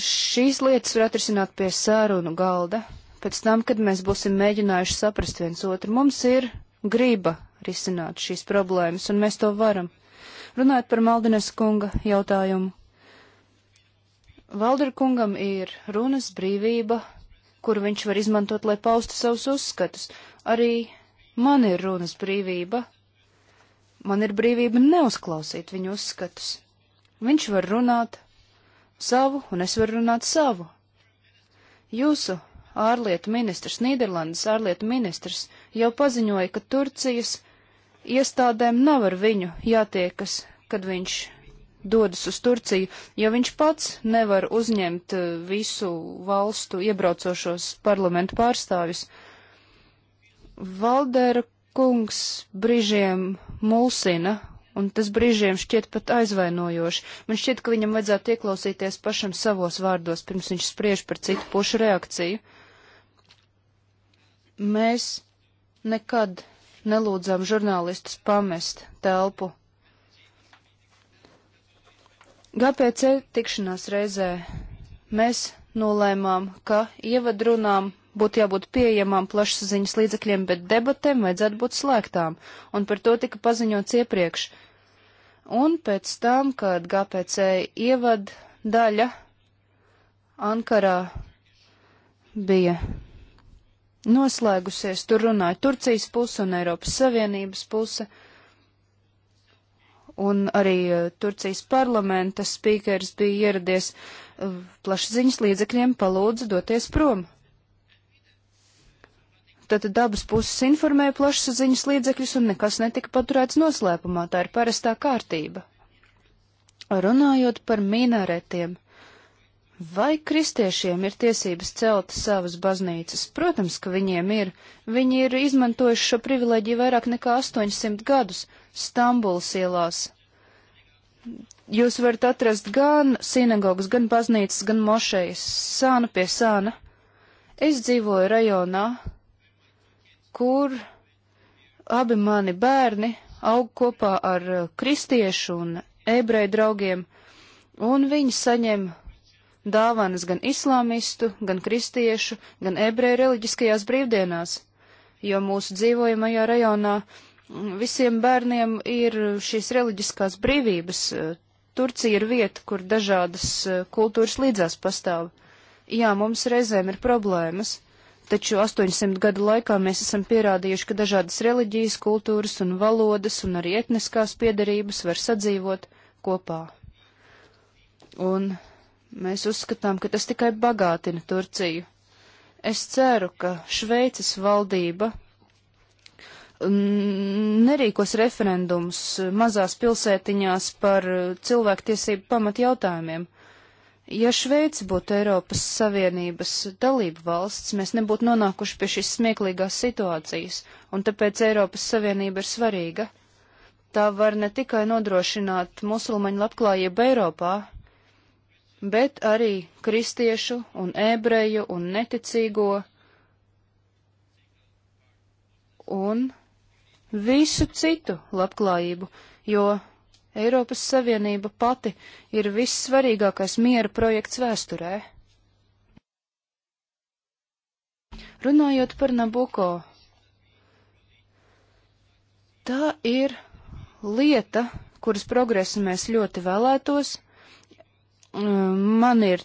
Šīs lietas var atrisināt pie sārunu galda, pēc tam, kad mēs būsim mēģinājuši saprast viens otru. Mums ir griba risināt šīs problēmas, un mēs to varam. Runājot par Maldinas kunga jautājumu. Valder kungam ir runas brīvība, kuru viņš var izmantot, lai paustu savus uzskatus. Arī man ir runas brīvība. Man ir brīvība neuzklausīt viņu uzskatus. Viņš var runāt savu, un es varu runāt savu. Jūsu ārlietu ministrs, Nīderlandes ārlietu ministrs, jau paziņoja, ka Turcijas iestādēm nav ar viņu jātiekas, kad viņš dodas uz Turciju, jo viņš pats nevar uzņemt eh, visu valstu iebraucošos parlamentu pārstāvis. Valdēra kungs brīžiem mulsina, un tas brīžiem šķiet pat aizvainojoši. Man šķiet, ka viņam vajadzētu ieklausīties pašam savos vārdos, pirms viņš spriež par citu pušu reakciju. Mēs nekad nelūdzām žurnālistus pamest telpu GPC tikšanās reizē mēs nolēmām, ka ievadrunām būtu jābūt pieejamām plašsaziņas līdzekļiem, bet debatēm vajadzētu būt slēgtām, un par to tika paziņots iepriekš. Un pēc tam, kad GPC ievad daļa Ankarā bija noslēgusies, tur runāja Turcijas puse un Eiropas Savienības puse un arī eh, Turcijas parlamenta spīkers bija ieradies eh, plašsaziņas līdzekļiem palūdza doties prom. Tātad dabas puses informēja plašsaziņas līdzekļus un nekas netika paturēts noslēpumā, tā ir parastā kārtība. Runājot par minaretiem, Vai kristiešiem ir tiesības celt savas baznīcas? Protams, ka viņiem ir. Viņi ir izmantojuši šo privileģiju vairāk nekā 800 gadus Stambuls ielās. Jūs varat atrast gan sinagogas, gan baznīcas, gan mošejas, sāna pie sāna. Es dzīvoju rajonā, kur abi mani bērni aug kopā ar kristiešu un ebreju draugiem, un viņi saņem dāvanas gan islāmistu, gan kristiešu, gan ebreju reliģiskajās brīvdienās, jo mūsu dzīvojamajā rajonā mm, visiem bērniem ir šīs reliģiskās brīvības. E, Turcija ir vieta, kur dažādas e, kultūras līdzās pastāv. Jā, mums reizēm ir problēmas, taču 800 gadu laikā mēs esam pierādījuši, ka dažādas reliģijas, kultūras un valodas un arī etniskās piedarības var sadzīvot kopā. Un Mēs uzskatām, ka tas tikai bagātina Turciju. Es ceru, ka Šveices valdība nerīkos referendums mazās pilsētiņās par cilvēktiesību pamatjautājumiem. Ja Šveica būtu Eiropas Savienības dalība valsts, mēs nebūtu nonākuši pie šīs smieklīgās situācijas, un tāpēc Eiropas Savienība ir svarīga. Tā var ne tikai nodrošināt musulmaņu labklājību Eiropā, bet arī kristiešu un ebreju un neticīgo un visu citu labklājību, jo Eiropas Savienība pati ir vissvarīgākais miera projekts vēsturē. Runājot par Nabuko, tā ir lieta, kuras progresu mēs ļoti vēlētos, man ir,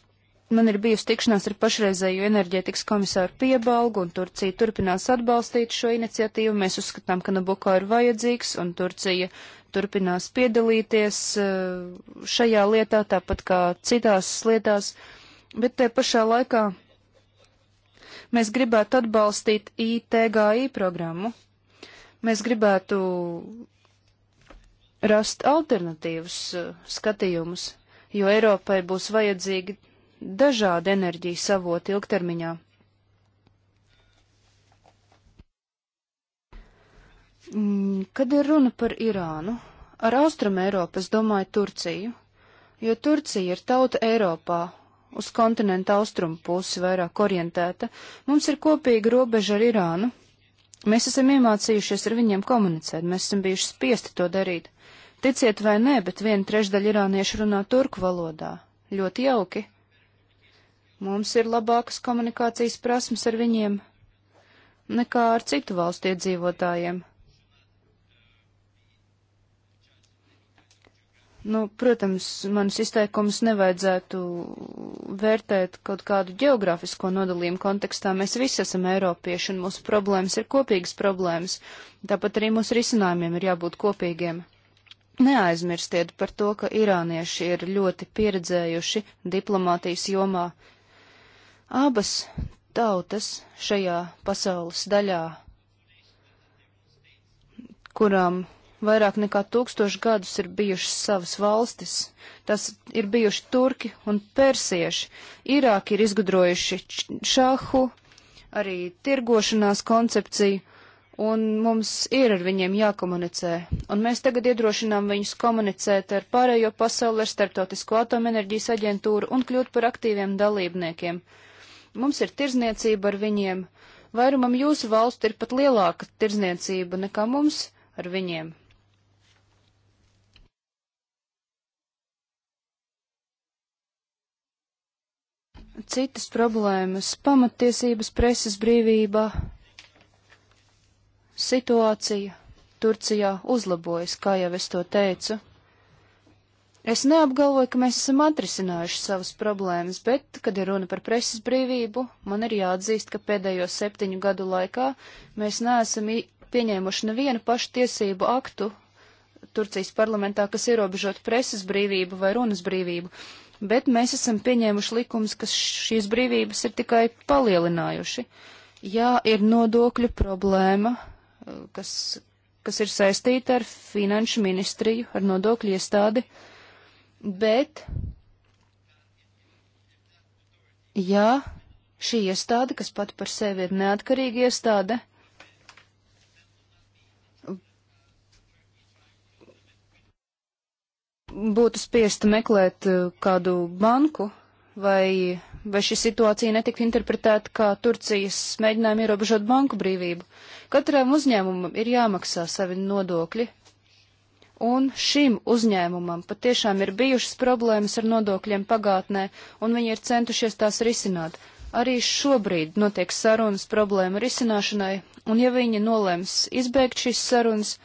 man ir bijusi tikšanās ar pašreizēju enerģētikas komisāru piebalgu, un Turcija turpinās atbalstīt šo iniciatīvu. Mēs uzskatām, ka Nabuko ir vajadzīgs, un Turcija turpinās piedalīties eh, šajā lietā, tāpat kā citās lietās, bet te pašā laikā mēs gribētu atbalstīt ITGI programmu. Mēs gribētu rast alternatīvus eh, skatījumus jo Eiropai būs vajadzīgi dažādi enerģijas avoti ilgtermiņā. Mm, kad ir runa par Irānu, ar Austrum Eiropu es domāju Turciju, jo Turcija ir tauta Eiropā, uz kontinenta austrumu pusi vairāk orientēta. Mums ir kopīga robeža ar Irānu. Mēs esam iemācījušies ar viņiem komunicēt, mēs esam bijuši spiesti to darīt. Ticiet vai nē, bet viena trešdaļa irāniešu runā turku valodā. Ļoti jauki. Mums ir labākas komunikācijas prasmes ar viņiem nekā ar citu valstu iedzīvotājiem. Nu, protams, manas izteikumus nevajadzētu vērtēt kaut kādu geogrāfisko nodalījumu kontekstā. Mēs visi esam eiropieši un mūsu problēmas ir kopīgas problēmas. Tāpat arī mūsu risinājumiem ir jābūt kopīgiem. Neaizmirstiet par to, ka irānieši ir ļoti pieredzējuši diplomātijas jomā. Abas tautas šajā pasaules daļā, kurām vairāk nekā tūkstoši gadus ir bijušas savas valstis. Tas ir bijuši turki un persieši. Irāki ir izgudrojuši šāhu, arī tirgošanās koncepciju, un mums ir ar viņiem jākomunicē. Un mēs tagad iedrošinām viņus komunicēt ar pārējo pasauli, ar starptautisko atomenerģijas aģentūru un kļūt par aktīviem dalībniekiem. Mums ir tirzniecība ar viņiem. Vairumam jūsu valstu ir pat lielāka tirzniecība nekā mums ar viņiem. Citas problēmas - pamatiesības, preses brīvība, Situācija Turcijā uzlabojas, kā jau es to teicu. Es neapgalvoju, ka mēs esam atrisinājuši savas problēmas, bet, kad ir runa par preses brīvību, man ir jāatzīst, ka pēdējo septiņu gadu laikā mēs neesam pieņēmuši nevienu pašu tiesību aktu Turcijas parlamentā, kas ierobežot preses brīvību vai runas brīvību, bet mēs esam pieņēmuši likumus, kas šīs brīvības ir tikai palielinājuši. Jā, ir nodokļu problēma, kas, kas ir saistīta ar finanšu ministriju, ar nodokļu iestādi, bet, ja šī iestāde, kas pat par sevi ir neatkarīga iestāde, būtu spiesta meklēt eh, kādu banku vai vai šī situācija netika interpretēta kā Turcijas mēģinājumi ierobežot banku brīvību. Katram uzņēmumam ir jāmaksā savi nodokļi, un šim uzņēmumam patiešām ir bijušas problēmas ar nodokļiem pagātnē, un viņi ir centušies tās risināt. Arī šobrīd notiek sarunas problēma risināšanai, un ja viņi nolems izbeigt šīs sarunas,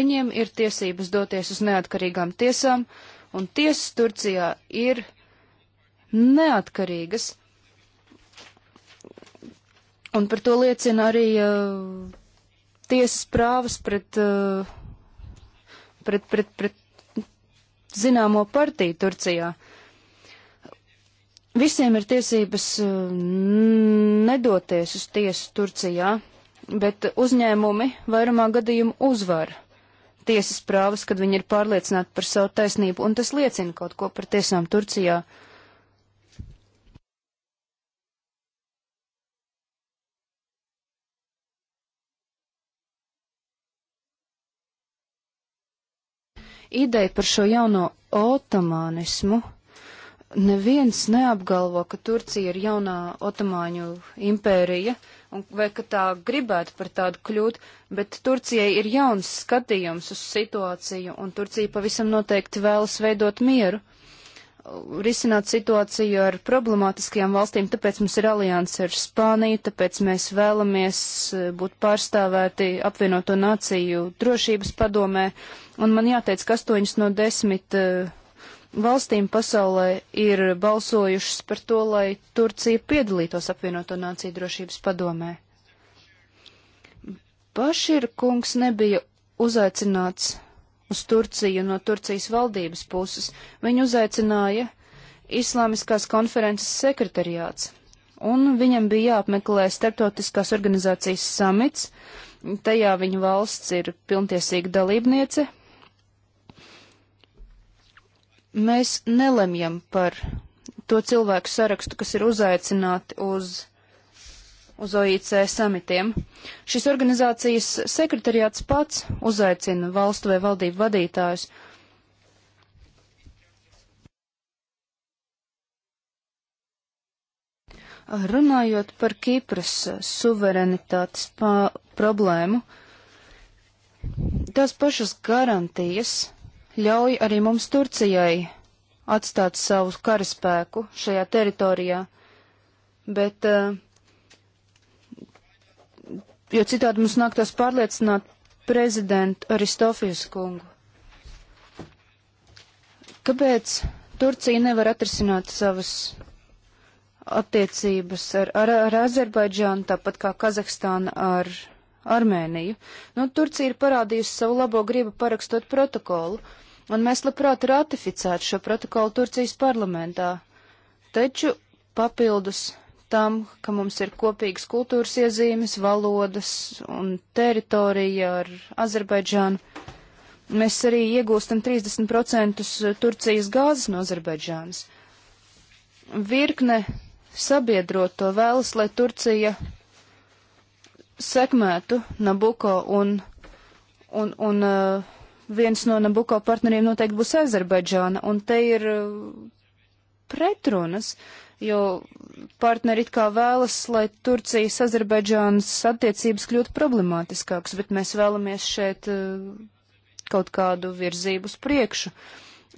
viņiem ir tiesības doties uz neatkarīgām tiesām, un tiesas Turcijā ir neatkarīgas. Un par to liecina arī uh, tiesas prāvas pret, uh, pret, pret, pret zināmo partiju Turcijā. Visiem ir tiesības uh, nedoties uz tiesu Turcijā, bet uzņēmumi vairumā gadījumu uzvar tiesas prāvas, kad viņi ir pārliecināti par savu taisnību, un tas liecina kaut ko par tiesām Turcijā. Uh, ideja par šo jauno otomānismu. Neviens neapgalvo, ka Turcija ir jaunā otomāņu impērija, un, vai ka tā gribētu par tādu kļūt, bet Turcijai ir jauns skatījums uz situāciju, un Turcija pavisam noteikti vēlas veidot mieru. Uh, risināt situāciju ar problemātiskajām valstīm, tāpēc mums ir alianse ar Spāniju, tāpēc mēs vēlamies e, būt pārstāvēti apvienoto nāciju drošības padomē. Un man jāteic, ka astoņas no desmit e, valstīm pasaulē ir balsojušas par to, lai Turcija piedalītos apvienoto nāciju drošības padomē. Bašir kungs nebija uzaicināts uz Turciju no Turcijas valdības puses. Viņu uzaicināja Islāmiskās konferences sekretariāts, un viņam bija jāapmeklē starptautiskās organizācijas samits. Tajā viņa valsts ir pilntiesīga dalībniece. Mēs nelemjam par to cilvēku sarakstu, kas ir uzaicināti uz uz OIC samitiem. Šis organizācijas sekretariāts pats uzaicina valstu vai valdību vadītājus. Runājot par Kipras suverenitātes problēmu, tās pašas garantijas ļauj arī mums Turcijai atstāt savu karaspēku šajā teritorijā, bet uh, jo citādi mums nāktās pārliecināt prezidentu Aristofijas kungu. Kāpēc Turcija nevar atrisināt savas attiecības ar, ar, ar Azerbaidžānu, tāpat kā Kazahstāna ar Armēniju? Nu, Turcija ir parādījusi savu labo gribu parakstot protokolu, un mēs labprāt ratificētu šo protokolu Turcijas parlamentā. Taču papildus tam, ka mums ir kopīgas kultūras iezīmes, valodas un teritorija ar Azerbaidžānu. Mēs arī iegūstam 30% Turcijas gāzes no Azerbaidžānas. Virkne sabiedroto vēlas, lai Turcija sekmētu Nabuko un, un, un uh, viens no Nabuko partneriem noteikti būs Azerbaidžāna, un te ir uh, pretrunas. Uh, jo partneri it kā vēlas, lai Turcijas Azerbaidžānas attiecības kļūtu problemātiskākas, bet mēs vēlamies šeit eh, kaut kādu virzību uz priekšu,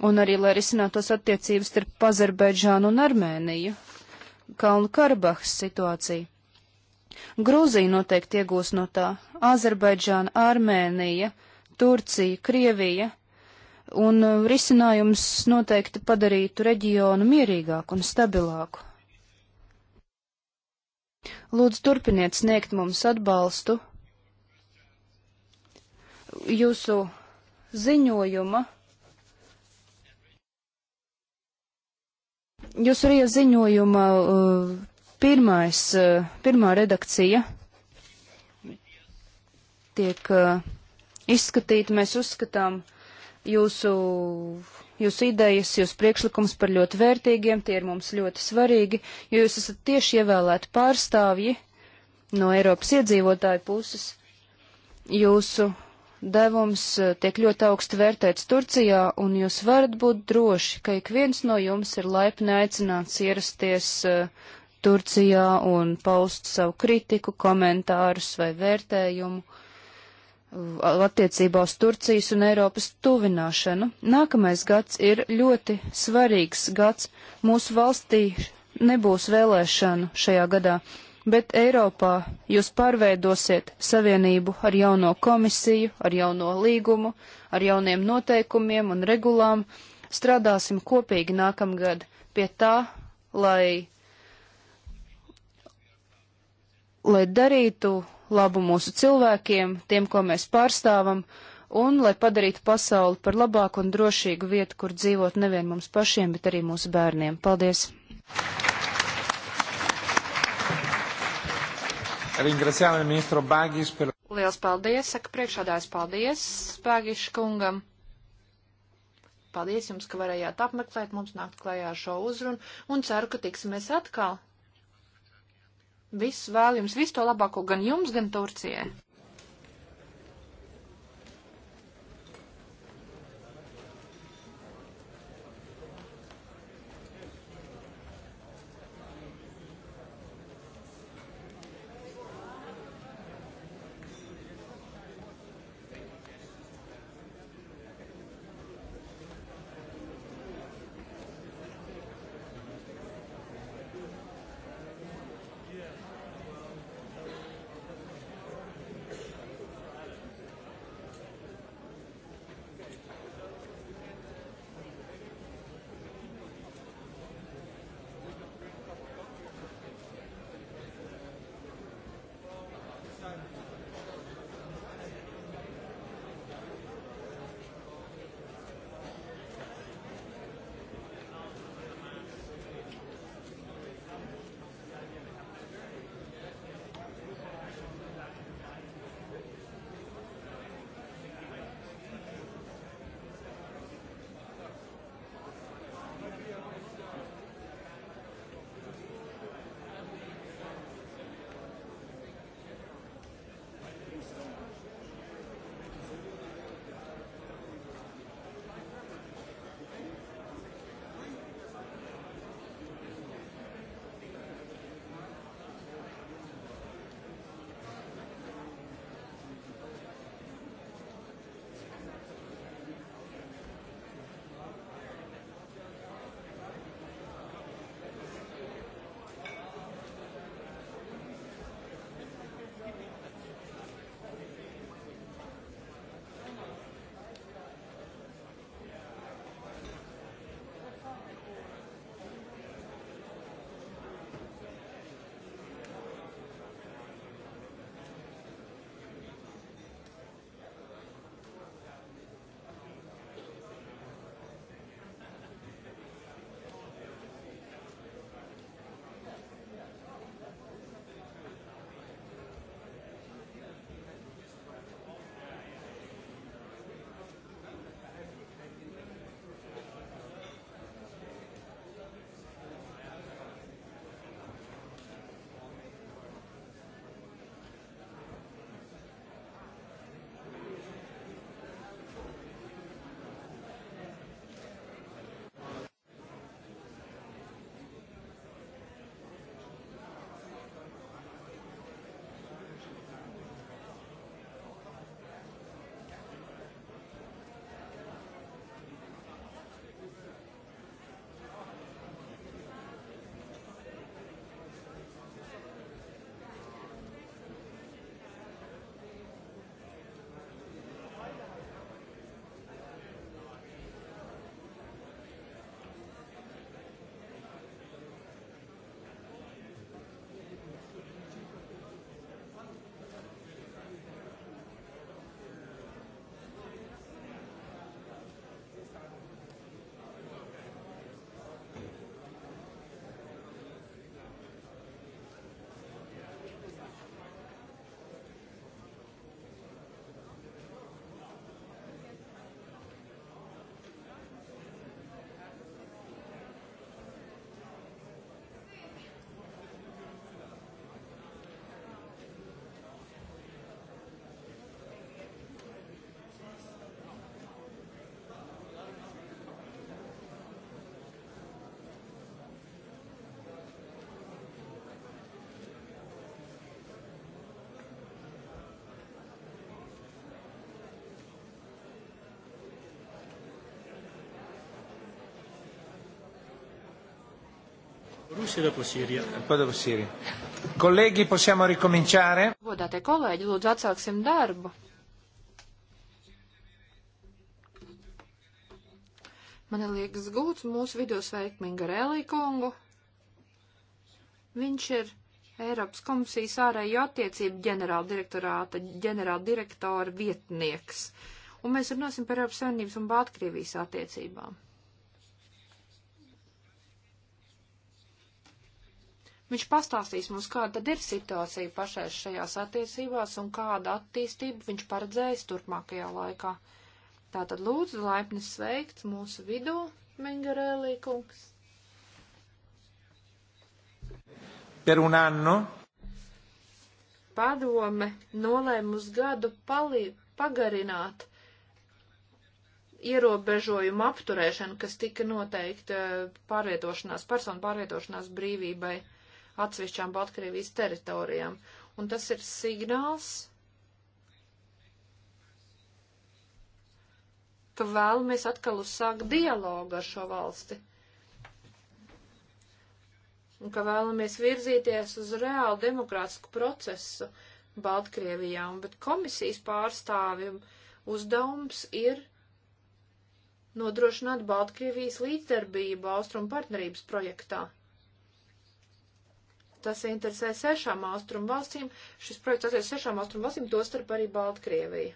un arī, lai risinātos attiecības starp Azerbaidžānu un Armēniju, Kalnu Karabahas situācija. Grūzija noteikti iegūs no tā, Azerbaidžāna, Armēnija, Turcija, Krievija un uh, risinājums noteikti padarītu reģionu mierīgāku un stabilāku. Lūdzu, turpiniet sniegt mums atbalstu. Jūsu ziņojuma, jūsu arī ziņojuma uh, pirmais, uh, pirmā redakcija tiek izskatīta, mēs uzskatām, jūsu, jūsu idejas, jūsu priekšlikums par ļoti vērtīgiem, tie ir mums ļoti svarīgi, jo jūs esat tieši ievēlēti pārstāvji no Eiropas iedzīvotāju puses. Jūsu devums eh, tiek ļoti augstu vērtēts Turcijā, un jūs varat būt droši, ka ik viens no jums ir laipni aicināts ierasties uh, Turcijā un paust savu kritiku, komentārus vai vērtējumu attiecībā uz Turcijas un Eiropas tuvināšanu. Nākamais gads ir ļoti svarīgs gads. Mūsu valstī nebūs vēlēšanu šajā gadā, bet Eiropā jūs pārveidosiet savienību ar jauno komisiju, ar jauno līgumu, ar jauniem noteikumiem un regulām. Strādāsim kopīgi nākamgad pie tā, lai, lai darītu labu mūsu cilvēkiem, tiem, ko mēs pārstāvam, un lai padarītu pasauli par labāku un drošīgu vietu, kur dzīvot nevien mums pašiem, bet arī mūsu bērniem. Paldies! Liels paldies, saka priekšādājs paldies Bāgiša kungam. Paldies jums, ka varējāt apmeklēt mums, nākt klajā šo uzrunu un ceru, ka tiksimies atkal. Viss vēl jums, visu to labāko gan jums, gan Turcijai. Turcija, dopo Sirija. Poi dopo Sirija. Kolēģi, possiamo ricominciare? Godātie kolēģi, lūdzu atsāksim darbu. Man liekas gūts mūsu vidū sveikt Mingarelī kungu. Viņš ir Eiropas komisijas ārējo attiecību ģenerāldirektorāta ģenerāldirektora vietnieks. Un mēs runāsim par Eiropas Savienības un Baltkrievijas attiecībām. Viņš pastāstīs mums, kāda tad ir situācija pašais šajās attiecībās un kāda attīstība viņš paredzējis turpmākajā laikā. Tātad lūdzu laipni sveikts mūsu vidū, Mingarēlī kungs. Per un anno. Padome nolēma uz gadu palī, pagarināt ierobežojumu apturēšanu, kas tika noteikta eh, pārvietošanās, personu pārvietošanās brīvībai atsevišķām Baltkrievijas teritorijām. Un tas ir signāls, ka vēlamies atkal uzsākt dialogu ar šo valsti. Un ka vēlamies virzīties uz reālu demokrātisku procesu Baltkrievijā. Un, bet komisijas pārstāvjum uzdevums ir nodrošināt Baltkrievijas līdzdarbību Austrum partnerības projektā. Tas interesē sešām austrumu valstīm. Šis projekts attiecas sešām austrumu valstīm, tostarp arī Baltkrieviju.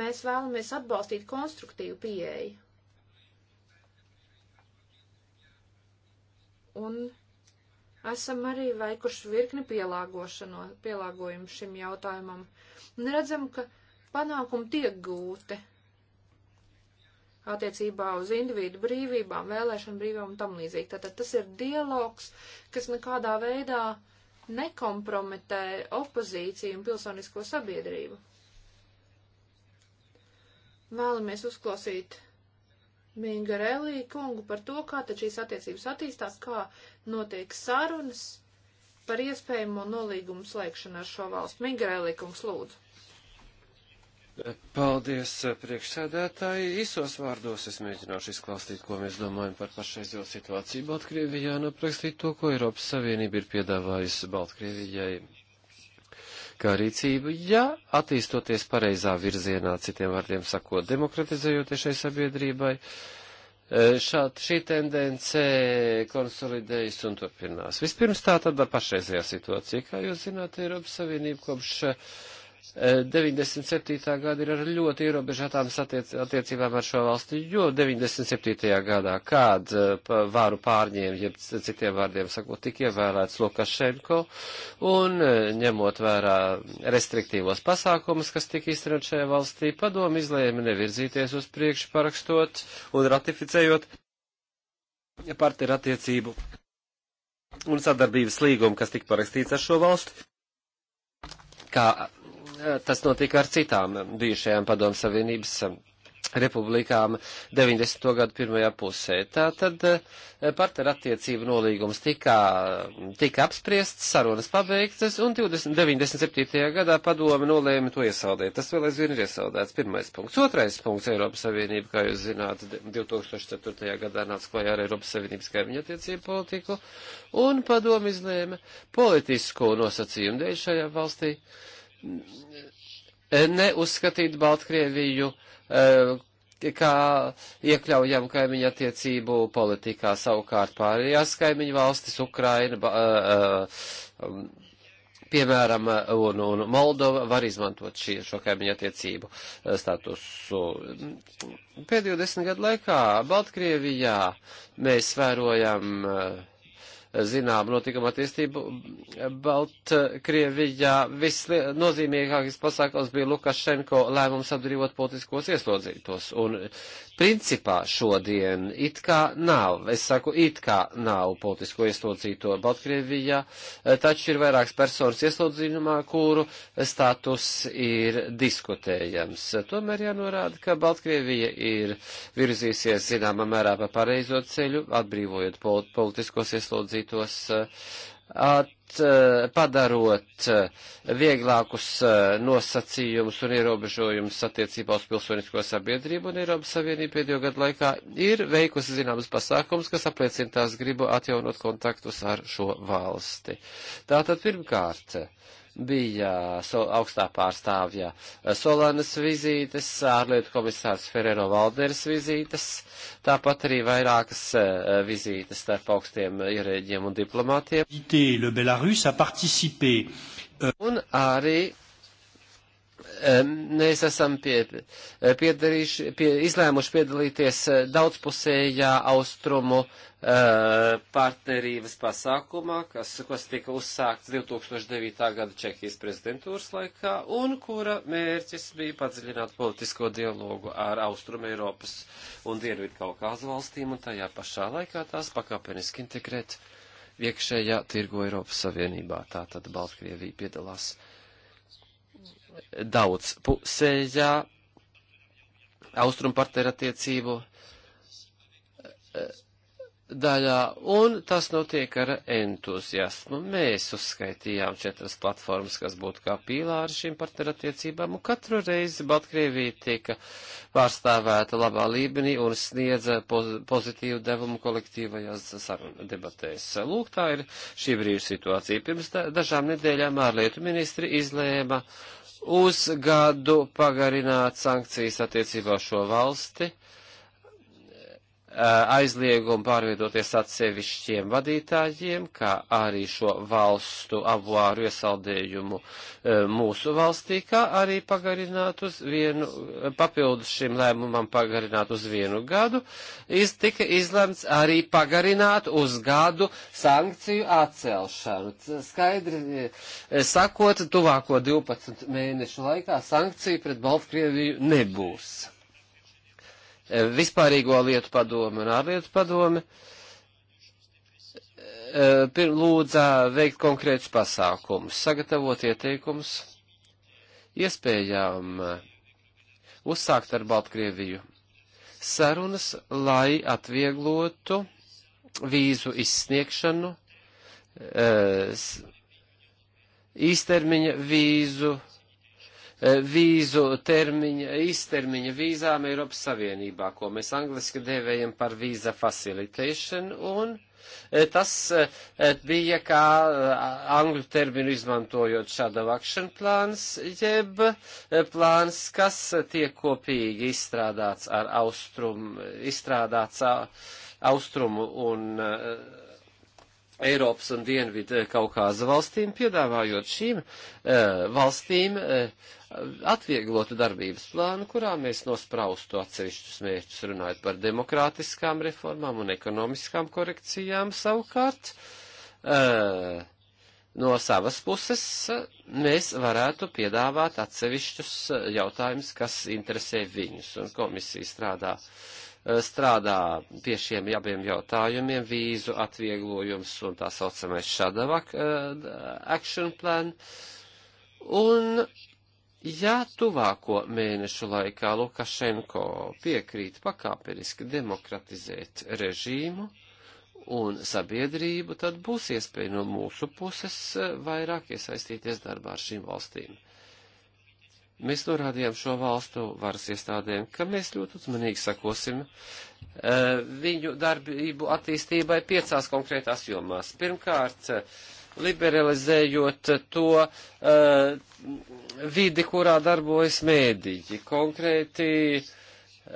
Mēs vēlamies atbalstīt konstruktīvu pieeju. Un esam arī veikuši virkni pielāgošanu, pielāgojumu šim jautājumam. Un redzam, ka panākumi tiek gūti attiecībā uz individu brīvībām, vēlēšanu brīvībām un tam līdzīgi. Tātad tas ir dialogs, kas nekādā veidā nekompromitē opozīciju un pilsonisko sabiedrību. Vēlamies uzklausīt Mingarelī kungu par to, kā tad šīs attiecības attīstās, kā notiek sarunas par iespējamo nolīgumu slēgšanu ar šo valstu. Mingarelī kungs lūdzu. Paldies, eh, priekšsēdētāji. Īsos vārdos es mēģināšu izklāstīt, ko mēs domājam par pašreizējo situāciju Baltkrievijā un aprakstīt to, ko Eiropas Savienība ir piedāvājusi Baltkrievijai kā rīcību, ja attīstoties pareizā virzienā, citiem vārdiem sakot, demokratizējoties šai sabiedrībai, eh, šād, šī tendence konsolidējas un turpinās. Vispirms tā tad pašreizējā situācija, kā jūs zināt, Eiropas Savienība kopš eh, 97. Eh, gada ir ar ļoti ierobežotām attiec attiecībām ar šo valsti, jo 97. gadā kād eh, varu pārņēma, jeb citiem vārdiem sakot, tik ievēlēts Lukašenko, un eh, ņemot vērā restriktīvos pasākumus, kas tika izstrādāt šajā valstī, padomu izlēma nevirzīties uz priekšu parakstot un ratificējot partneru attiecību un sadarbības līgumu, kas tika parakstīts ar šo valstu kā tas notika ar citām bijušajām padomu savienības eh, republikām 90. gadu pirmajā pusē. Tātad eh, partnerattiecību nolīgums tika, tika apspriests, sarunas pabeigtas, un 20, 97. gadā padome nolēma to iesaldēt. Tas vēl aizvien ir iesaldēts. Pirmais punkts. Otrais punkts Eiropas Savienība, kā jūs zināt, 2004. gadā nāca klajā ar Eiropas Savienības kaimiņu attiecību politiku, un padome izlēma politisko nosacījumu dēļ šajā valstī. Uh, neuzskatīt Baltkrieviju eh, kā iekļaujam kaimiņu attiecību politikā savukārt pārējās kaimiņu valstis, Ukraina, ba, eh, eh, piemēram, un, un Moldova var izmantot šī, šo kaimiņu attiecību statusu. Pēdējo desmit gadu laikā Baltkrievijā mēs vērojam uh, zinām notikuma attīstību Baltkrievijā. Visnozīmīgākais pasākums bija Lukašenko lēmums apdrīvot politiskos ieslodzītos. Un principā šodien it kā nav, es saku, it kā nav politisko ieslodzīto Baltkrievijā, taču ir vairākas personas ieslodzījumā, kuru status ir diskutējams. Tomēr jānorāda, ka Baltkrievija ir virzīsies zināmā mērā pa pareizo ceļu, atbrīvojot politiskos ieslodzītos virzītos eh, at, eh, padarot eh, vieglākus nosacījumus un ierobežojumus attiecībā uz pilsonisko sabiedrību, un Eiropas Savienība pēdējo gadu laikā ir veikusi zināmas pasākums, kas apliecina tās gribu atjaunot kontaktus ar šo valsti. Tātad pirmkārt, uh, bija uh, so, augstā pārstāvja uh, Solanas vizītes, ārlietu komisārs Ferrero Valderas vizītes, tāpat arī vairākas uh, vizītes starp augstiem ierēģiem un diplomātiem. Un arī mēs esam pie, pie, izlēmuši piedalīties eh, daudzpusējā austrumu uh, partnerības pasākumā, kas, kas tika uzsākts 2009. gada Čehijas prezidentūras laikā un kura mērķis bija padziļināt politisko dialogu ar austrumu Eiropas un Dienvidu Kaukāzu valstīm un tajā pašā laikā tās pakāpeniski integrēt iekšējā tirgo Eiropas Savienībā. Tātad Baltkrievija piedalās daudz pusējā austrumpartneru attiecību eh, daļā, un tas notiek ar entuziasmu. Mēs uzskaitījām četras platformas, kas būtu kā pīlāri šīm partnerattiecībām, un katru reizi Baltkrievija tika pārstāvēta labā līmenī un sniedza pozitīvu devumu kolektīvajās sarunu debatēs. Lūk, tā ir šī brīža situācija. Pirms dažām nedēļām ārlietu ministri izlēma uh, uz gadu pagarināt sankcijas attiecībā šo valsti. Uh, Uh, aizliegumu pārvietoties atsevišķiem vadītājiem, kā arī šo valstu avāru iesaldējumu uh, mūsu valstī, kā arī pagarināt uz vienu, papildus šim lēmumam pagarināt uz vienu gadu, iz, tika izlemts arī pagarināt uz gadu sankciju atcelšanu. Skaidri uh, sakot, tuvāko 12 mēnešu laikā sankciju pret Baltkrieviju nebūs. Eh, vispārīgo lietu padomi un ārlietu padomi eh, lūdzā veikt konkrētus pasākumus, sagatavot ieteikumus iespējām eh, uzsākt ar Baltkrieviju sarunas, lai atvieglotu vīzu izsniegšanu, īstermiņa vīzu Eh, vīzu termiņa, īstermiņa vīzām Eiropas Savienībā, ko mēs angliski dēvējam par vīza facilitation, un eh, tas eh, bija kā angļu terminu izmantojot shadow action plāns, jeb plāns, kas tiek kopīgi izstrādāts ar austrumu, izstrādāts austrumu un uh, Eiropas un Dienvidu eh, Kaukāza valstīm, piedāvājot šīm e, valstīm e, atvieglotu darbības plānu, kurā mēs nospraustu atsevišķus mērķus, runājot par demokrātiskām reformām un ekonomiskām korekcijām savukārt. E, no savas puses mēs varētu piedāvāt atsevišķus jautājumus, kas interesē viņus, un komisija strādā. E, Eh, strādā pie šiem abiem jautājumiem - vīzu atvieglojums un tā saucamais šadavak eh, action plan. Un, ja tuvāko mēnešu laikā Lukašenko piekrīt pakāpeniski demokratizēt režīmu, un sabiedrību, tad būs iespēja no mūsu puses eh, vairāk iesaistīties darbā ar šīm valstīm. Mēs norādījām šo valstu varas iestādēm, ka mēs ļoti uzmanīgi sakosim uh, viņu darbību attīstībai piecās konkrētās jomās. Pirmkārt, liberalizējot to uh, vidi, kurā darbojas mēdīji, konkrēti uh,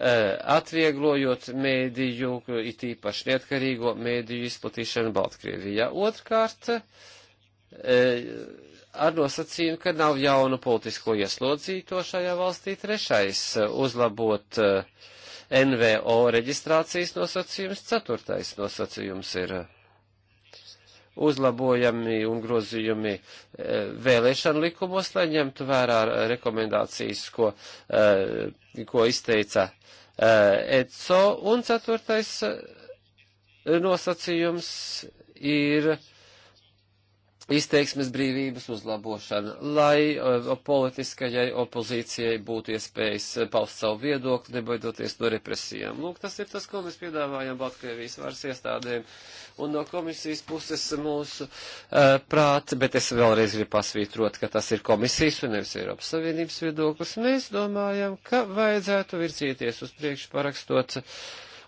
atvieglojot mēdīju, it īpaši neatkarīgo mēdīju izplatīšanu Baltkrievijā. Otrkārt, uh, ar nosacījumu, ka nav jaunu politisko ieslodzīto šajā valstī. Trešais - uzlabot eh, NVO reģistrācijas nosacījums. Ceturtais nosacījums ir eh, uzlabojami un grozījumi eh, vēlēšanu likumos, lai ņemtu vērā rekomendācijas, ko, ko izteica ECO. Un ceturtais nosacījums ir izteiksmes brīvības uzlabošana, lai o, eh, politiskajai opozīcijai būtu iespējas eh, paust savu viedokli, nebaidoties no represijām. Lūk, tas ir tas, ko mēs piedāvājam Baltkrievijas varas iestādēm un no komisijas puses mūsu uh, eh, prāti, bet es vēlreiz gribu pasvītrot, ka tas ir komisijas un nevis Eiropas Savienības viedoklis. Mēs domājam, ka vajadzētu virzīties uz priekšu parakstot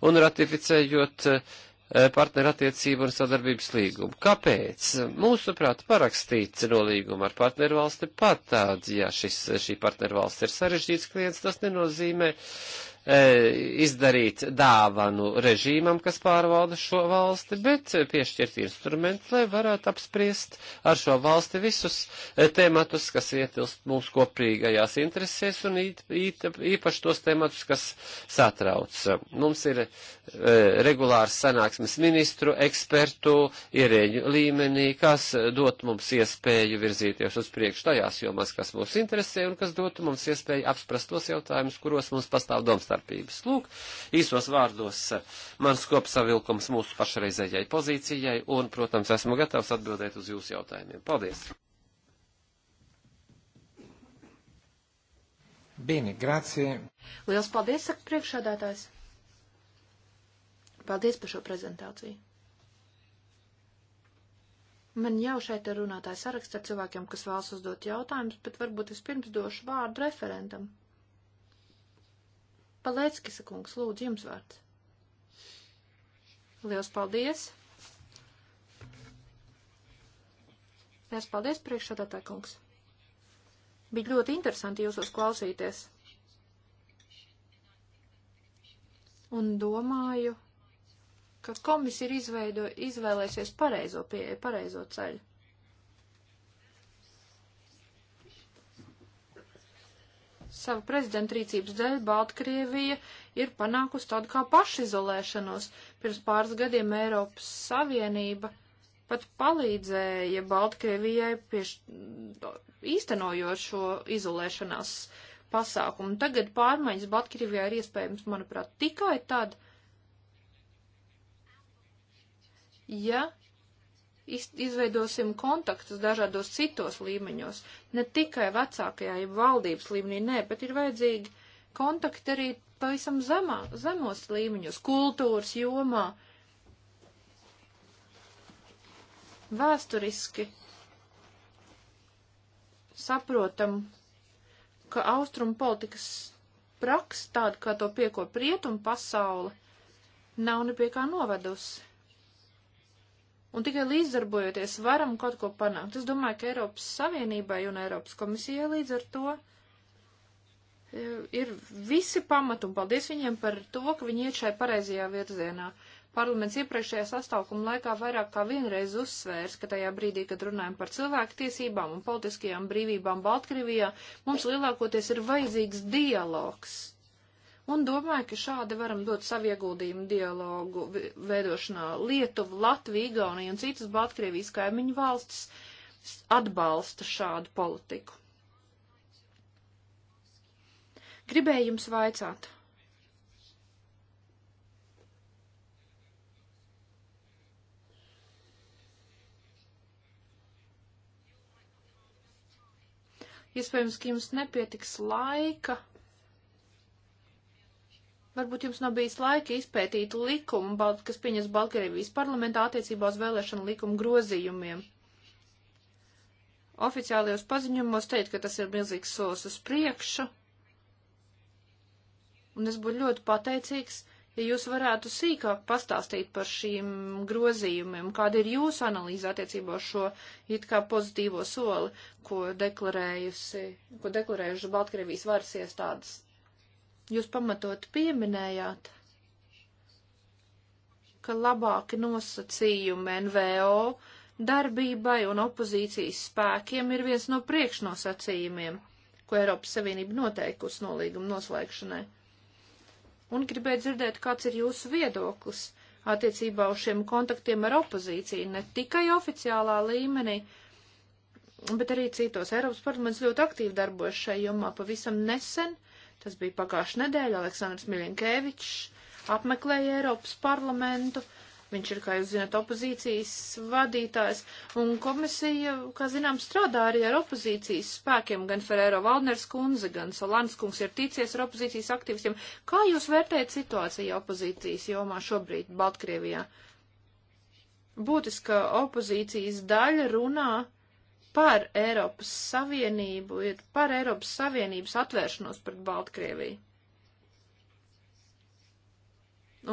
un ratificējot uh, E, partnerattiecību un sadarbības līgumu. Kāpēc? Mūsuprāt, parakstīt nolīgumu ar partnervalsti pat tād, ja šis, šī partnervalsts ir sarežģīts klients, tas nenozīmē E, izdarīt dāvanu režīmam, kas pārvalda šo valsti, bet piešķirt instrumentu, lai varētu apspriest ar šo valsti visus e, tematus, kas ietilst mums kopīgajās interesēs un īpaši tos tematus, kas satrauc. Mums ir e, regulārs sanāksmes ministru, ekspertu, ierēģu līmenī, kas dot mums iespēju virzīties uz priekšu tajās jomās, kas mūs interesē un kas dotu mums iespēju apsprast tos jautājumus, kuros mums pastāv domstāvības domstarpības. Lūk, īsos vārdos eh, mans kopsavilkums mūsu pašreizējai pozīcijai un, protams, esmu gatavs atbildēt uz jūsu jautājumiem. Paldies! Bini, grazie. Liels paldies, saka priekšādātājs. Paldies par šo prezentāciju. Man jau šeit ir runātājs saraksts ar cilvēkiem, kas vēlas uzdot jautājumus, bet varbūt es pirms došu vārdu referentam. Palēckis, kungs, lūdzu, jums vārds. Liels paldies! Liels paldies, priekšsādātāj, kungs! Bija ļoti interesanti jūsos klausīties. Un domāju, ka komisija ir izveido, izvēlēsies pareizo pieeju, pareizo ceļu. savu prezidentu rīcības dēļ Baltkrievija ir panākusi tādu kā pašizolēšanos. Pirms pāris gadiem Eiropas Savienība pat palīdzēja Baltkrievijai pieš... īstenojot šo izolēšanās pasākumu. Tagad pārmaiņas Baltkrievijā ir iespējams, manuprāt, tikai tad, ja izveidosim kontaktus dažādos citos līmeņos, ne tikai vecākajā, ja valdības līmenī, nē, bet ir vajadzīgi kontakti arī pavisam zemā, zemos līmeņos, kultūras jomā, vēsturiski saprotam, ka austrumu politikas praksa tāda, kā to piekop rietumu pasauli, nav nepie kā novedusi Un tikai līdzdarbojoties varam kaut ko panākt. Es domāju, ka Eiropas Savienībai un Eiropas komisijai līdz ar to e, ir visi pamati, un paldies viņiem par to, ka viņi iet šai pareizajā virzienā. Parlaments iepriekšējā sastāvkuma laikā vairāk kā vienreiz uzsvērs, ka tajā brīdī, kad runājam par cilvēku tiesībām un politiskajām brīvībām Baltkrievijā, mums lielākoties ir vajadzīgs dialogs un domāju, ka šādi varam dot savu ieguldījumu dialogu veidošanā Lietuva, Latvija, Igaunija un citas Baltkrievijas kaimiņu valstis atbalsta šādu politiku. Gribēju jums vaicāt. Iespējams, ka jums nepietiks laika Varbūt jums nav bijis laika izpētīt likumu, kas pieņems Baltkrievijas parlamentā attiecībā uz vēlēšanu likumu grozījumiem. Oficiālajos paziņojumos teikt, ka tas ir milzīgs solis uz priekšu, un es būtu ļoti pateicīgs, ja jūs varētu sīkāk pastāstīt par šīm grozījumiem, kāda ir jūsu analīze attiecībā uz šo it kā pozitīvo soli, ko deklarējusi, ko deklarējuši Baltkrievijas varas iestādes. Jūs pamatot pieminējāt, ka labāki nosacījumi NVO darbībai un opozīcijas spēkiem ir viens no priekšnosacījumiem, ko Eiropas Savienība noteikusi nolīguma noslēgšanai. Un gribēju dzirdēt, kāds ir jūsu viedoklis attiecībā uz šiem kontaktiem ar opozīciju, ne tikai oficiālā līmenī, bet arī citos. Eiropas parlaments ļoti aktīvi darbojas šajā jomā pavisam nesen. Tas bija pagājušajā nedēļā. Aleksandrs Miļinkēvičs apmeklēja Eiropas parlamentu. Viņš ir, kā jūs zināt, opozīcijas vadītājs, un komisija, kā zinām, strādā arī ar opozīcijas spēkiem, gan Ferēro Valdners kundze, gan Solans kungs ir ticies ar opozīcijas aktīvistiem. Kā jūs vērtējat situāciju opozīcijas jomā šobrīd Baltkrievijā? Būtiska opozīcijas daļa runā par Eiropas Savienību, ir par Eiropas Savienības atvēršanos pret Baltkrieviju.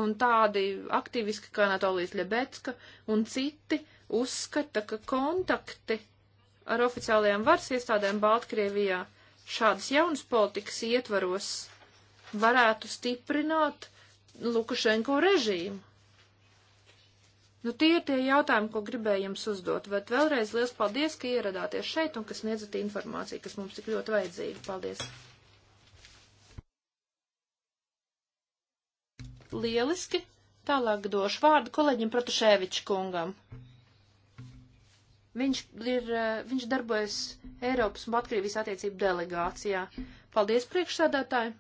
Un tādi aktīviski kā Anatolijas Ļebecka un citi uzskata, ka kontakti ar oficiālajām varas iestādēm Baltkrievijā šādas jaunas politikas ietvaros varētu stiprināt Lukašenko režīmu. Nu, tie ir tie jautājumi, ko gribēju jums uzdot, bet vēlreiz liels paldies, ka ieradāties šeit un ka sniedzat informāciju, kas mums tik ļoti vajadzīga. Paldies! Lieliski! Tālāk došu vārdu kolēģim Protuševiču kungam. Viņš, ir, eh, viņš darbojas Eiropas un Baltkrievijas attiecību delegācijā. Paldies priekšsēdētāji!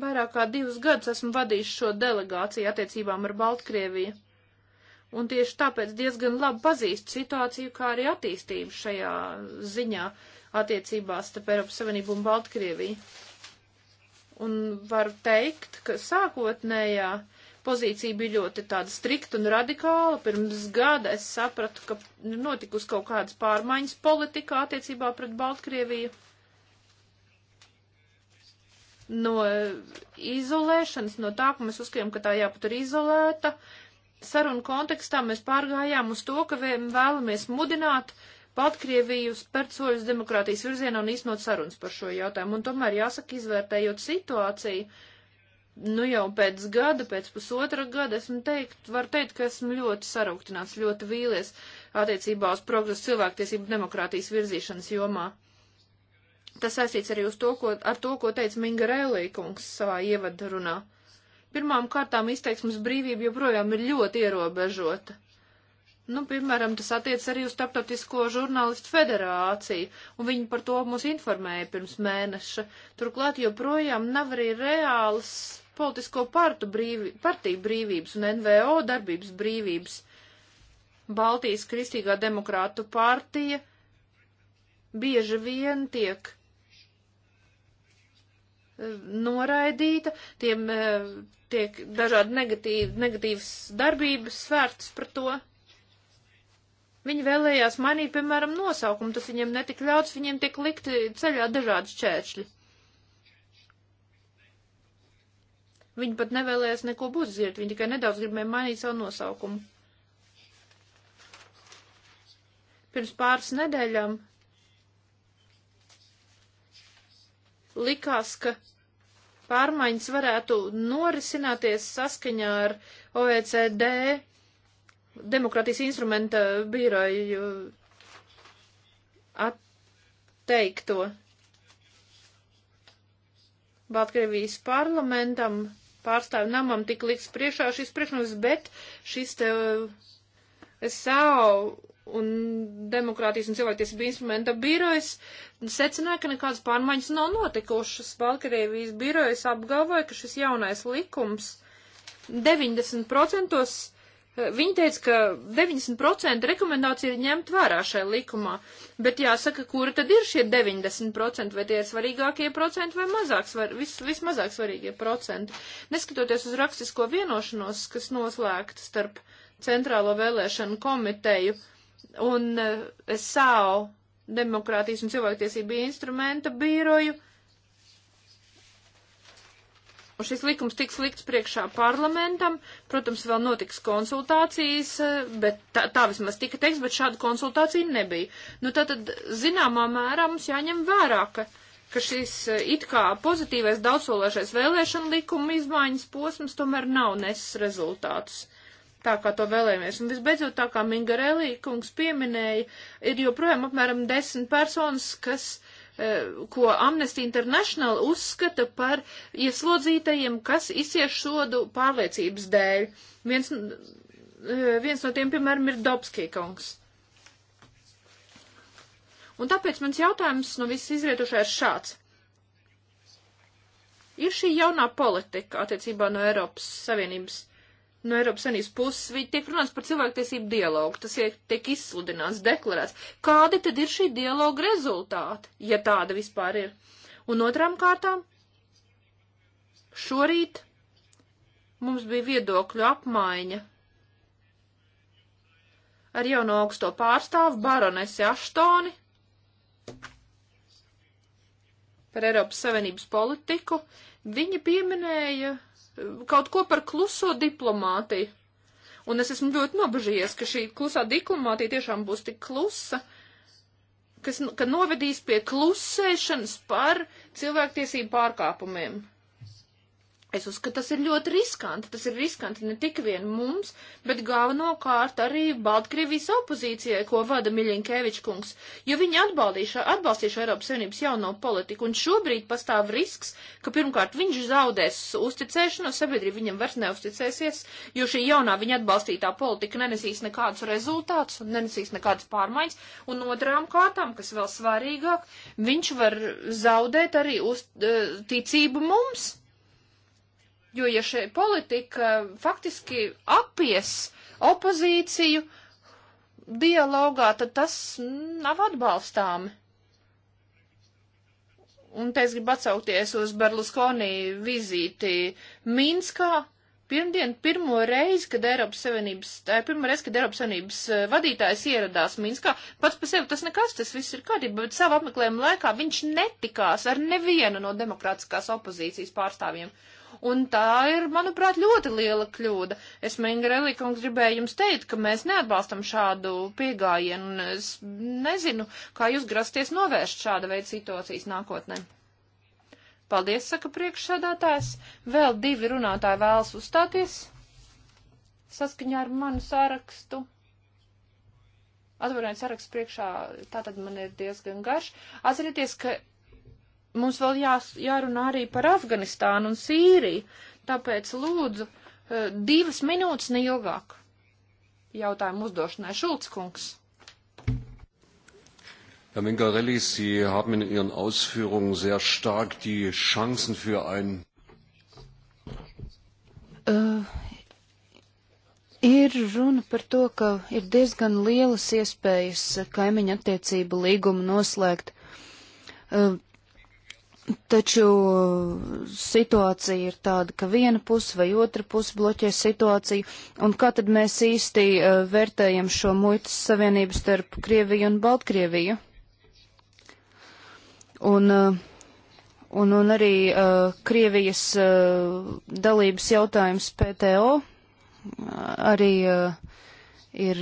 Vairāk kā divus gadus esmu vadījis šo delegāciju attiecībām ar Baltkrieviju, un tieši tāpēc diezgan labi pazīstu situāciju, kā arī attīstību šajā ziņā attiecībās starp Eiropas Savienību un Baltkrieviju. Un var teikt, ka sākotnējā pozīcija bija ļoti tāda strikta un radikāla. Pirms gada es sapratu, ka notikusi kaut kādas pārmaiņas politikā attiecībā pret Baltkrieviju no izolēšanas, no tā, ka mēs uzskatījām, ka tā jāpatur izolēta. Sarunu kontekstā mēs pārgājām uz to, ka vēlamies mudināt Baltkrieviju spērt soļus demokrātijas virzienā un īstenot sarunas par šo jautājumu. Un tomēr jāsaka, izvērtējot situāciju, nu jau pēc gada, pēc pusotra gada, esmu teikt, var teikt, ka esmu ļoti sarūktināts, ļoti vīlies attiecībā uz progresu cilvēktiesību demokrātijas virzīšanas jomā. Tas saistīts arī uz to, ko, ar to, ko teica Minga Rēlīkungs savā ievadrunā. Pirmām kārtām izteiksmes brīvība joprojām ir ļoti ierobežota. Nu, piemēram, tas attiec arī uz Startautisko žurnālistu federāciju, un viņi par to mūs informēja pirms mēneša. Turklāt joprojām nav arī reāls politisko partu brīvi, partiju brīvības un NVO darbības brīvības. Baltijas Kristīgā demokrātu partija bieži vien tiek noraidīta, tiem eh, tiek dažādi negatīvi, negatīvas darbības svērtas par to. Viņi vēlējās mainīt, piemēram, nosaukumu, tas viņiem netika ļauts, viņiem tiek likti ceļā dažādi šķēršļi. Viņi pat nevēlējās neko uzzirt, viņi tikai nedaudz gribēja mainīt savu nosaukumu. Pirms pāris nedēļām likās, ka pārmaiņas varētu norisināties saskaņā ar OECD demokratijas instrumenta biroju atteikto Baltkrievijas parlamentam pārstāvju namam tika liks priekšā šis priekšnums, bet šis te eh, SAO un demokrātijas un cilvēktiesību instrumenta birojas secināja, ka nekādas pārmaiņas nav notikušas. Baltkrievijas birojas apgalvoja, ka šis jaunais likums 90% eh, Viņa teica, ka 90% rekomendācija ir ņemt vērā šajā likumā, bet jāsaka, kura tad ir šie 90%, vai tie ir svarīgākie procenti vai mazāk, svar, vis, vismazāk svarīgie procenti. Neskatoties uz rakstisko vienošanos, kas noslēgta starp Centrālo vēlēšanu komiteju, uh, un eh, es savu demokrātijas un cilvēktiesību instrumenta bīroju. Un šis likums tiks likts priekšā parlamentam. Protams, vēl notiks konsultācijas, eh, bet tā, tā vismaz tika teiks, bet šāda konsultācija nebija. Nu, tātad, zināmā mērā mums jāņem vērā, ka, ka šis eh, it kā pozitīvais daudzsološais vēlēšana likuma izmaiņas posms tomēr nav nesis rezultātus. Uh, tā kā to vēlējamies. Un visbeidzot, tā kā Mingarelī kungs pieminēja, ir joprojām apmēram desmit personas, kas eh, ko Amnesty International uzskata par ieslodzītajiem, kas izcieš sodu pārliecības dēļ. Viens, eh, viens no tiem, piemēram, ir Dobskī kungs. Un tāpēc mans jautājums no viss izrietušā ir šāds. Ir šī jaunā politika attiecībā no Eiropas Savienības no Eiropas Savienības puses vi, tiek runāts par cilvēktiesību dialogu, tas iek, tiek izsludināts, deklarēts. Kādi tad ir šī dialoga rezultāti, ja tāda vispār ir? Un otrām kārtām, šorīt mums bija viedokļu apmaiņa ar jauno augsto pārstāvu baronesi Aštoni par Eiropas Savienības politiku. Viņa pieminēja kaut ko par kluso diplomātiju. Un es esmu ļoti nobežījies, ka šī klusā diplomātija tiešām būs tik klusa, kas, ka novedīs pie klusēšanas par cilvēktiesību pārkāpumiem. Es uzskatu, tas ir ļoti riskanti. Tas ir riskanti ne tik vien mums, bet galvenokārt arī Baltkrievijas opozīcijai, ko vada Miļinkēvičs kungs, jo viņi atbalstīšu Eiropas Savienības jauno politiku, un šobrīd pastāv risks, ka pirmkārt viņš zaudēs uzticēšanos, sabiedrība viņam vairs neusticēsies, jo šī jaunā viņa atbalstītā politika nenesīs nekādus rezultātus un nenesīs nekādas pārmaiņas, un otrām kārtām, kas vēl svarīgāk, viņš var zaudēt arī uz, eh, ticību mums Jo, ja šī politika faktiski apies opozīciju dialogā, tad tas nav atbalstāmi. Un te es gribu atsaukties uz Berlusconi vizīti Minskā, pirmdien pirmo reizi, kad Eiropas Savienības, tā ir pirmo reizi, kad Eiropas Savienības eh, vadītājs ieradās Minskā, pats par sevi tas nekas, tas viss ir kārtībā, bet savu apmeklējumu laikā viņš netikās ar nevienu no demokrātiskās opozīcijas pārstāvjiem un tā ir, manuprāt, ļoti liela kļūda. Es, Mingrelī, kungs, gribēju jums teikt, ka mēs neatbalstam šādu piegājienu, un es nezinu, kā jūs grasties novērst šāda veida situācijas nākotnē. Paldies, saka priekšsādātājs. Vēl divi runātāji vēlas uzstāties saskaņā ar manu sārakstu. Atvainojiet, saraksts priekšā tātad man ir diezgan garš. Atcerieties, ka mums vēl jā, jārunā arī par Afganistānu un Sīriju, tāpēc lūdzu eh, divas minūtes neilgāk jautājumu uzdošanai Šulc kungs. Herr Mingarelli, Sie haben in Ihren Ausführungen sehr stark die Chancen für ein. Uh, ir runa par to, ka ir diezgan lielas iespējas kaimiņa attiecību līgumu noslēgt. Uh, Taču situācija ir tāda, ka viena puse vai otra puse bloķē situāciju, un kā tad mēs īsti eh, vērtējam šo muitas savienību starp Krieviju un Baltkrieviju? Un, eh, un, un arī eh, Krievijas dalības jautājums PTO arī ir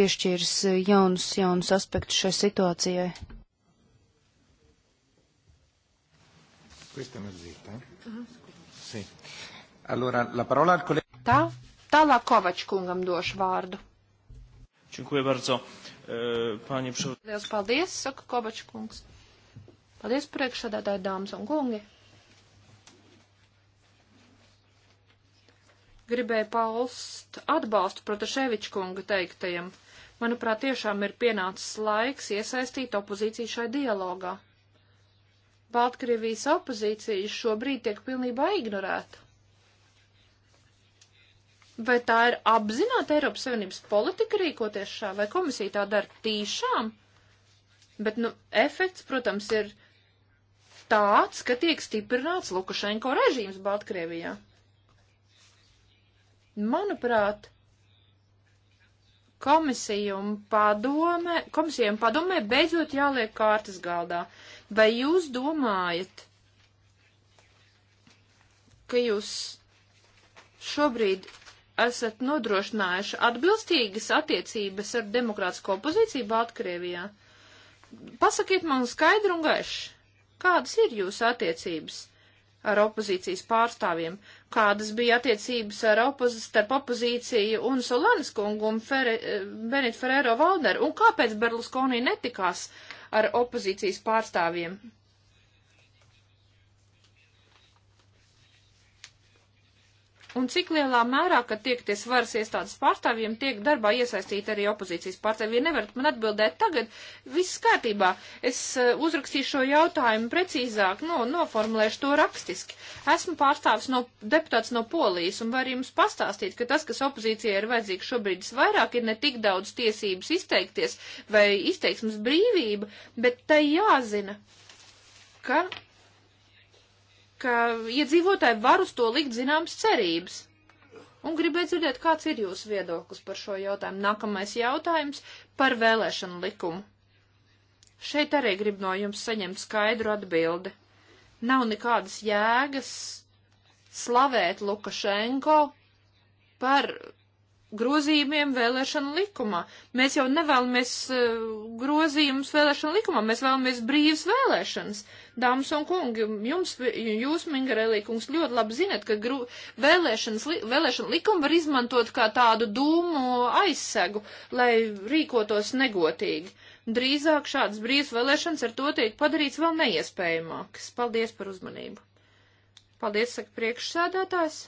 piešķīris jaunus, jaunus aspektus šai situācijai. Questa è una zitta. Uh eh? -huh. Mhm. Sì. Allora, la parola al collega. Tā, tālāk Kovač kungam došu vārdu. Činkuja bardzo, pāņi e, pšu. Liels paldies, saka Kovač kungs. Paldies priekšsēdētāji dāmas un kungi. Gribēju paust atbalstu Protaševiča kunga teiktajam. Manuprāt, tiešām ir pienācis laiks iesaistīt opozīciju šai dialogā Baltkrievijas opozīcija šobrīd tiek pilnībā ignorēta. Vai tā ir apzināta Eiropas Savienības politika rīkoties šā, vai komisija tā dara tīšām? Bet, nu, efekts, protams, ir tāds, ka tiek stiprināts Lukašenko režīms Baltkrievijā. Manuprāt, komisija un padome, komisija un padome beidzot jāliek kārtas galdā. Vai jūs domājat, ka jūs šobrīd esat nodrošinājuši atbilstīgas attiecības ar demokrātisko opozīciju Baltkrievijā? Pasakiet man skaidru un gaišu, kādas ir jūsu attiecības ar opozīcijas pārstāvjiem, kādas bija attiecības ar opozi starp opozīciju un Solanas kungu un Fer eh, Benit Ferrero Valderu, un kāpēc Berluskonī netikās uh, ar opozīcijas pārstāvjiem. un cik lielā mērā, kad tiekties varas iestādes pārstāvjiem, tiek darbā iesaistīti arī opozīcijas pārstāvji. Ja nevarat man atbildēt tagad, viss kārtībā. Es eh, uzrakstīšu šo jautājumu precīzāk, no, noformulēšu to rakstiski. Esmu pārstāvis no deputāts no Polijas un varu jums pastāstīt, ka tas, kas opozīcijai ir vajadzīgs šobrīd visvairāk, ir ne tik daudz tiesības izteikties vai izteiksmes brīvība, bet tai jāzina, ka ka iedzīvotāji var uz to likt zināmas cerības. Un gribētu dzirdēt, kāds ir jūsu viedoklis par šo jautājumu. Nākamais jautājums par vēlēšanu likumu. Šeit arī grib no jums saņemt skaidru atbildi. Nav nekādas jēgas slavēt Lukašenko par grozījumiem vēlēšanu likumā. Mēs jau nevēlamies uh, grozījumus vēlēšanu likumā, mēs vēlamies brīvas vēlēšanas. Dāmas un kungi, jums, jūs, Mingarelī kungs, ļoti labi zinat, ka gru, vēlēšanas, li, vēlēšanu likumu var izmantot kā tādu dūmu aizsegu, lai rīkotos negotīgi. Drīzāk šādas brīvas vēlēšanas ar to tiek padarīts vēl neiespējamākas. Paldies par uzmanību. Paldies, saka priekšsēdētājs.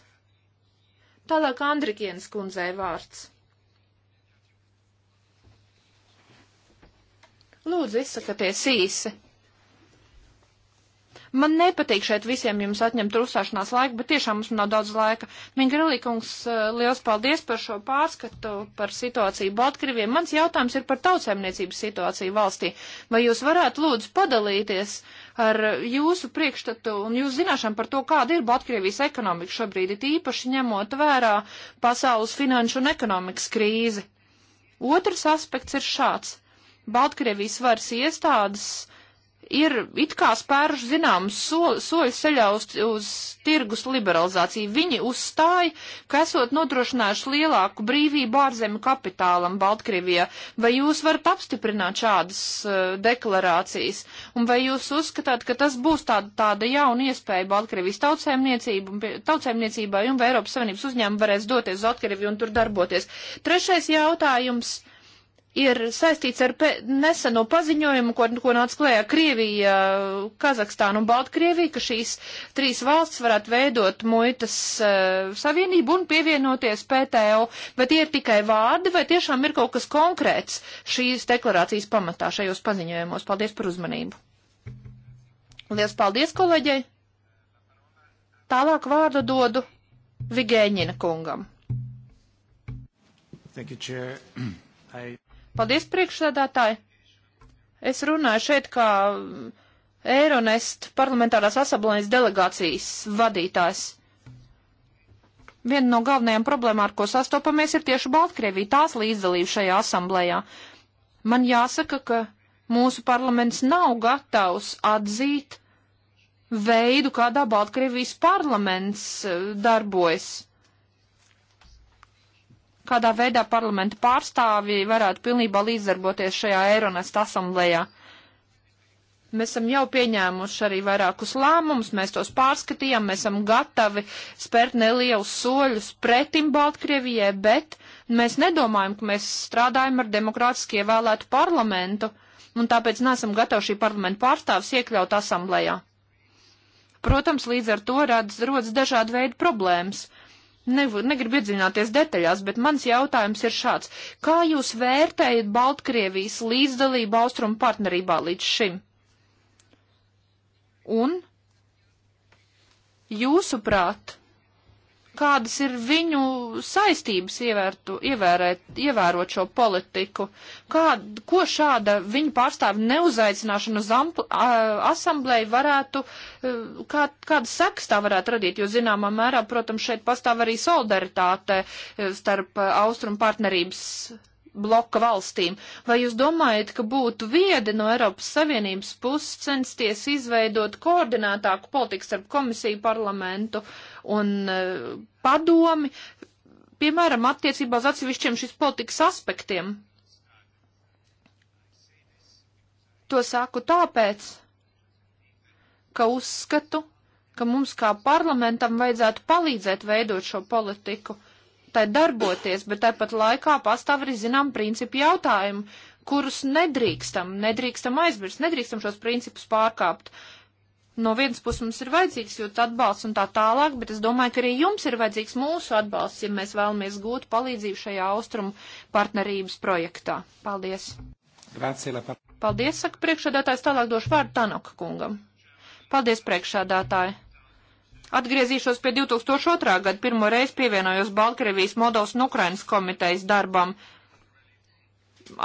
Tālāk Andrikienas kundzei vārds. Lūdzu, izsakaties īsi. Man nepatīk šeit visiem jums atņemt rusāšanās laiku, bet tiešām mums nav daudz laika. Mingrilīkungs, eh, liels paldies par šo pārskatu par situāciju Baltkrieviem. Mans jautājums ir par tautsēmniecības situāciju valstī. Vai jūs varētu lūdzu padalīties ar jūsu priekšstatu un jūsu zināšanu par to, kāda ir Baltkrievijas ekonomika šobrīd, it īpaši ņemot vērā pasaules finanšu un ekonomikas krīzi. Otrs aspekts ir šāds. Baltkrievijas varas iestādes uh, ir it kā spēruši zināmu so, soļu ceļā uz, uz tirgus liberalizāciju. Viņi uzstāja, ka esot nodrošinājuši lielāku brīvību ārzemju kapitālam Baltkrievijā. Vai jūs varat apstiprināt šādas uh, deklarācijas? Un vai jūs uzskatāt, ka tas būs tāda, tāda jauna iespēja Baltkrievijas tautsēmniecībai un vai Eiropas Savienības uzņēmumi varēs doties uz Baltkrieviju un tur darboties? Trešais jautājums. Uh, ir saistīts ar neseno paziņojumu, ko, ko nāca klējā Krievija, Kazahstāna un Baltkrievija, ka šīs trīs valsts varētu veidot muitas uh, savienību un pievienoties PTO, bet tie ir tikai vārdi, vai tiešām ir kaut kas konkrēts šīs deklarācijas pamatā šajos paziņojumos. Paldies par uzmanību. Lielas paldies, kolēģei! Tālāk vārdu dodu Vigēņina kungam. Thank you, Chair. <clears throat> I... Paldies, priekšsēdētāji! Es runāju šeit kā Eironest parlamentārās asamblējas delegācijas vadītājs. Viena no galvenajām problēmām, ar ko sastopamies, ir tieši Baltkrievija tās līdzdalība šajā asamblējā. Man jāsaka, ka mūsu parlaments nav gatavs atzīt veidu, kādā Baltkrievijas parlaments eh, darbojas kādā veidā parlamenta pārstāvji varētu pilnībā līdzdarboties šajā Eironest asamblējā. Mēs esam jau pieņēmuši arī vairākus lēmumus, mēs tos pārskatījām, mēs esam gatavi spērt nelielus soļus pretim Baltkrievijai, bet mēs nedomājam, ka mēs strādājam ar demokrātiski ievēlētu parlamentu, un tāpēc nesam gatavi šī parlamenta pārstāvis iekļaut asamblējā. Protams, līdz ar to redz, rodas dažādi veidi problēmas ne, negribu iedziļināties detaļās, bet mans jautājums ir šāds. Kā jūs vērtējat Baltkrievijas līdzdalību austrumu partnerībā līdz šim? Un, jūsuprāt, kādas ir viņu saistības ievērtu, ievērēt, ievērot šo politiku, kā, ko šāda viņu pārstāvja neuzaicināšana uz ampl, a, asamblēju varētu, e, kā, kādas sekas tā varētu radīt, jo zināmā mērā, protams, šeit pastāv arī solidaritāte e, starp e, austrumu partnerības bloka valstīm. Vai jūs domājat, ka būtu viedi no Eiropas Savienības puses censties izveidot koordinētāku politiku starp komisiju, parlamentu un uh, padomi, piemēram, attiecībā uz atsevišķiem šīs politikas aspektiem? To saku tāpēc, ka uzskatu, ka mums kā parlamentam vajadzētu palīdzēt veidot šo politiku tai darboties, bet tāpat laikā pastāv arī zinām principu jautājumu, kurus nedrīkstam, nedrīkstam aizmirst, nedrīkstam šos principus pārkāpt. No vienas puses mums ir vajadzīgs jūtas atbalsts un tā tālāk, bet es domāju, ka arī jums ir vajadzīgs mūsu atbalsts, ja mēs vēlamies gūt palīdzību šajā austrumu partnerības projektā. Paldies! Paldies, saka priekšādātājs, tālāk došu vārdu Tanaka kungam. Paldies, priekšādātāji! Atgriezīšos pie 2002. gada pirmo reizi pievienojos Baltkrievijas, Moldovas un Ukrainas komitejas darbam.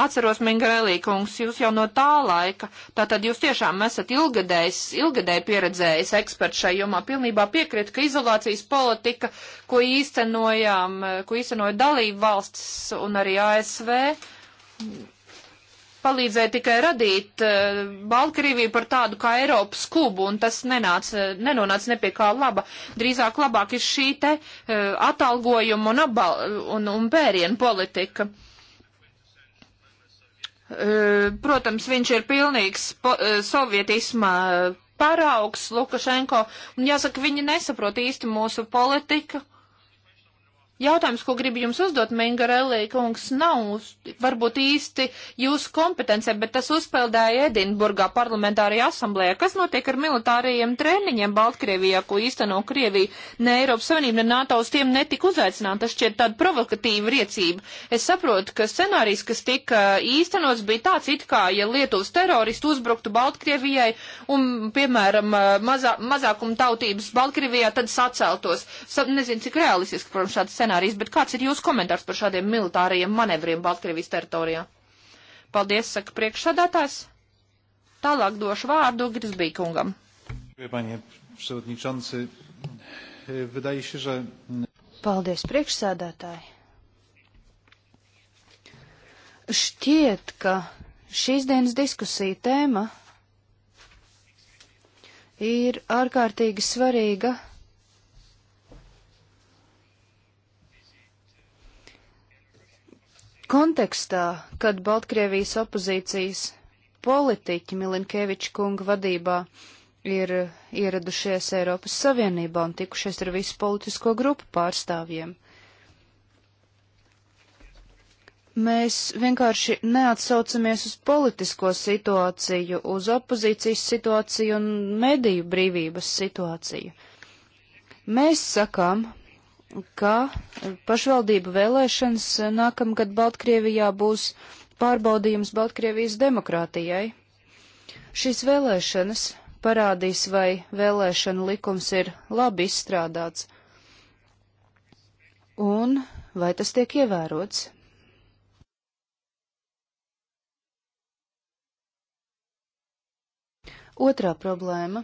Atceros, Mingrēlī kungs, jūs jau no tā laika, tātad jūs tiešām esat ilgadējs, ilgadēji pieredzējis eksperts šai jomā. Pilnībā piekrīt, ka izolācijas politika, ko īstenojām, ko īstenoja dalību valsts un arī ASV, palīdzēja tikai radīt uh, Baltkrieviju par tādu kā Eiropas kubu, un tas nenāca, nenonāca ne pie kā laba. Drīzāk labāk ir šī te uh, atalgojuma un, abal, un, un pērienu politika. Uh, protams, viņš ir pilnīgs po, sovietisma paraugs Lukašenko, un jāsaka, viņi nesaprot īsti mūsu politiku Jautājums, ko gribu jums uzdot, Mingarelli, kungs, nav varbūt īsti jūsu kompetencē, bet tas uzpeldēja Edinburgā parlamentārajā asamblējā. Kas notiek ar militārajiem treniņiem Baltkrievijā, ko īsteno Krievija? Ne Eiropas Savienība, ne NATO uz tiem netika uzaicināta. Tas šķiet tāda provokatīva riecība. Es saprotu, ka scenārijs, kas tika īstenots, bija tāds it kā, ja Lietuvas teroristi uzbruktu Baltkrievijai un, piemēram, mazā, mazākuma tautības Baltkrievijā, tad saceltos. Sa nezinu, cik realistiski, protams, šāds scenārijs scenārijs, bet kāds ir jūsu komentārs par šādiem militārajiem manevriem Baltkrievijas teritorijā? Paldies, saka priekšsādātājs. Tālāk došu vārdu Grisbīkungam. Paldies, priekšsādātāji. Šķiet, ka šīs dienas diskusija tēma ir ārkārtīgi svarīga kontekstā, kad Baltkrievijas opozīcijas politiķi Milinkeviča kunga vadībā ir ieradušies Eiropas Savienībā un tikušies ar visu politisko grupu pārstāvjiem. Mēs vienkārši neatsaucamies uz politisko situāciju, uz opozīcijas situāciju un mediju brīvības situāciju. Mēs sakām, ka pašvaldību vēlēšanas nākamgad Baltkrievijā būs pārbaudījums Baltkrievijas demokrātijai. Šīs vēlēšanas parādīs, vai vēlēšana likums ir labi izstrādāts un vai tas tiek ievērots. Otrā problēma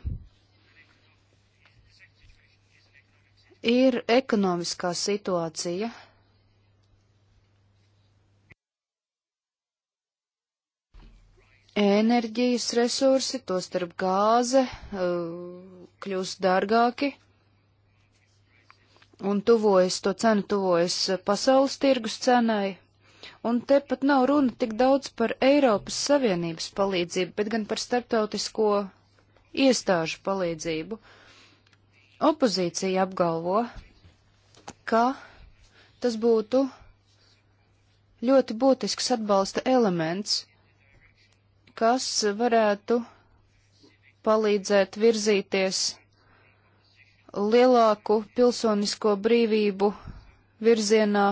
ir ekonomiskā situācija. Enerģijas resursi, tostarp gāze, uh, kļūst dārgāki, un tuvojas, to cenu tuvojas pasaules tirgus cenai, un te pat nav runa tik daudz par Eiropas Savienības palīdzību, bet gan par starptautisko iestāžu palīdzību. Uh, Opozīcija apgalvo, ka tas būtu ļoti būtisks atbalsta elements, kas varētu palīdzēt virzīties lielāku pilsonisko brīvību virzienā,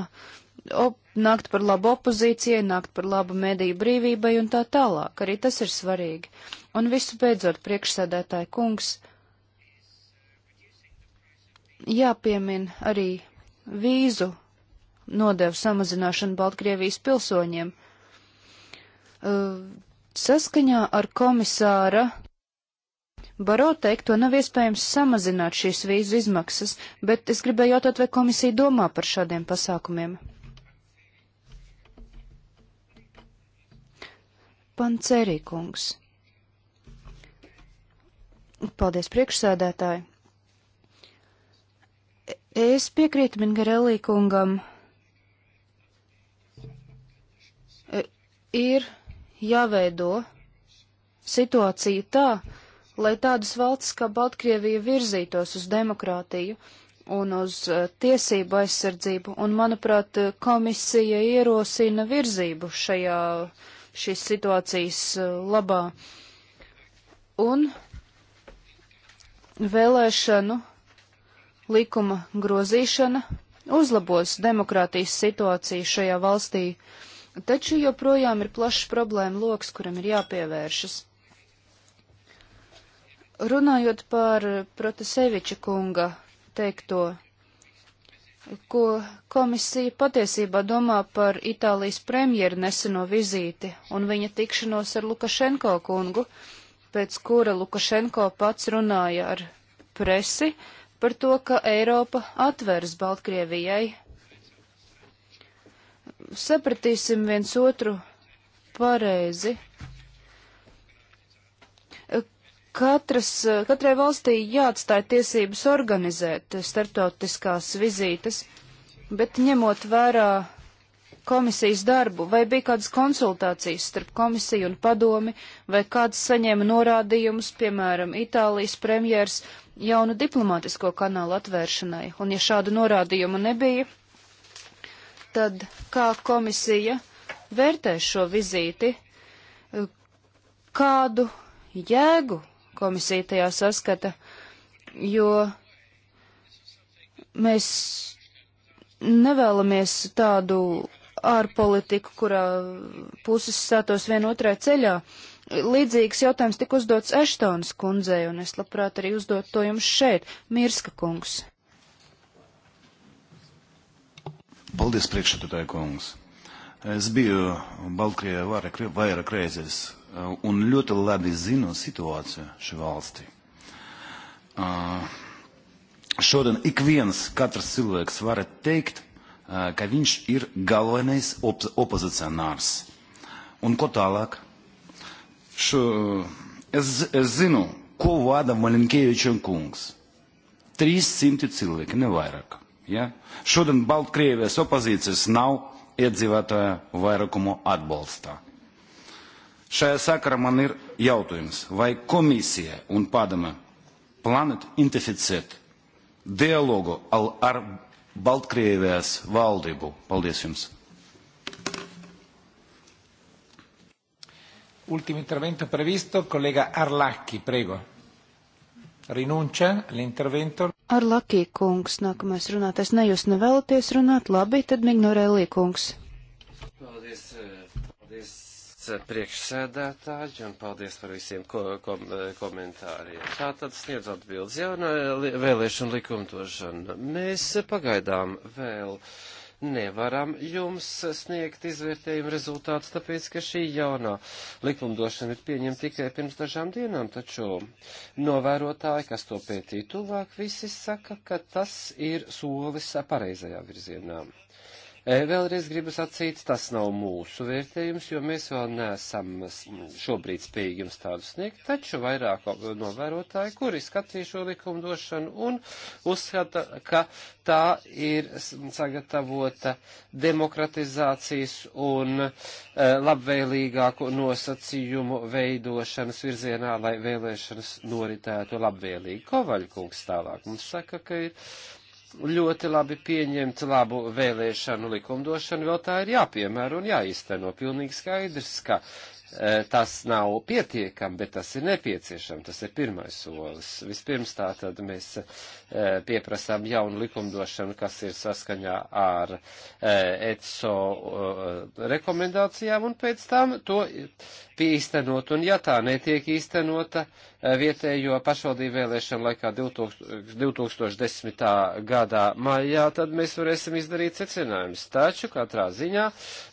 op, nākt par labu opozīcijai, nākt par labu mediju brīvībai un tā tālāk. Arī tas ir svarīgi. Un visu beidzot, priekšsēdētāji kungs, uh, jāpiemin arī vīzu nodevu samazināšanu Baltkrievijas pilsoņiem. Uh, saskaņā ar komisāra Baro teikto nav iespējams samazināt šīs vīzu izmaksas, bet es gribēju jautāt, vai komisija domā par šādiem pasākumiem. Pancerīkungs. Paldies priekšsēdētāji. Es piekrītu Mingarelī kungam. E, ir jāveido situācija tā, lai tādas valstis kā Baltkrievija virzītos uz demokrātiju un uz e, tiesību aizsardzību, un, manuprāt, e, komisija ierosina virzību šajā šīs situācijas labā. Un vēlēšanu likuma grozīšana uzlabos demokrātijas situāciju šajā valstī, taču joprojām ir plašs problēma loks, kuram ir jāpievēršas. Runājot par Protaseviča kunga teikto, ko komisija patiesībā domā par Itālijas premjeru neseno vizīti un viņa tikšanos ar Lukašenko kungu, pēc kura Lukašenko pats runāja ar presi, uh, par to, ka Eiropa atveras Baltkrievijai. Sapratīsim viens otru pareizi. Katras, katrai valstī jāatstāja tiesības organizēt startautiskās vizītes, bet ņemot vērā komisijas darbu, vai bija kādas konsultācijas starp komisiju un padomi, vai kāds saņēma norādījumus, piemēram, Itālijas premjers jaunu diplomātisko kanālu atvēršanai, un ja šādu norādījumu nebija, tad kā komisija vērtēs šo vizīti, kādu jēgu komisija tajā saskata, jo mēs nevēlamies tādu ārpolitiku, kurā puses stātos vienotrai ceļā. Līdzīgs jautājums tika uzdots Eštonas kundzei, un es labprāt arī uzdot to jums šeit, Mirska kungs. Paldies, priekšsēdētāja kungs. Es biju Baltkrievijā vairāk, vairāk reizes eh, un ļoti labi zinu situāciju šī valstī. Uh, šodien ik viens, katrs cilvēks var teikt, uh, ka viņš ir galvenais op opozicionārs. Un ko tālāk? Šo, es, es zinu, ko vada Malinkieviča kungs. 300 cilvēki, ne vairāk. Ja? Šodien Baltkrievijas opozīcijas nav iedzīvotāju vairākumu atbalstā. Šajā sakarā man ir jautājums, vai komisija un padome plānot intensificēt dialogu ar Baltkrievijas valdību? Paldies jums! Ultimo intervento previsto, collega Arlacchi, prego. Rinuncia all'intervento. Arlacchi kungs, nākamais runāt. Es ne jūs nevēlaties runāt, labi, tad Mignorelli kungs. Paldies, paldies priekšsēdētāji un paldies par visiem ko, kom, komentāriem. Tā tad sniedz atbildes jaunā vēlēšana likumdošana. Mēs pagaidām vēl. Uh, nevaram jums sniegt izvērtējumu rezultātus, tāpēc, ka šī jaunā likumdošana ir pieņemta tikai pirms dažām dienām, taču novērotāji, kas to pētīja tuvāk, visi saka, ka tas ir solis pareizajā virzienā. E, vēlreiz gribu sacīt, tas nav mūsu vērtējums, jo mēs vēl neesam šobrīd spējīgi jums tādu sniegt, taču vairāk novērotāji, kuri skatīja šo likumdošanu un uzskata, ka tā ir sagatavota demokratizācijas un e, labvēlīgāku nosacījumu veidošanas virzienā, lai vēlēšanas noritētu labvēlīgi. Kovaļkungs tālāk mums saka, ka ir ļoti labi pieņemt labu vēlēšanu likumdošanu, vēl tā ir jāpiemēro un jāizteno. Pilnīgi skaidrs, ka e, tas nav pietiekami, bet tas ir nepieciešams, tas ir pirmais solis. Vispirms tā tad mēs e, pieprasām jaunu likumdošanu, kas ir saskaņā ar e, ETSO e, rekomendācijām, un pēc tam to pieīstenot, un ja tā netiek īstenota, e, Eh, vietējo pašvaldību vēlēšanu laikā 2000, 2010. gadā maijā, tad mēs varēsim izdarīt secinājumus. Taču katrā ziņā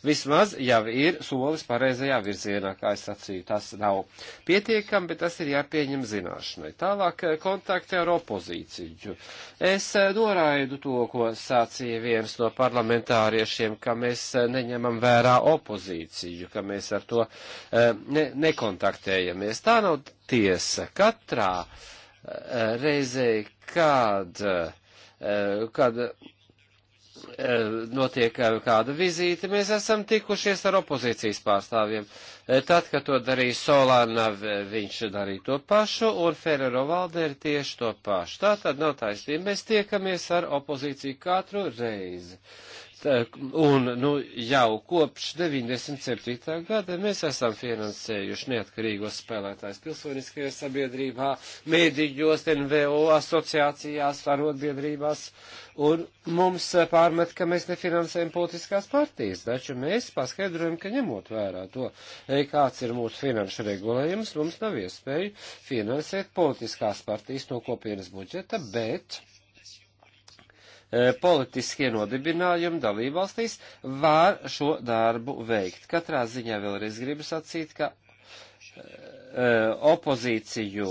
vismaz jau ir solis pareizajā virzienā, kā es sacīju. Tas nav pietiekami, bet tas ir jāpieņem zināšanai. Tālāk eh, kontakti ar opozīciju. Es eh, noraidu to, ko sācīja viens no parlamentāriešiem, ka mēs neņemam vērā opozīciju, ka mēs ar to ne, nekontaktējamies. Tā nav tiesa. Katrā eh, reizē, kad, eh, kad eh, notiek kāda vizīte, mēs esam tikušies ar opozīcijas pārstāvjiem. Tad, kad to darīja Solana, viņš darīja to pašu, un Ferrero Valderi tieši to pašu. Tā tad nav taisnība. Mēs tiekamies ar opozīciju katru reizi. Uh, Eh, un nu, jau kopš 97. gada mēs esam finansējuši neatkarīgos spēlētājus pilsoniskajā sabiedrībā, mēdīģos, NVO asociācijās, arotbiedrībās, un mums eh, pārmet, ka mēs nefinansējam politiskās partijas, taču mēs paskaidrojam, ka ņemot vērā to, eh, kāds ir mūsu finanšu regulējums, mums nav iespēju finansēt politiskās partijas no kopienas budžeta, bet Eh, politiskie nodibinājumi dalībvalstīs var šo darbu veikt. Katrā ziņā vēlreiz gribu sacīt, ka eh, opozīciju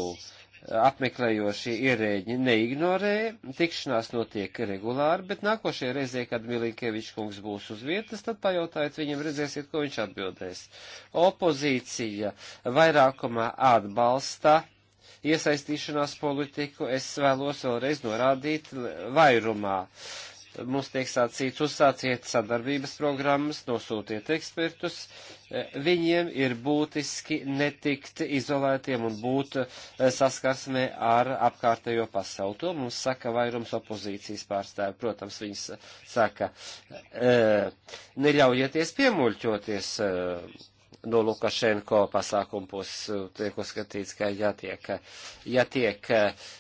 apmeklējošie ierēģi neignorē, tikšanās notiek regulāri, bet nākošajā reizē, kad Milinkevičs kungs būs uz vietas, tad pajautājiet viņam, redzēsiet, ko viņš atbildēs. Opozīcija vairākumā atbalsta iesaistīšanās politiku, es vēlos vēlreiz norādīt vairumā. Mums tiek sācīts uzsāciet sadarbības programmas, nosūtiet ekspertus. Viņiem ir būtiski netikt izolētiem un būt eh, saskarsmē ar apkārtējo pasauli. To mums saka vairums opozīcijas pārstāvi. Protams, viņas saka, eh, neļaujieties piemuļķoties eh, no Lukašenko pasākumu puses eh, tiek uzskatīts, ka jātiek, jātiek eh,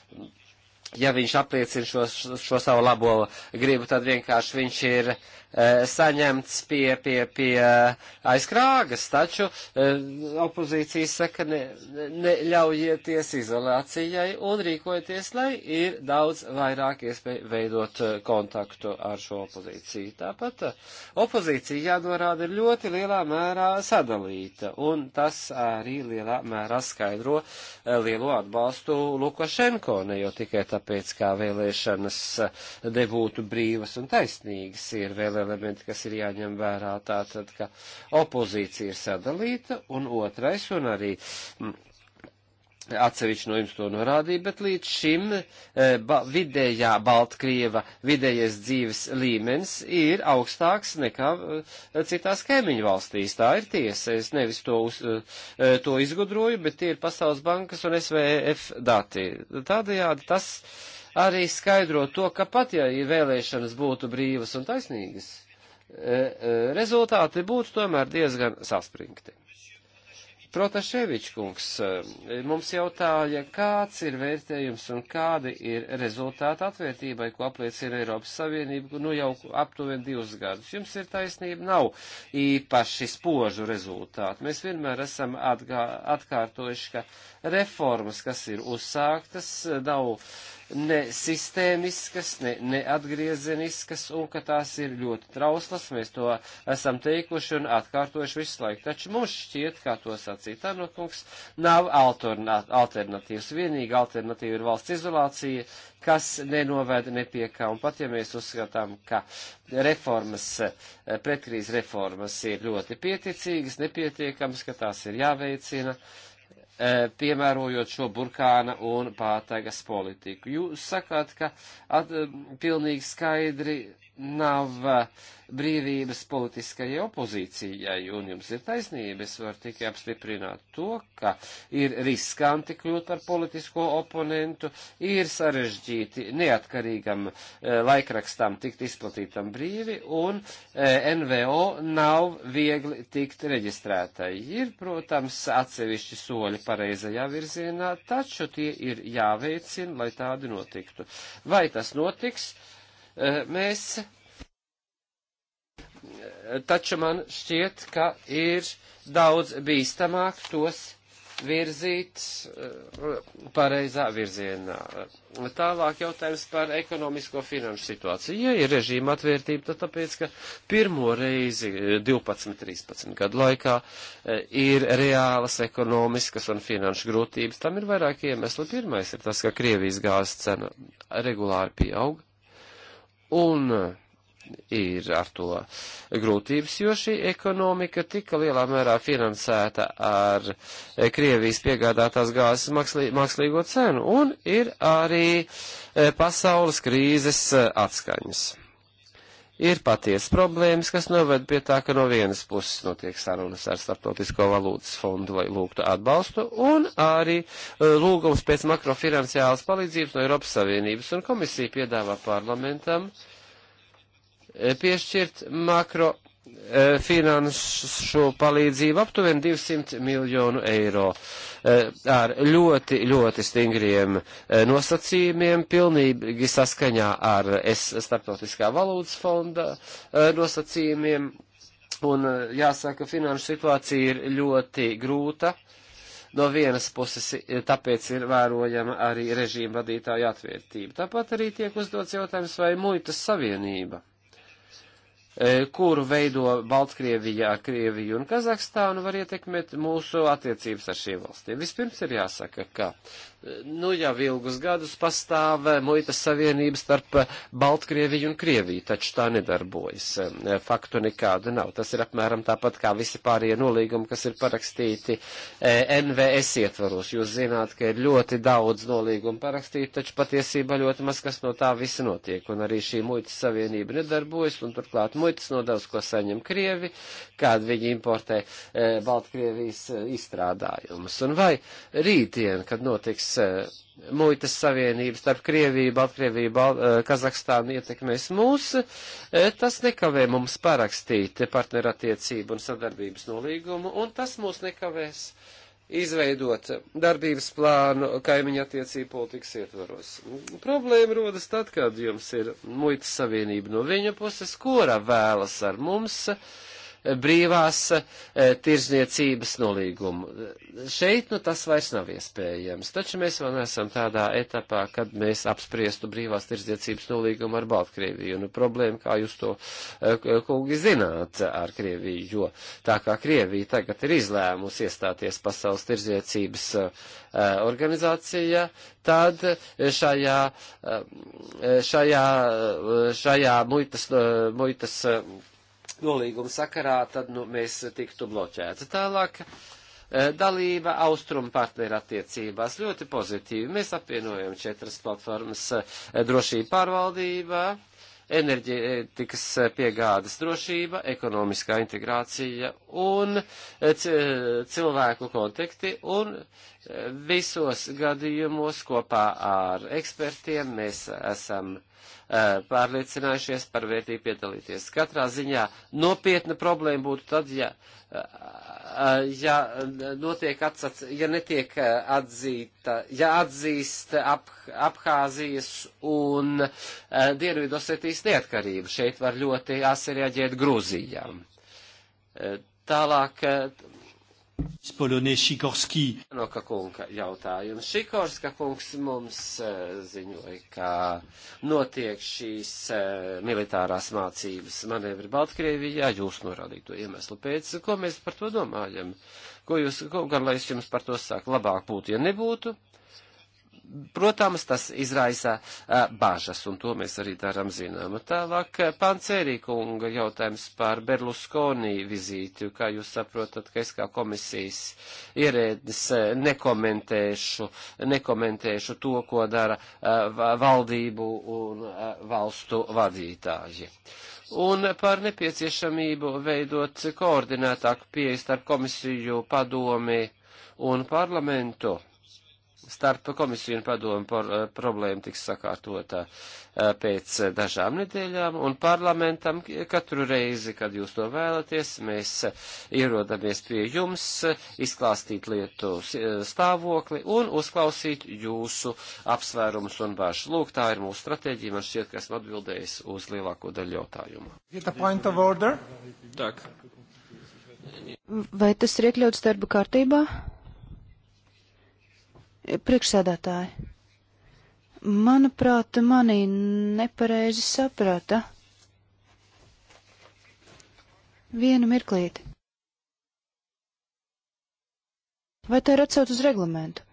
ja viņš apliecina šo, šo savu labo gribu, tad vienkārši viņš ir e, saņemts pie, pie, pie aizkrāgas, taču e, opozīcija saka, ne, neļaujieties izolācijai un rīkojieties, lai ir daudz vairāk iespēju veidot e, kontaktu ar šo opozīciju. Tāpat e, opozīcija, jānorāda, ir ļoti lielā mērā sadalīta, un tas arī lielā mērā skaidro e, lielo atbalstu Lukašenko, ne jau tikai tā tāpēc kā vēlēšanas nebūtu brīvas un taisnīgas. Ir vēl elementi, kas ir jāņem vērā tātad, ka opozīcija ir sadalīta, un otrais, un arī mm, Atsevišķi no jums to norādīja, bet līdz šim eh, ba vidējā Baltkrieva vidējais dzīves līmenis ir augstāks nekā eh, citās kaimiņu valstīs. Tā ir tiesa. Es nevis to, uz, eh, to izgudroju, bet tie ir Pasaules bankas un SVF dati. Tādējādi tas arī skaidro to, ka pat ja vēlēšanas būtu brīvas un taisnīgas, rezultāti būtu tomēr diezgan saspringti. Protaševičs kungs eh, mums jautāja, kāds ir vērtējums un kādi ir rezultāti atvērtībai, ko apliecina Eiropas Savienība, nu jau aptuveni divus gadus. Jums ir taisnība, nav īpaši spožu rezultātu. Mēs vienmēr esam atgā, atkārtojuši, ka reformas, kas ir uzsāktas, eh, nav. Uh, ne sistēmiskas, ne, ne atgriezeniskas, un ka tās ir ļoti trauslas, mēs to esam teikuši un atkārtojuši visu laiku. Taču mums šķiet, kā to sacīja Tanokungs, nav alternatīvas. Vienīga alternatīva ir valsts izolācija, kas nenoveda ne pie kā. Un pat ja mēs uzskatām, ka reformas, pretkrīz reformas ir ļoti pieticīgas, nepietiekamas, ka tās ir jāveicina, E, piemērojot šo burkāna un pātagas politiku. Jūs sakāt, ka at, e, pilnīgi skaidri nav eh, brīvības politiskajai opozīcijai, un jums ir taisnība, es varu tikai apstiprināt to, ka ir riskanti kļūt par politisko oponentu, ir sarežģīti neatkarīgam e, laikrakstam tikt izplatītam brīvi, un e, eh, NVO nav viegli tikt reģistrētai. Ir, protams, atsevišķi soļi pareizajā virzienā, taču tie ir jāveicina, lai tādi notiktu. Vai tas notiks? Eh, mēs taču man šķiet, ka ir daudz bīstamāk tos virzīt eh, pareizā virzienā. Tālāk jautājums par ekonomisko finanšu situāciju. Ja ir režīma atvērtība, tad tāpēc, ka pirmo reizi 12-13 eh, gadu laikā ir reālas ekonomiskas un finanšu grūtības, tam ir vairāk iemesli. Pirmais ir tas, ka Krievijas gāzes cena regulāri pieaug. Un eh, ir ar to grūtības, jo šī ekonomika tika lielā mērā finansēta ar eh, Krievijas piegādātās gāzes mākslīgo cenu, un ir arī eh, pasaules krīzes atskaņas ir patiesas problēmas, kas noved pie tā, ka no vienas puses notiek sarunas ar Startautisko valūtas fondu, lai lūgtu atbalstu, un arī eh, lūgums pēc makrofinanciālas palīdzības no Eiropas Savienības, un komisija piedāvā parlamentam eh, piešķirt makro Eh, finanšu palīdzību aptuveni 200 miljonu eiro eh, ar ļoti, ļoti stingriem eh, nosacījumiem, pilnīgi saskaņā ar es, Startautiskā valūtas fonda nosacījumiem. Un jāsaka, finanšu situācija ir ļoti grūta. No vienas puses, tāpēc ir vērojama arī režīma vadītāja atvērtība. Tāpat arī tiek uzdots jautājums, vai muitas savienība E, kuru veido Baltkrievijā, Krieviju un Kazahstānu, var ietekmēt mūsu attiecības ar šīm valstīm. Vispirms ir jāsaka, ka nu jau ilgus gadus pastāv muitas savienības starp Baltkrieviju un Krieviju, taču tā nedarbojas. Faktu nekādu nav. Tas ir apmēram tāpat kā visi pārējie nolīgumi, kas ir parakstīti e, NVS ietvaros. Jūs zināt, ka ir ļoti daudz nolīgumu parakstīti, taču patiesībā ļoti maz kas no tā visa notiek. Un arī šī muitas savienība nedarbojas, un turklāt muitas nodevs, ko saņem Krievi, kād viņi importē e, Baltkrievijas e, izstrādājumus. Un vai rītdien, kad notiks notiks eh, muitas savienības starp Krieviju, Baltkrieviju, eh, Kazahstānu ietekmēs mūs, eh, tas nekavē mums parakstīt partnerattiecību un sadarbības nolīgumu, un tas mūs nekavēs izveidot darbības plānu kaimiņa attiecību politikas ietvaros. Problēma rodas tad, kad jums ir muitas savienība no viņa puses, kura vēlas ar mums uh, brīvās eh, tirzniecības nolīgumu. Šeit nu tas vairs nav iespējams, taču mēs vēl neesam tādā etapā, kad mēs apspriestu brīvās tirzniecības nolīgumu ar Baltkrieviju. Nu, problēma, kā jūs to, eh, kungi, zināt ar Krieviju, jo tā kā Krievija tagad ir izlēmusi iestāties pasaules tirzniecības eh, organizācijā, tad šajā, šajā, šajā muitas, muitas nolīguma sakarā, tad nu, mēs tiktu bloķēti. Tālāk e, dalība austrumu partneru attiecībās ļoti pozitīvi. Mēs apvienojam četras platformas e, drošība pārvaldībā, enerģētikas e, piegādes drošība, ekonomiskā integrācija un cilvēku kontakti un visos gadījumos kopā ar ekspertiem mēs esam uh, pārliecinājušies par vērtību piedalīties. Katrā ziņā nopietna problēma būtu tad, ja, ja, notiek atsac, ja netiek atzīta, ja atzīst ap, Abhāzijas un Dienvidosetijas neatkarību. Šeit var ļoti asi reaģēt Grūzijām. Tālāk Polonē Šikorski. No ka kunga jautājums. Šikorska kungs mums e, ziņoja, ka notiek šīs e, militārās mācības manevri Baltkrievijā. Jūs norādītu to iemeslu pēc, ko mēs par to domājam. Ko jūs, ko, gan lai es jums par to saku, labāk būtu, ja nebūtu. Protams, tas izraisa bažas, un to mēs arī darām zinām. Tālāk, Pancērīkunga jautājums par Berlusconi vizīti, kā jūs saprotat, ka es kā komisijas ierēdnis nekomentēšu, nekomentēšu to, ko dara valdību un valstu vadītāji un par nepieciešamību veidot koordinētāku pieeju starp komisiju, padomi un parlamentu, starp komisiju un padomu par uh, eh, problēmu tiks sakārtota uh, pēc dažām nedēļām, un parlamentam katru reizi, kad jūs to vēlaties, mēs eh, ierodamies pie jums, izklāstīt lietu stāvokli un uzklausīt jūsu apsvērumus un bāžas. Lūk, tā ir mūsu stratēģija, man šķiet, ka esmu atbildējis uz lielāko daļu jautājumu. Vai tas ir iekļauts darba kārtībā? Priekšsēdētāji, manuprāt, mani nepareizi saprata. Vienu mirklīti. Vai tā ir atcauc uz reglamentu?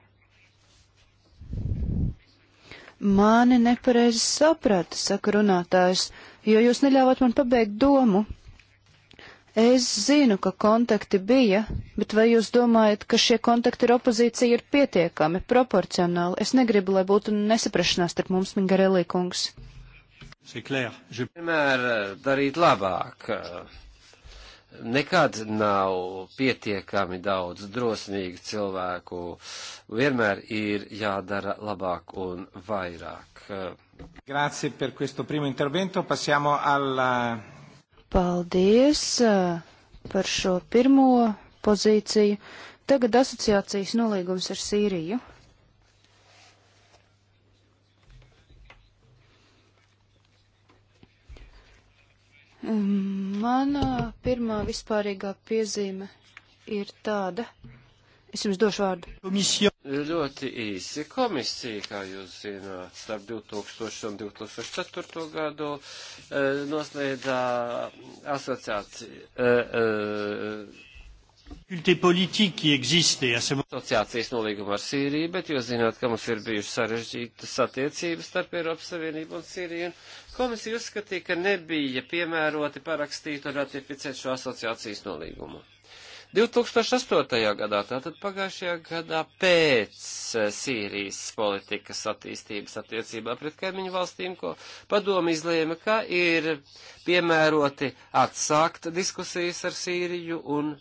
Mani nepareizi saprata, saka runātājs, jo jūs neļāvāt man pabeigt domu. Es zinu, ka kontakti bija, bet vai jūs domājat, ka šie kontakti ar opozīciju ir pietiekami, proporcionāli? Es negribu, lai būtu nesaprašanās starp mums, Mingarelī kungs. Je... Vienmēr eh, darīt labāk. Eh, nekad nav pietiekami daudz drosmīgu cilvēku. Vienmēr ir jādara labāk un vairāk. Eh, Grazie per questo primo intervento. Passiamo alla Paldies par šo pirmo pozīciju. Tagad asociācijas nolīgums ar Sīriju. Mana pirmā vispārīgā piezīme ir tāda. Es jums došu vārdu. Ļoti īsi komisija, kā jūs zināt, starp 2000 un 2004 gadu e, noslēdzā asociācija. E, e, asociācijas nolīguma ar Sīriju, bet jūs zināt, ka mums ir bijušas sarežģītas attiecības starp Eiropas Savienību un Sīriju. Komisija uzskatīja, ka nebija piemēroti parakstīt un ratificēt šo asociācijas nolīgumu. 2008. gadā, tātad pagājušajā gadā pēc eh, Sīrijas politikas attīstības attiecībā pret kaimiņu valstīm, ko padomu izlēma, ka ir piemēroti atsākt diskusijas ar Sīriju un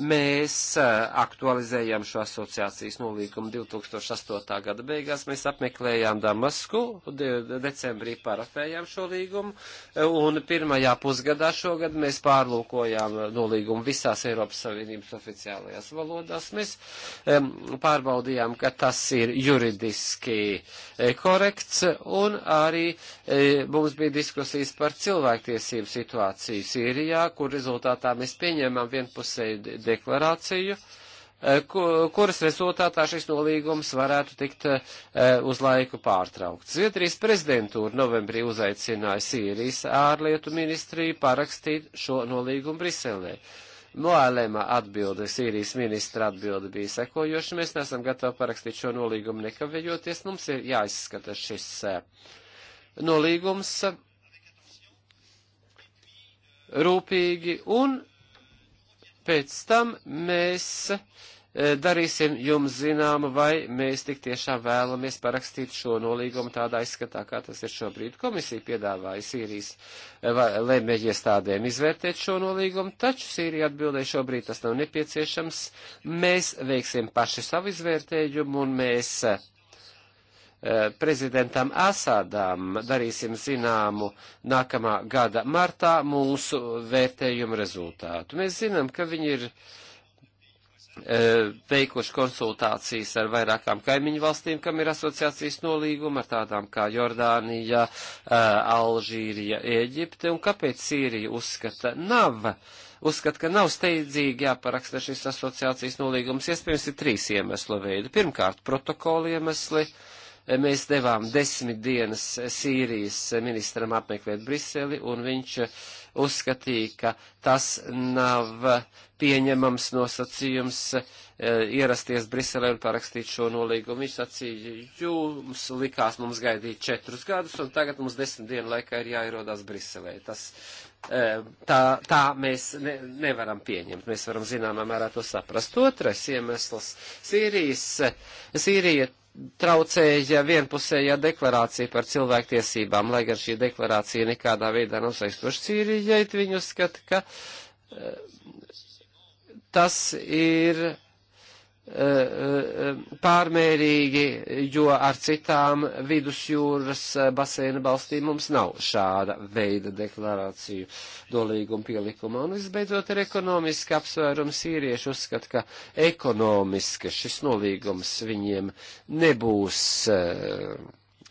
mēs eh, aktualizējām šo asociācijas nolīkumu 2008. gada beigās. Mēs apmeklējām Damasku, de decembrī parafējām šo līgumu, eh, un pirmajā pusgadā šogad mēs pārlūkojām nolīgumu visās Eiropas Savienības oficiālajās valodās. Mēs um, pārbaudījām, ka tas ir juridiski eh, korekts, un arī um, mums bija diskusijas par cilvēktiesību situāciju Sīrijā, kur rezultātā mēs pieņēmām vienpusēju deklarāciju, eh, kuras rezultātā šis nolīgums varētu tikt eh, uz laiku pārtraukts. Zviedrijas prezidentūra novembrī uzaicināja Sīrijas ārlietu ministriju parakstīt šo nolīgumu Briselē. Noēlēmā atbilde, Sīrijas ministra atbilde bija sekojoša, mēs nesam gatavi parakstīt šo nolīgumu nekavējoties, mums ir jāizskata šis eh, nolīgums rūpīgi un pēc tam mēs e, darīsim jums zināmu, vai mēs tik tiešām vēlamies parakstīt šo nolīgumu tādā izskatā, kā tas ir šobrīd. Komisija piedāvāja Sīrijas lēmēji e, iestādēm izvērtēt šo nolīgumu, taču Sīrija atbildēja šobrīd tas nav nepieciešams. Mēs veiksim paši savu izvērtējumu un mēs e, Eh, prezidentam Asādām darīsim zināmu nākamā gada martā mūsu vērtējumu rezultātu. Mēs zinām, ka viņi ir eh, veikuši konsultācijas ar vairākām kaimiņu valstīm, kam ir asociācijas nolīguma ar tādām kā Jordānija, eh, Alžīrija, Ēģipte, un kāpēc Sīrija uzskata nav, uzskata, ka nav steidzīgi jāparaksta šis asociācijas nolīgums, iespējams, ir trīs iemeslu veidi. Pirmkārt, protokola iemesli. Uh, Mēs devām desmit dienas Sīrijas ministram apmeklēt Briseli, un viņš uzskatīja, ka tas nav pieņemams nosacījums eh, ierasties Briselē un parakstīt šo nolīgumu. Viņš sacīja, jums likās mums gaidīt četrus gadus, un tagad mums desmit dienu laikā ir jāierodās Briselē. Tas, eh, tā, tā mēs ne, nevaram pieņemt. Mēs varam zināmā mērā to saprast. Otrais iemesls - Sīrijas, Sīrija traucēja vienpusējā deklarācija par cilvēktiesībām, lai gan šī deklarācija nekādā veidā nav saistoša Sīrijai, viņi uzskata, ka eh, tas ir pārmērīgi, jo ar citām vidusjūras eh, basēna balstīm mums nav šāda veida deklarāciju dolīguma pielikuma. Un visbeidzot ir ekonomiski apsvērums. Sīrieši uzskata, ka ekonomiski šis nolīgums viņiem nebūs eh,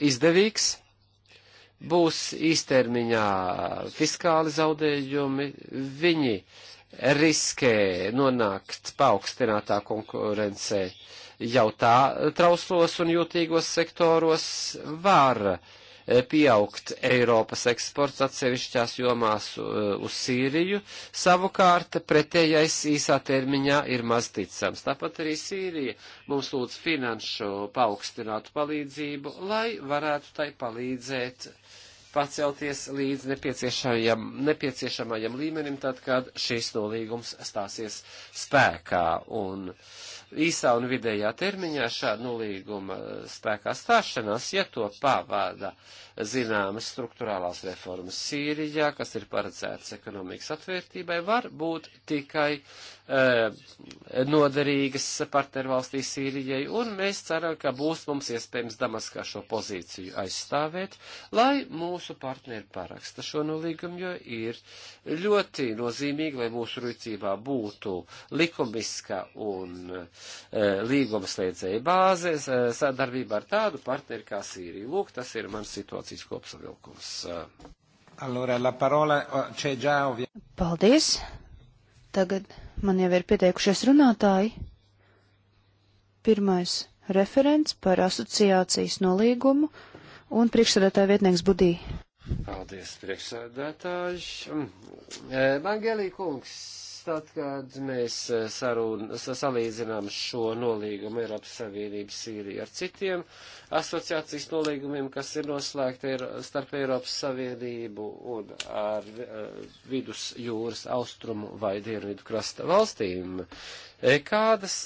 izdevīgs būs īstermiņā fiskāli zaudējumi, viņi riskē nonākt paaugstinātā konkurencē jau tā trauslos un jūtīgos sektoros var e, pieaugt Eiropas eksports atsevišķās jomās uz Sīriju. Savukārt pretējais īsā termiņā ir maz ticams. Tāpat arī Sīrija mums lūdz finanšu paaugstinātu palīdzību, lai varētu tai palīdzēt uh, pacelties līdz nepieciešamajam, nepieciešamajam līmenim, tad, kad šis nolīgums stāsies spēkā. Un īsā un vidējā termiņā šāda nolīguma spēkā stāšanās, ja to pavāda zināmas struktūrālās reformas Sīrijā, kas ir paredzētas ekonomikas atvērtībai, var būt tikai Eh, noderīgas partnervalstīs Sīrijai, un mēs ceram, ka būs mums iespējams Damaskā šo pozīciju aizstāvēt, lai mūsu partneri paraksta šo nolīgumu, jo ir ļoti nozīmīgi, lai mūsu rīcībā būtu likumiska un e, līgumslēdzēja bāze e, eh, sadarbībā ar tādu partneri kā Sīrija. Lūk, tas ir mans situācijas kopsavilkums. Allora, la parola c'è già ovviamente. Paldies. Tagad man jau ir pieteikušies runātāji. Pirmais referents par asociācijas nolīgumu un priekšsēdētāja vietnieks Budī. Paldies, priekšsēdētājs. Mm. Eh, Mangelī kungs tad, kad mēs e, sarun, salīdzinām šo nolīgumu Eiropas Savienības Sīriju ar citiem asociācijas nolīgumiem, kas ir noslēgti starp Eiropas Savienību un ar e, vidus jūras austrumu vai dienvidu krasta valstīm, e, kādas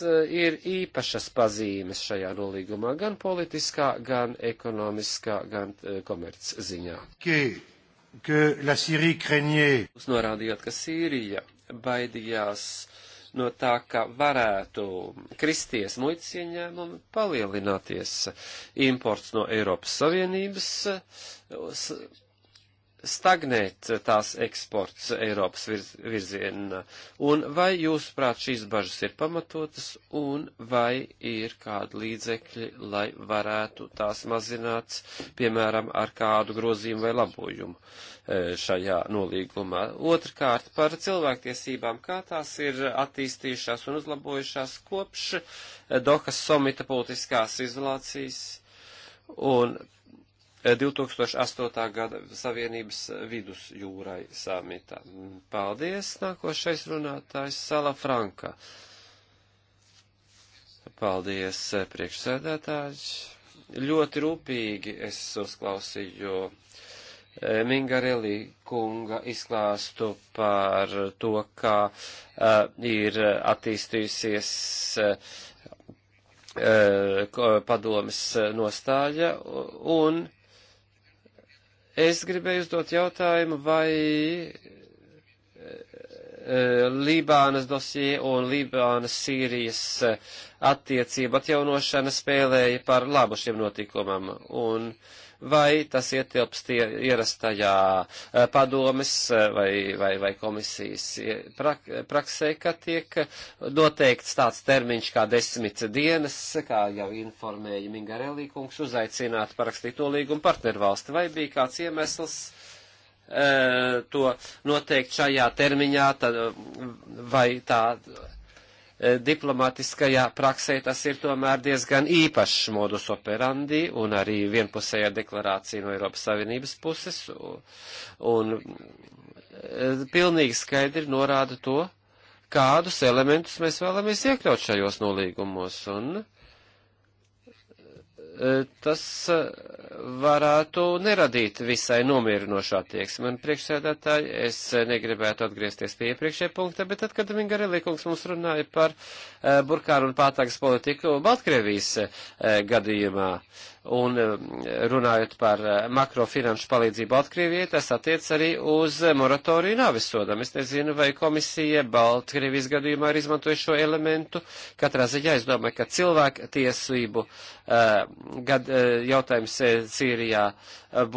ir īpašas pazīmes šajā nolīgumā gan politiskā, gan ekonomiskā, gan komerc ziņā? Okay. Jūs norādījāt, ka Sīrija baidījās no tā, ka varētu kristies muitas ieņēmumi, palielināties imports no Eiropas Savienības stagnēt tās eksports Eiropas virz, virzienā? Un vai jūs prāt šīs bažas ir pamatotas un vai ir kādi līdzekļi, lai varētu tās mazināt, piemēram, ar kādu grozījumu vai labojumu e, šajā nolīgumā? Otrkārt, par cilvēktiesībām, kā tās ir attīstījušās un uzlabojušās kopš Dohas somita politiskās izolācijas? Un 2008. gada Savienības vidusjūrai samitā. Paldies, nākošais runātājs Sala Franka. Paldies, priekšsēdētājs. Ļoti rūpīgi es uzklausīju e, Mingarelī kunga izklāstu par to, kā uh, ir attīstījusies uh, uh, padomes nostāja un uh, Es gribēju uzdot jautājumu, vai e, Lībānas dosie un Lībānas Sīrijas attiecību atjaunošana spēlēja par labu šiem notikumam. Un vai tas ietilpst ierastajā e, padomes e, vai, vai, vai komisijas e, praksē, ka tiek noteikts tāds termiņš kā desmit dienas, kā jau informēja Mingarelī kungs, uzaicināt parakstīt nolīgumu partnervalsti, vai bija kāds iemesls to noteikt šajā termiņā, tad, vai tā E, diplomatiskajā praksē tas ir tomēr diezgan īpašs modus operandi un arī vienpusējā deklarācija no Eiropas Savienības puses. Un, un e, pilnīgi skaidri norāda to, kādus elementus mēs vēlamies iekļaut šajos nolīgumos. Un E, tas e, varētu neradīt visai nomierinošā tieksme. Man priekšsēdētāji, es e, negribētu atgriezties pie iepriekšē punkta, bet tad, kad Mingarelī kungs mums runāja par burkāru un pātāgas politiku Baltkrievijas gadījumā, uh, Un eh, runājot par eh, makrofinanšu palīdzību Baltkrievijai, tas attiec arī uz moratoriju navisodam. Es nezinu, vai komisija Baltkrievijas gadījumā ir izmantojuši šo elementu. Katrā ziņā es domāju, ka cilvēku tiesību eh, gad, jautājums Sīrijā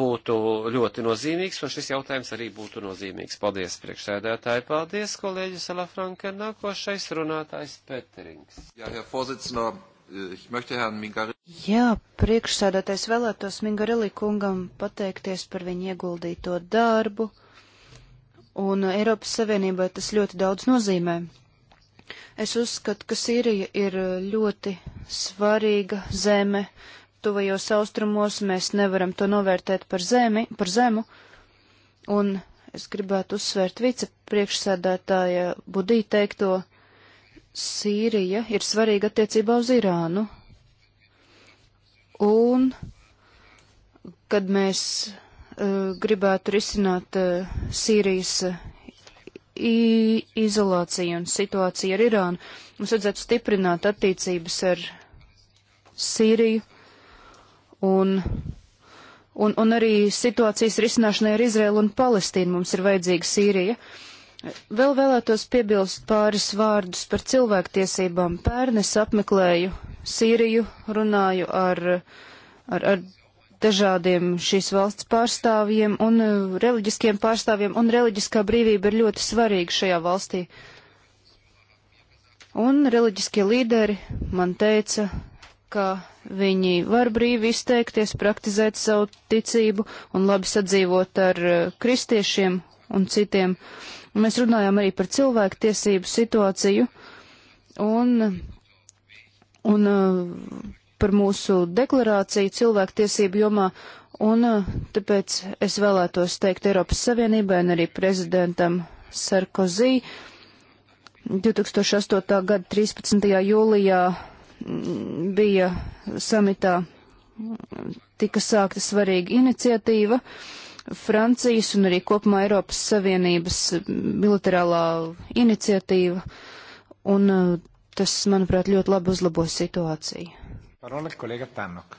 būtu ļoti nozīmīgs, un šis jautājums arī būtu nozīmīgs. Paldies, priekšsēdētāji. Paldies, kolēģis Alafranka. Nākošais runātājs Peterings. Jā, ja, Herr Vorsitzender, ich möchte Herrn Mingari. Jā, priekšsēdētais vēlētos Mingarelī kungam pateikties par viņu ieguldīto darbu, un Eiropas Savienībai tas ļoti daudz nozīmē. Es uzskatu, ka Sīrija ir ļoti svarīga zeme. Tuvajos austrumos mēs nevaram to novērtēt par, zemi, par zemu, un es gribētu uzsvērt vicepriekšsēdētāja Budī teikto, Sīrija ir svarīga attiecībā uz Irānu Un, kad mēs uh, gribētu risināt uh, Sīrijas uh, izolāciju un situāciju ar Irānu, mums vajadzētu stiprināt attiecības ar Sīriju un, un, un arī situācijas risināšanai ar Izrēlu un Palestīnu mums ir vajadzīga Sīrija. Uh, Vēl vēlētos piebilst pāris vārdus par cilvēktiesībām. Pērn es apmeklēju Sīriju, runāju ar, ar, ar dažādiem šīs valsts pārstāvjiem un uh, reliģiskiem pārstāvjiem, un reliģiskā brīvība ir ļoti svarīga šajā valstī. Un reliģiskie līderi man teica, ka viņi var brīvi izteikties, praktizēt savu ticību un labi sadzīvot ar uh, kristiešiem un citiem. Uh, Mēs runājām arī par cilvēku tiesību situāciju un, un uh, par mūsu deklarāciju cilvēku tiesību jomā, un uh, tāpēc es vēlētos teikt Eiropas Savienībai un arī prezidentam Sarkozī 2008. gada 13. jūlijā mm, bija samitā tika sākta svarīga iniciatīva. Uh, Francijas un arī kopumā Eiropas Savienības bilaterālā iniciatīva, un e, tas, manuprāt, ļoti labi uzlabos situāciju. Parola kolēga Tanok.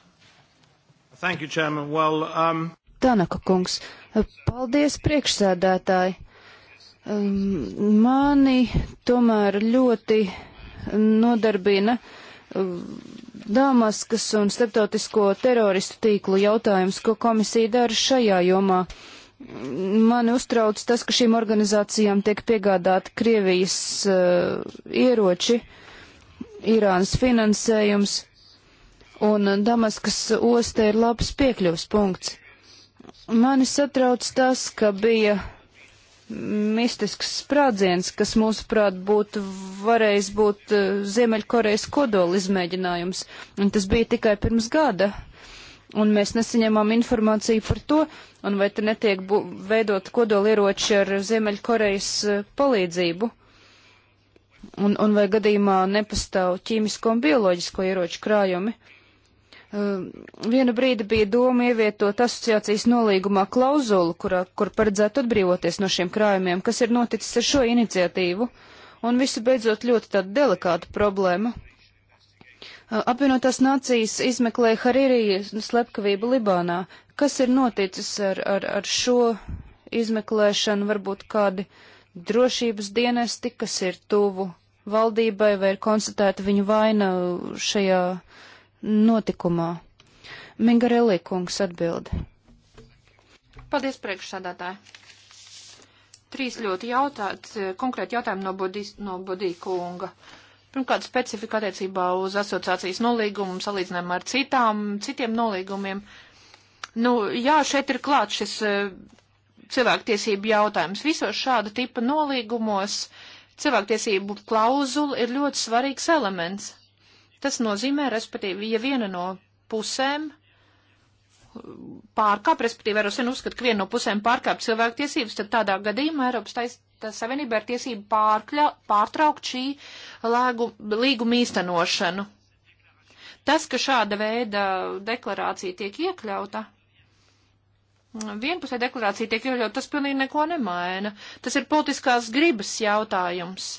Thank you, Chairman. Well, um... Tanaka kungs, e, paldies priekšsēdētāji. Um, mani tomēr ļoti nodarbina um, Dāmaskas un starptautisko teroristu tīklu jautājums, ko komisija dara šajā jomā. Mani uztrauc tas, ka šīm organizācijām tiek piegādāti Krievijas uh, ieroči, Irānas finansējums, un Damaskas ostē ir labs piekļuvs punkts. Mani satrauc tas, ka bija mistisks sprādziens, kas mūsuprāt būtu varējis būt uh, Ziemeļkorejas kodola izmēģinājums, un tas bija tikai pirms gada. Un mēs nesaņemām informāciju par to, un vai te netiek veidot kodolieroči ar Ziemeļkorejas uh, palīdzību, un, un vai gadījumā nepastāv ķīmisko un bioloģisko ieroču krājumi. Uh, Um, vienu brīdi bija doma ievietot asociācijas nolīgumā klauzulu, kurā, kur paredzētu atbrīvoties no šiem krājumiem, kas ir noticis ar šo iniciatīvu, un visu beidzot ļoti tāda delikāta problēma. Uh, apvienotās nācijas izmeklēja Haririjas slepkavību Libānā. Kas ir noticis ar, ar, ar šo izmeklēšanu? Varbūt kādi drošības dienesti, kas ir tuvu valdībai, vai ir konstatēta viņu vaina šajā uh, notikumā. Mingarelli kungs atbild. Paldies, priekšsādātāji. Trīs ļoti jautāts, konkrēti jautājumi no, Budis, no Budī kunga. Pirmkārt, specifika attiecībā uz asociācijas nolīgumu salīdzinājumā ar citām, citiem nolīgumiem. Nu, jā, šeit ir klāt šis e, cilvēktiesību jautājums. Visos šāda tipa nolīgumos cilvēktiesību klauzula ir ļoti svarīgs elements Tas nozīmē, respektīvi, ja viena no pusēm pārkāp, respektīvi, Eiropas Savienība uzskata, ka viena no pusēm pārkāp cilvēku tiesības, tad tādā gadījumā Eiropas tais, Savienība ir tiesība pārkļa, pārtraukt šī lēgu, līguma īstenošanu. Tas, ka šāda veida deklarācija tiek iekļauta, vienpusē deklarācija tiek iekļauta, tas pilnīgi neko nemaina. Tas ir politiskās gribas jautājums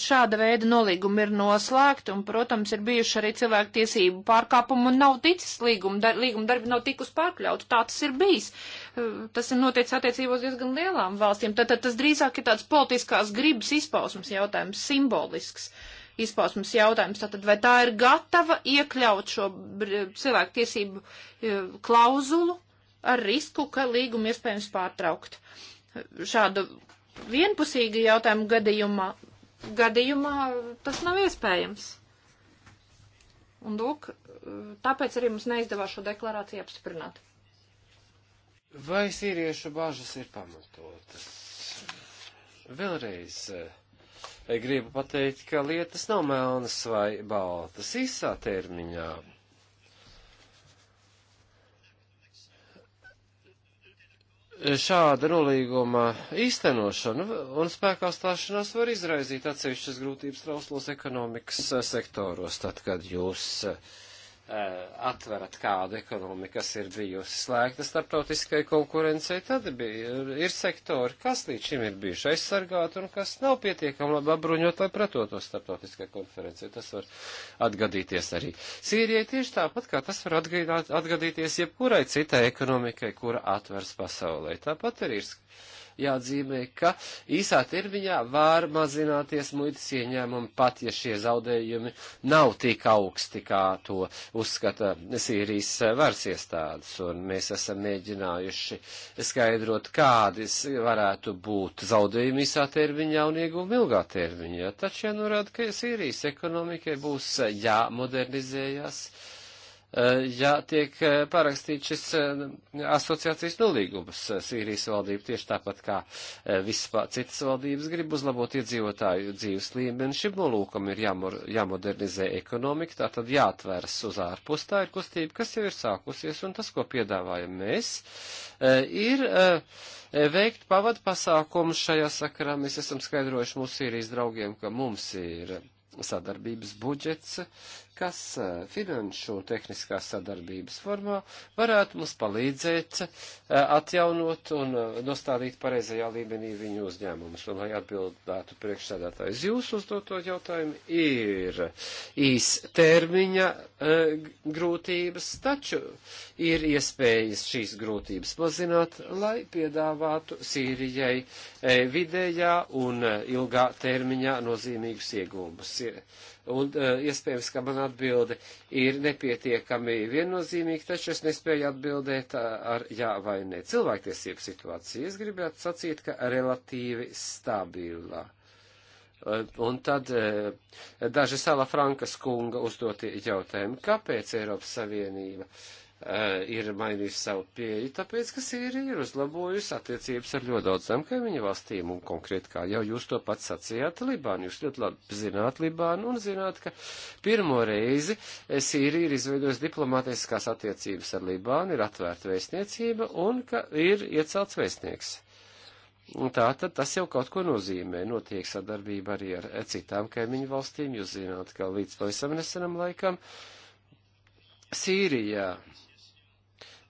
šāda veida nolīgumi ir noslēgti, un, protams, ir bijuši arī cilvēku tiesību pārkāpumi, un nav ticis līguma, dar, līguma darbi nav tikus pārkļauti. Tā tas ir bijis. Uh, tas ir noticis attiecībos diezgan lielām valstīm. Tātad tas drīzāk ir tāds politiskās gribas izpausmas jautājums, simbolisks izpausmas jautājums. Tātad, vai tā ir gatava iekļaut šo cilvēku tiesību uh, klauzulu ar risku, ka līgumu iespējams pārtraukt? Šādu vienpusīgu jautājumu gadījumā gadījumā tas nav iespējams. Un, lūk, tāpēc arī mums neizdevās šo deklarāciju apstiprināt. Vai sīriešu bāžas ir pamatotas? Vēlreiz eh, gribu pateikt, ka lietas nav melnas vai baltas īsā termiņā šāda nolīguma īstenošana un spēkā stāšanās var izraizīt atsevišķas grūtības trauslos ekonomikas sektoros, tad, kad jūs uh, Eh, atverat kādu ekonomiku, kas ir bijusi slēgta starptautiskai konkurencei, tad bija, ir sektori, kas līdz šim ir bijuši aizsargāti un kas nav pietiekami labi apbruņot, lai pretotos starptautiskai konferencei. Tas var atgadīties arī Sīrijai tieši tāpat, kā tas var atgadīties jebkurai citai ekonomikai, kura atvers pasaulē. Tāpat arī ir jāatzīmē, ka īsā termiņā var mazināties muitas ieņēmumi, pat ja šie zaudējumi nav tik augsti, kā to uzskata Sīrijas varas iestādes. Un mēs esam mēģinājuši skaidrot, kādas varētu būt zaudējumi īsā termiņā un ieguvumi ilgā termiņā. Taču jānorāda, ja ka Sīrijas ekonomikai būs jāmodernizējas. Ja Eh, ja tiek eh, parakstīts šis eh, asociācijas nolīgums. Sīrijas valdība tieši tāpat kā visas citas valdības grib uzlabot iedzīvotāju dzīves līmeni. Šim nolūkam ir jāmor, jāmodernizē ekonomika, tā tad jāatveras uz ārpus. Tā ir kustība, kas jau ir sākusies, un tas, ko piedāvājam mēs, ir veikt pavadu pasākumu šajā sakarā. Mēs esam skaidrojuši mūsu Sīrijas draugiem, ka mums ir sadarbības budžets kas eh, finanšu tehniskās sadarbības formā varētu mums palīdzēt eh, atjaunot un eh, nostādīt pareizajā līmenī viņu uzņēmumus. Un, lai atbildētu priekšsēdētājs jūsu uzdoto jautājumu, ir īs termiņa grūtības, taču ir iespējas šīs grūtības mazināt, lai piedāvātu Sīrijai vidējā un ilgā termiņā nozīmīgus iegūmus un e, iespējams, ka man atbilde ir nepietiekami viennozīmīga, taču es nespēju atbildēt e, ar jā vai nē. Cilvēktiesību situācija, es gribētu sacīt, ka relatīvi stabilā. E, un tad daži Sala Frankas kunga uzdotie jautājumi, kāpēc Eiropas Savienība uh, Eh, ir mainījusi savu pieeju, tāpēc, ka Sīrija ir uzlabojusi attiecības ar ļoti daudzām kaimiņu valstīm, un konkrēti, kā jau jūs to pats sacījāt, Libānu. Jūs ļoti labi zināt Libānu un zināt, ka pirmo reizi Sīrija ir izveidojusi diplomātiskās attiecības ar Libānu, ir atvērta vēstniecība un ka ir iecelts vēstnieks. Tā tad tas jau kaut ko nozīmē. Notiek sadarbība arī ar citām kaimiņu valstīm. Jūs zināt, ka līdz pavisam nesenam laikam Sīrijā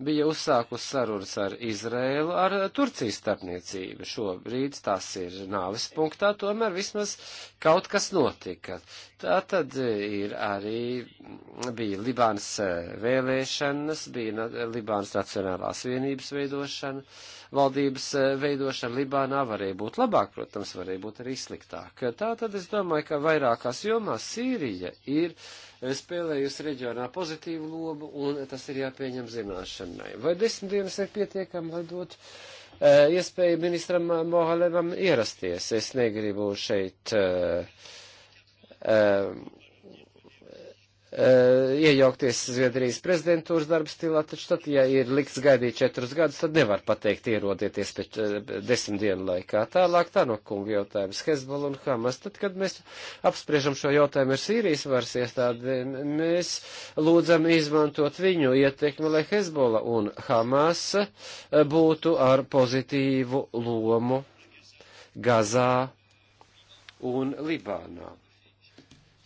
bija uzsākus sarunas ar Izrēlu, ar Turcijas starpniecību. Šobrīd tas ir nāves punktā, tomēr vismaz kaut kas notika. Tā tad ir arī, bija Libānas eh, vēlēšanas, bija Libānas Nacionālās vienības veidošana, valdības eh, veidošana Libānā varēja būt labāk, protams, varēja būt arī sliktāk. Tā tad es domāju, ka vairākās jomās Sīrija ir eh, spēlējusi reģionā pozitīvu lomu, un tas ir jāpieņem zināšanai. Vai desmit dienas ir pietiekami, lai dotu eh, iespēju ministram Mohalemam ierasties? Es negribu šeit. Uh, um, Eh, iejaukties Zviedrijas prezidentūras darba stilā, taču tad, ja ir likts gaidīt četrus gadus, tad nevar pateikt ierodieties pēc eh, desmit dienu laikā. Tālāk tā no kunga jautājums Hezbollah un Hamas. Tad, kad mēs apspriežam šo jautājumu ar Sīrijas varas iestādēm, mēs lūdzam izmantot viņu ietekmi, lai Hezbollah un Hamas eh, būtu ar pozitīvu lomu Gazā un Libānā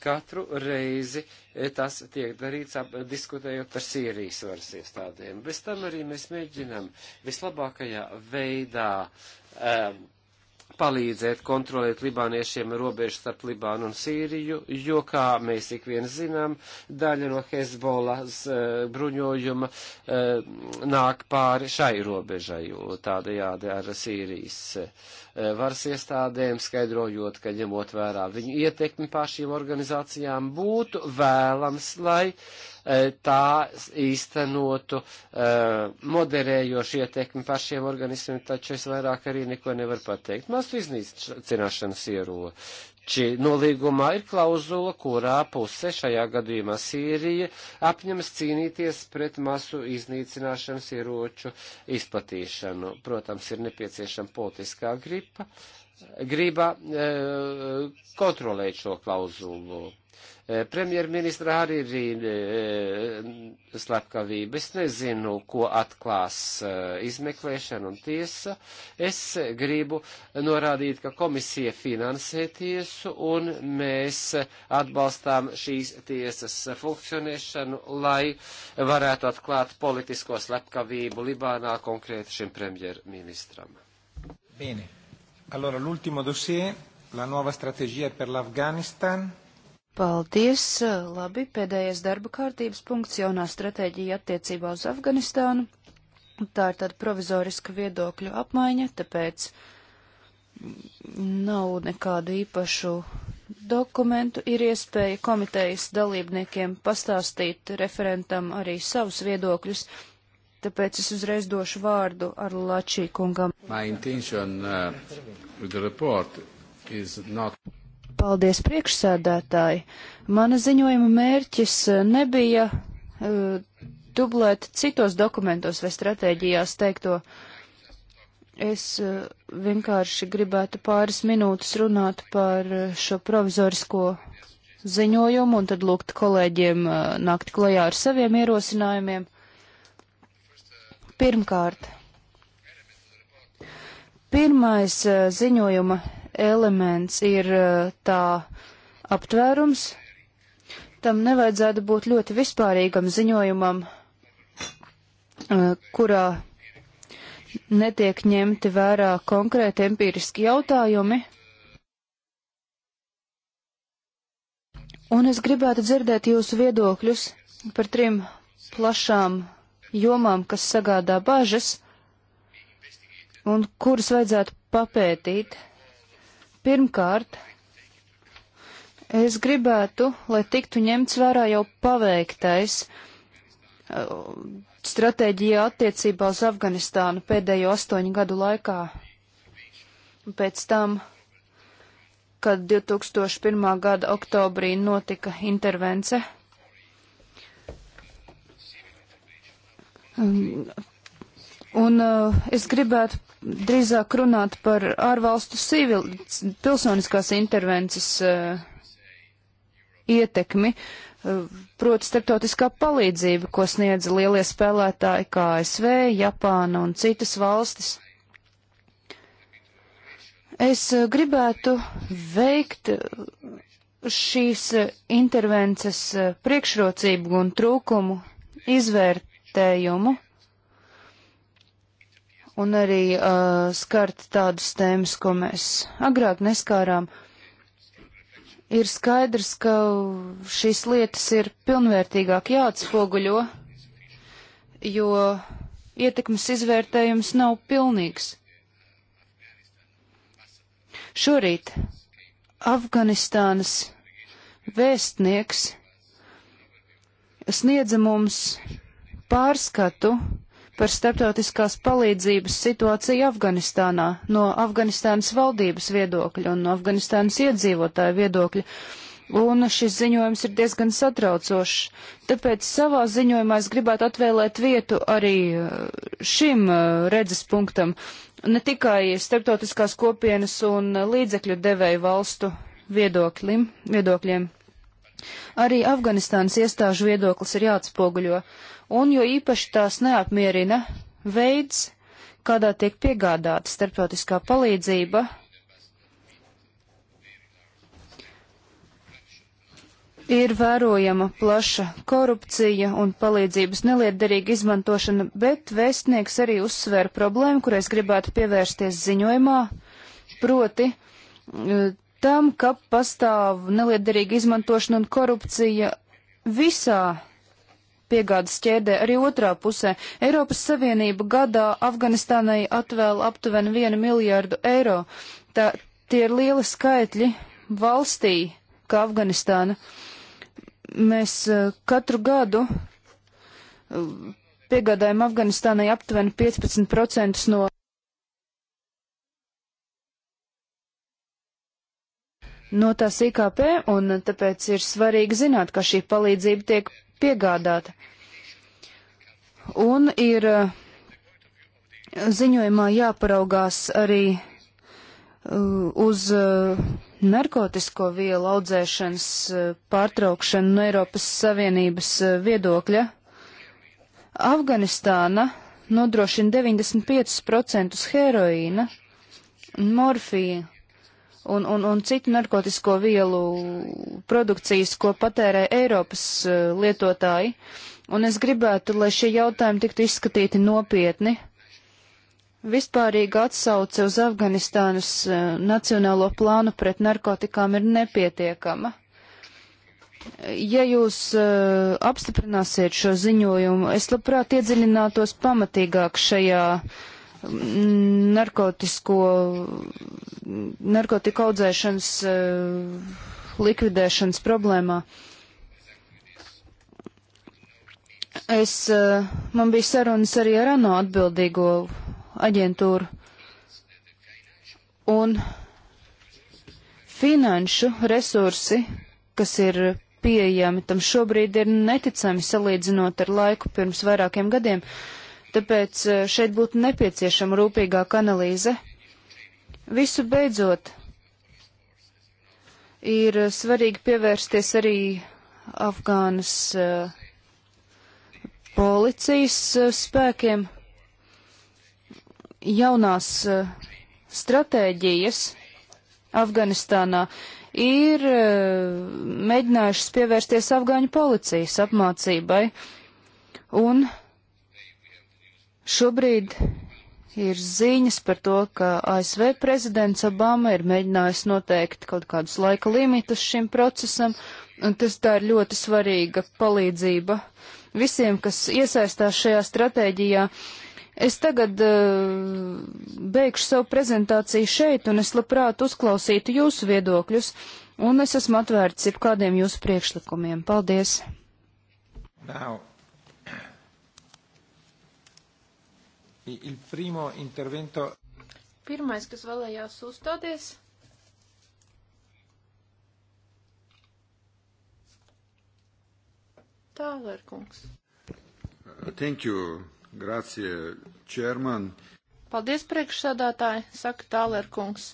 katru reizi e, tas tiek darīts, ap, diskutējot par Sīrijas varas iestādēm. Bez tam arī mēs mēģinam vislabākajā veidā um, palīdzēt kontrolēt libāniešiem robežu starp Libānu un Sīriju, jo, kā mēs ik viens zinām, daļa no Hezbollas uh, e, bruņojuma uh, nāk pāri šai robežai, tādējādi ar Sīrijas uh, Eh, varas iestādēm, skaidrojot, ka ņemot vērā viņu ietekmi pār šīm organizācijām, būtu vēlams, lai eh, tā īstenotu eh, moderējošu ietekmi pār šiem organismiem, taču es vairāk arī neko nevaru pateikt. Mastu iznīcināšanas ieroči Taču nolīgumā ir klauzula, kurā puse šajā gadījumā Sīrija apņemas cīnīties pret masu iznīcināšanas ieroču izplatīšanu. Protams, ir nepieciešama politiskā gripa, gribā e, eh, kontrolēt šo klauzulu. E, Premjerministra arī ir e, e, slepkavība. Es nezinu, ko atklās izmeklēšana un tiesa. Es gribu norādīt, ka komisija finansē tiesu un mēs atbalstām šīs tiesas funkcionēšanu, lai varētu atklāt politisko slepkavību Libānā konkrēti šim premjerministram. Bene. Allora, l'ultimo dossier, la nuova strategia per l'Afghanistan. Paldies! Labi, pēdējais darba kārtības punkts jaunā stratēģija attiecībā uz Afganistānu. Tā ir tāda provizoriska viedokļu apmaiņa, tāpēc nav nekādu īpašu dokumentu. Ir iespēja komitejas dalībniekiem pastāstīt referentam arī savus viedokļus, tāpēc es uzreiz došu vārdu ar Lačī kungam. Uh, not... Paldies priekšsēdētāji. Mana ziņojuma mērķis eh, nebija uh, dublēt citos dokumentos vai stratēģijās teikto. Es uh, vienkārši gribētu pāris minūtes runāt par uh, šo provizorisko ziņojumu un tad lūgt kolēģiem uh, nākt klajā ar saviem ierosinājumiem. Pirmkārt, pirmais uh, ziņojuma elements ir uh, tā aptvērums. Tam nevajadzētu būt ļoti vispārīgam ziņojumam, uh, kurā netiek ņemti vērā konkrēti empiriski jautājumi. Un es gribētu dzirdēt jūsu viedokļus par trim plašām jomām, kas sagādā bažas un kuras vajadzētu papētīt. Pirmkārt, es gribētu, lai tiktu ņemts vērā jau paveiktais uh, stratēģija attiecībā uz Afganistānu pēdējo astoņu gadu laikā. Pēc tam, kad 2001. gada oktobrī notika intervence, um, un, un uh, es gribētu drīzāk runāt par ārvalstu civil, pilsoniskās intervences uh, ietekmi, uh, proti starptautiskā palīdzība, ko sniedz lielie spēlētāji kā ASV, Japāna un citas valstis. Es uh, gribētu veikt šīs intervences priekšrocību un trūkumu izvērtējumu un arī uh, skart tādas tēmas, ko mēs agrāk neskārām. Ir skaidrs, ka šīs lietas ir pilnvērtīgāk jāatspoguļo, jo ietekmes izvērtējums nav pilnīgs. Šorīt Afganistānas vēstnieks sniedza mums pārskatu par starptautiskās palīdzības situāciju Afganistānā no Afganistānas valdības viedokļa un no Afganistānas iedzīvotāja viedokļa. Un šis ziņojums ir diezgan satraucošs, tāpēc savā ziņojumā es gribētu atvēlēt vietu arī uh, šim uh, redzes punktam, ne tikai starptautiskās kopienas un līdzekļu devēju valstu viedoklim, viedokļiem. Arī Afganistānas iestāžu viedoklis ir jāatspoguļo, un jo īpaši tās neapmierina veids, kādā tiek piegādāta starptautiskā palīdzība. Ir vērojama plaša korupcija un palīdzības nelietderīga izmantošana, bet vēstnieks arī uzsver problēmu, kurai es gribētu pievērsties ziņojumā, proti e, tam, ka pastāv nelietderīga izmantošana un korupcija visā piegādes ķēdē, arī otrā pusē. Eiropas Savienība gadā Afganistānai atvēl aptuveni vienu miljārdu eiro. Tā, tie ir lieli skaitļi valstī, kā Afganistāna. Mēs uh, katru gadu uh, piegādājam Afganistānai aptuveni 15% no. No tās IKP, un tāpēc ir svarīgi zināt, ka šī palīdzība tiek piegādāta. Un ir eh, ziņojumā jāparaugās arī eh, uz eh, narkotisko vielu audzēšanas pārtraukšanu no Eiropas Savienības viedokļa. Afganistāna nodrošina 95% heroīna, morfija un, un, un citu narkotisko vielu produkcijas, ko patērē Eiropas eh, lietotāji. Un es gribētu, lai šie jautājumi tiktu izskatīti nopietni. Vispārīga atsauce uz Afganistānas eh, nacionālo plānu pret narkotikām ir nepietiekama. Ja jūs uh, apstiprināsiet šo ziņojumu, es labprāt iedziļinātos pamatīgāk šajā uh, narkotisko, narkotika audzēšanas eh, likvidēšanas problēmā. Es, eh, man bija sarunas arī ar ANO atbildīgo aģentūru un finanšu resursi, kas ir pieejami tam šobrīd ir neticami salīdzinot ar laiku pirms vairākiem gadiem. Uh, tāpēc e, šeit būtu nepieciešama rūpīgāka analīze. Visu beidzot, ir svarīgi pievērsties arī Afgānas uh, policijas uh, spēkiem. Jaunās uh, stratēģijas Afganistānā ir mēģinājušas pievērsties afgāņu policijas apmācībai, un Šobrīd ir ziņas par to, ka ASV prezidents Obama ir mēģinājis noteikt kaut kādus laika limitus šim procesam, un tas tā ir ļoti svarīga palīdzība visiem, kas iesaistās šajā stratēģijā. Es tagad uh, beigšu savu prezentāciju šeit, un es labprāt uzklausītu jūsu viedokļus, un es esmu atvērts ir kādiem jūsu priekšlikumiem. Paldies! Now. Il primo intervento. Pirmais, kas vēlējās uzstāties. Tāler kungs. Thank you. Grazie, Čerman. Paldies, priekšsādātāji, saka Tāler kungs.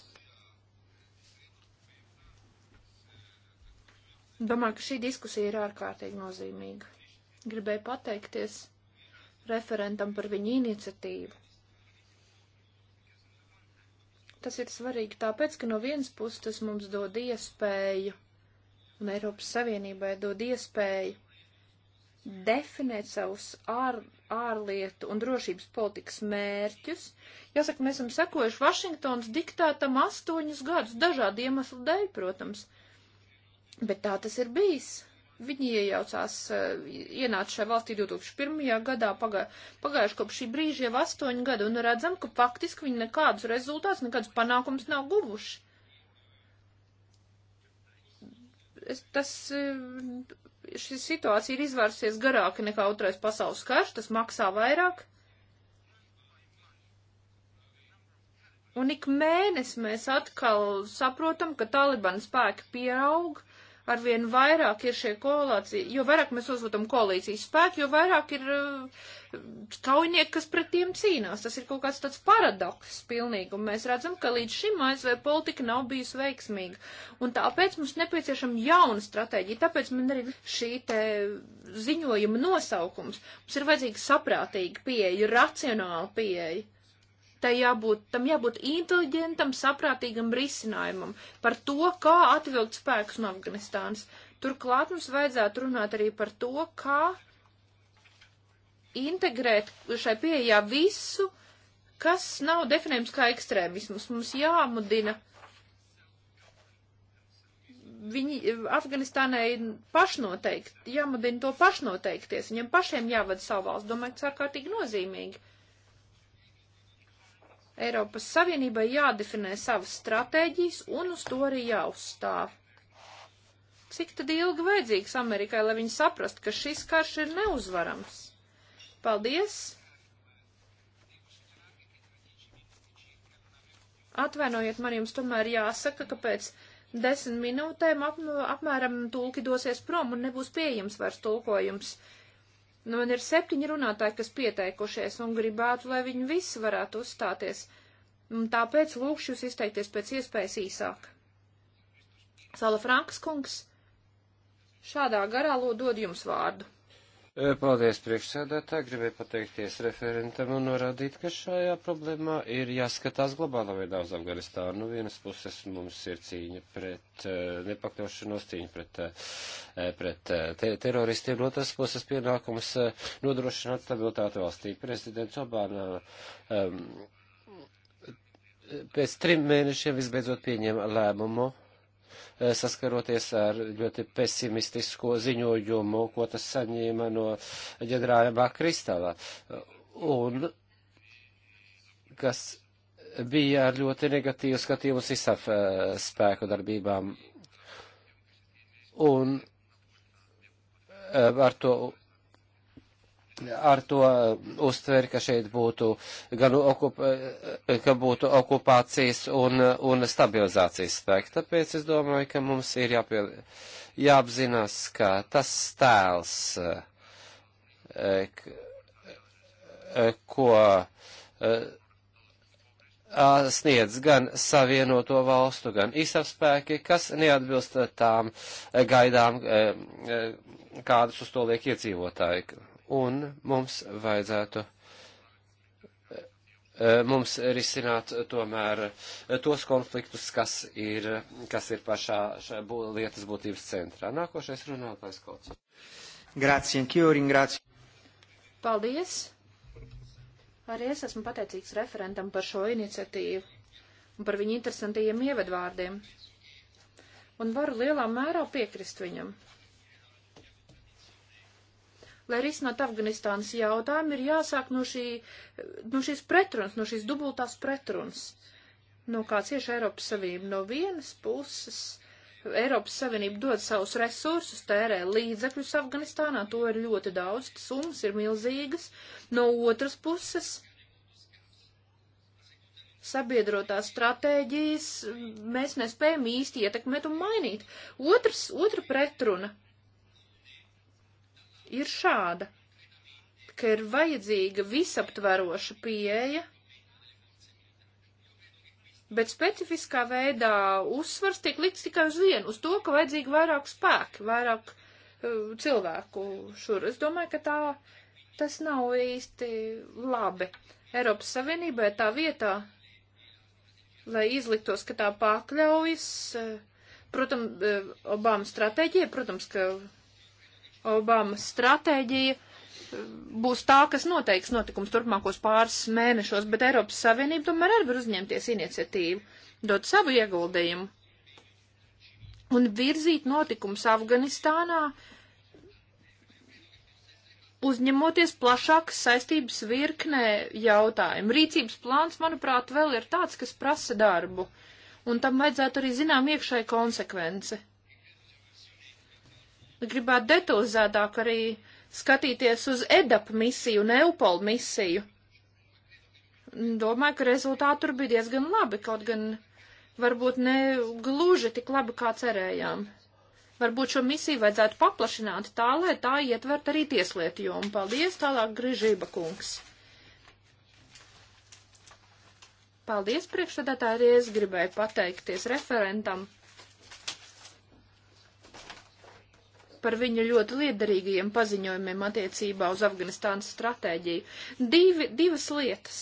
Domāju, ka šī diskusija ir ārkārtīgi nozīmīga. Gribēju pateikties referentam par viņa iniciatīvu. Tas ir svarīgi tāpēc, ka no vienas puses tas mums dod iespēju, un Eiropas Savienībai dod iespēju definēt savus ār, ārlietu un drošības politikas mērķus. Jāsaka, mēs esam sekojuši Vašingtons diktātam astoņus gadus dažādu iemeslu dēļ, protams, bet tā tas ir bijis. Viņi iejaucās, eh, ienāca šajā valstī 2001. gadā, pagā, pagājuši kopš šī brīža jau astoņi gadi, un redzam, ka faktiski viņi nekādus rezultātus, nekādus panākumus nav guvuši. Es, tas, eh, šī situācija ir izvērsies garāka nekā otrais pasaules karš, tas maksā vairāk. Un ik mēnesi mēs atkal saprotam, ka Taliban spēki pieaug, uh, arvien vairāk ir šie koalācija, jo vairāk mēs uzvedam koalīcijas spēku, jo vairāk ir kaujinieki, uh, kas pret tiem cīnās. Tas ir kaut kāds tāds paradoks pilnīgi, un mēs redzam, ka līdz šim ASV politika nav bijusi veiksmīga. Un tāpēc mums nepieciešama jauna stratēģija, tāpēc man arī šī te ziņojuma nosaukums. Mums ir vajadzīga saprātīga pieeja, racionāla pieeja tai jābūt, tam jābūt inteliģentam, saprātīgam risinājumam par to, kā atvilkt spēkus no Afganistānas. Turklāt mums vajadzētu runāt arī par to, kā integrēt šai pieejā visu, kas nav definējums kā ekstrēmisms. Mums jāmudina viņi Afganistānai pašnoteikt, jāmudina to pašnoteikties, viņiem pašiem jāvada savu valsts, domāju, tas ārkārtīgi nozīmīgi. Eiropas Savienībai jādefinē savas stratēģijas un uz to arī jāuzstāv. Cik tad ilgi vajadzīgs Amerikai, lai viņi saprastu, ka šis karš ir neuzvarams? Paldies! Atvainojiet, man jums tomēr jāsaka, ka pēc desmit minūtēm ap, apmēram tulki dosies prom un nebūs pieejams vairs tulkojums Nu, man ir septiņi runātāji, kas pieteikušies un gribētu, lai viņi visi varētu uzstāties. Un tāpēc lūkšu jūs izteikties pēc iespējas īsāk. Sala Frankas kungs, šādā garā lūdod jums vārdu. Eh, paldies priekšsēdētāji, gribēju pateikties referentam un norādīt, ka šajā problēmā ir jāskatās globālā veidā uz Afganistānu. No vienas puses mums ir cīņa pret eh, nepakļaušanos, cīņa pret, eh, pret te, teroristiem, no otras puses pienākums nodrošināt stabilitāti valstī. Prezidents Obama um, pēc trim mēnešiem visbeidzot pieņēma lēmumu Eh, saskaroties ar ļoti pesimistisko ziņojumu, ko tas saņēma no ģenerāla Bakristāla, un kas bija ar ļoti negatīvu skatījumu SISAF eh, spēku darbībām. Un eh, ar to ar to uztver, ka šeit būtu gan okup, ka būtu okupācijas un, un stabilizācijas spēki. Tāpēc es domāju, ka mums ir jāpie, jāapzinās, ka tas tēls, eh, ko eh, sniedz gan savienoto valstu, gan ISAF spēki, kas neatbilst tām gaidām, eh, kādas uz to liek iedzīvotāji un mums vajadzētu eh, eh, mums risināt tomēr eh, tos konfliktus, kas ir, kas ir pašā bū, lietas būtības centrā. Nākošais runātājs kaut kas. Grācija, Kjūrin, grācija. Paldies! Arī es esmu pateicīgs referentam par šo iniciatīvu un par viņu interesantajiem ievadvārdiem. Un varu lielā mērā piekrist viņam. Lai risinātu Afganistānas jautājumu, ir jāsāk no, šī, no šīs pretrunas, no šīs dubultās pretrunas. No kā cieši Eiropas Savienība no vienas puses. Eiropas Savienība dod savus resursus, tērē līdzekļus Afganistānā, to ir ļoti daudz, summas ir milzīgas. No otras puses, sabiedrotās stratēģijas mēs nespējam īsti ietekmēt un mainīt. Otrs, otra pretruna ir šāda, ka ir vajadzīga visaptveroša pieeja, bet specifiskā veidā uzsvars tiek likts tikai uz vienu, uz to, ka vajadzīgi vairāk spēku, vairāk uh, cilvēku šur. Es domāju, ka tā, tas nav īsti labi. Eiropas Savienībai tā vietā, lai izliktos, ka tā pakļaujas, eh, protams, eh, Obama stratēģija, protams, ka Obamas stratēģija eh, būs tā, kas noteiks notikums turpmākos pāris mēnešos, bet Eiropas Savienība tomēr arī var uzņemties iniciatīvu, dot savu ieguldījumu un virzīt notikums Afganistānā, uzņemoties plašākas saistības virknē jautājumu. Rīcības plāns, manuprāt, vēl ir tāds, kas prasa darbu, un tam vajadzētu arī zinām iekšai konsekvence gribētu detalizētāk arī skatīties uz EDAP misiju un EUPOL misiju. Domāju, ka rezultāti tur bija diezgan labi, kaut gan varbūt ne gluži tik labi, kā cerējām. Varbūt šo misiju vajadzētu paplašināt tā, lai tā ietvert arī tieslietu jomu. Paldies, tālāk Grižība kungs. Paldies, priekšsēdētāji, arī es gribēju pateikties referentam par viņu ļoti liederīgajiem paziņojumiem attiecībā uz Afganistānas stratēģiju. Divi, divas lietas,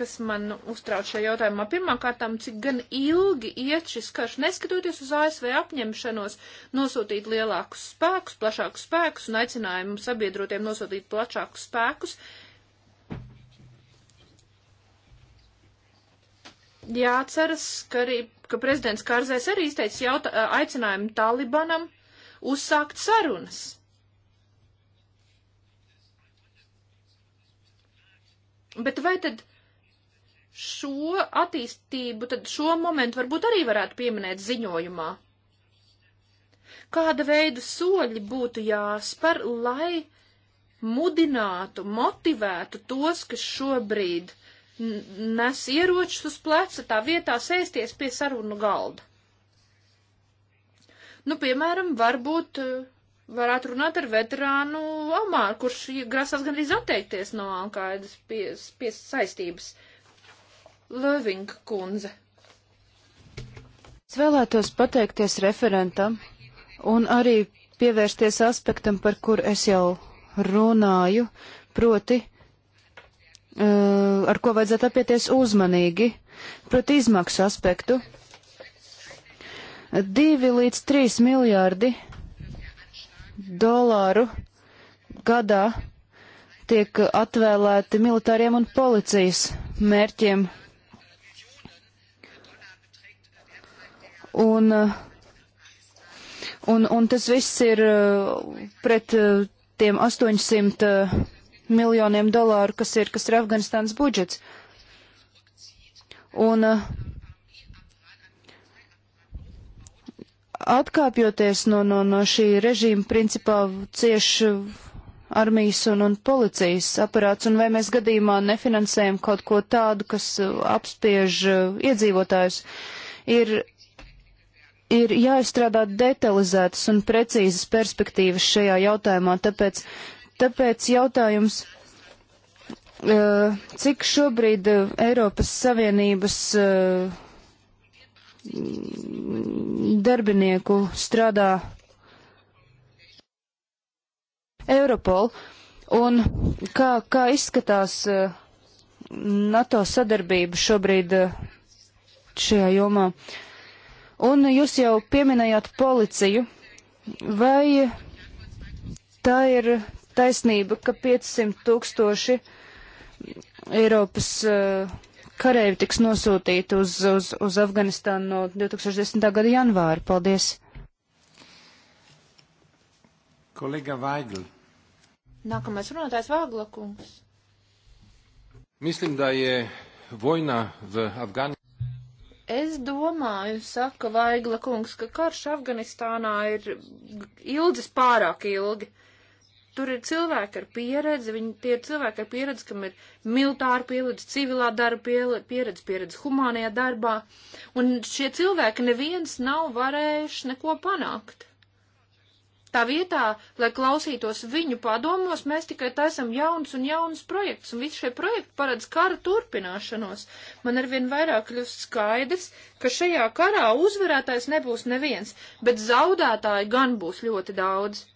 kas man uztrauc šajā jautājumā. Pirmkārtām, cik gan ilgi iet šis karš, neskatoties uz ASV apņemšanos nosūtīt lielākus spēkus, plašākus spēkus un aicinājumu sabiedrotiem nosūtīt plašākus spēkus. jāceras, ka arī ka prezidents Kārzēs arī izteica aicinājumu Talibanam uzsākt sarunas. Bet vai tad šo attīstību, tad šo momentu varbūt arī varētu pieminēt ziņojumā? Kāda veida soļi būtu jāspēr, lai mudinātu, motivētu tos, kas šobrīd nes ieročus uz pleca, tā vietā sēsties pie sarunu galda? Nu, piemēram, varbūt eh, varētu runāt ar veterānu Omāru, kurš grasās gandrīz atteikties no Alkaidas pies, pies saistības. Löving kundze. Es vēlētos pateikties referentam un arī pievērsties aspektam, par kur es jau runāju, proti, uh, ar ko vajadzētu apieties uzmanīgi, proti izmaksu aspektu. Uh, 2 līdz 3 miljārdi dolāru gadā tiek atvēlēti militāriem un policijas mērķiem. Un, un, un tas viss ir uh, pret uh, tiem 800 uh, miljoniem dolāru, kas ir, kas ir Afganistānas budžets. Un atkāpjoties no, no, no šī režīma, principā cieši armijas un, un policijas aparāts, un vai mēs gadījumā nefinansējam kaut ko tādu, kas apspiež uh, iedzīvotājus, ir ir jāizstrādā detalizētas un precīzas perspektīvas šajā jautājumā, tāpēc, tāpēc jautājums, uh, cik šobrīd uh, Eiropas Savienības darbinieku strādā Europol. Un kā, kā izskatās eh, NATO sadarbība šobrīd eh, šajā jomā? Un jūs jau pieminējāt policiju. Vai tā ir taisnība, ka 500 tūkstoši Eiropas uh, karēvi tiks nosūtīti uz, uz, uz Afganistānu no 2010. gada janvāra. Paldies! Kolēga Vaigl. Nākamais runātājs Vāgla kungs. Mislim, da je vojna v Afganistānu. Es domāju, saka Vaigla kungs, ka karš Afganistānā ir ilgs pārāk ilgi. Tur ir cilvēki ar pieredzi, viņi, tie ir cilvēki ar pieredzi, kam ir militāra pieredze, civilā darba pieredze, pieredze humānajā darbā, un šie cilvēki neviens nav varējuši neko panākt. Tā vietā, lai klausītos viņu padomos, mēs tikai taisam jaunas un jaunas projekts, un visi šie projekti paredz kara turpināšanos. Man arvien vairāk kļūst skaidrs, ka šajā karā uzvarētājs nebūs neviens, bet zaudētāji gan būs ļoti daudz.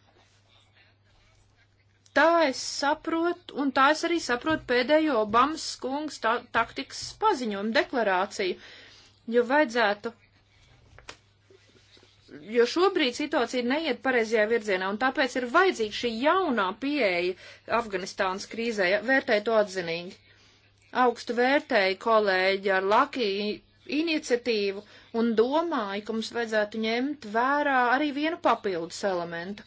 Tā es saprotu, un tā es arī saprotu pēdējo Obamas kungs ta taktikas paziņojumu deklarāciju, jo vajadzētu, jo šobrīd situācija neiet pareizajā virzienā, un tāpēc ir vajadzīga šī jaunā pieeja Afganistānas krīzē, vērtēju to atzinīgi. Augstu vērtēju kolēģi ar Laki iniciatīvu un domāju, ka mums vajadzētu ņemt vērā arī vienu papildus elementu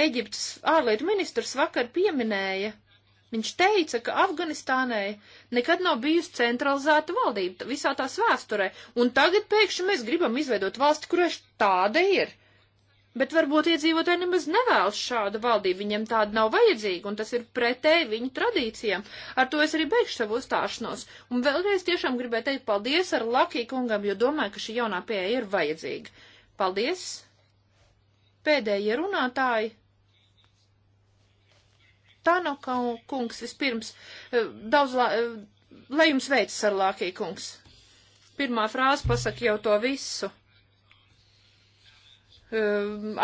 Eģiptes ārlietu ministrs vakar pieminēja, viņš teica, ka Afganistānai nekad nav bijusi centralizēta valdība visā tās vēsturē, un tagad pēkšņi mēs gribam izveidot valsti, kurai tāda ir. Bet varbūt iedzīvotāji nemaz nevēlas šādu valdību, viņiem tāda nav vajadzīga, un tas ir pretēji viņu tradīcijām. Ar to es arī beigšu savu uzstāšanos. Un vēlreiz tiešām gribēju teikt paldies ar Lakī kungam, jo domāju, ka šī jaunā pieeja ir vajadzīga. Paldies! Pēdējie runātāji Tanaka kungs vispirms. E, daudz la, e, lai jums veids, Sarlākī kungs. Pirmā frāze pasaka jau to visu. E,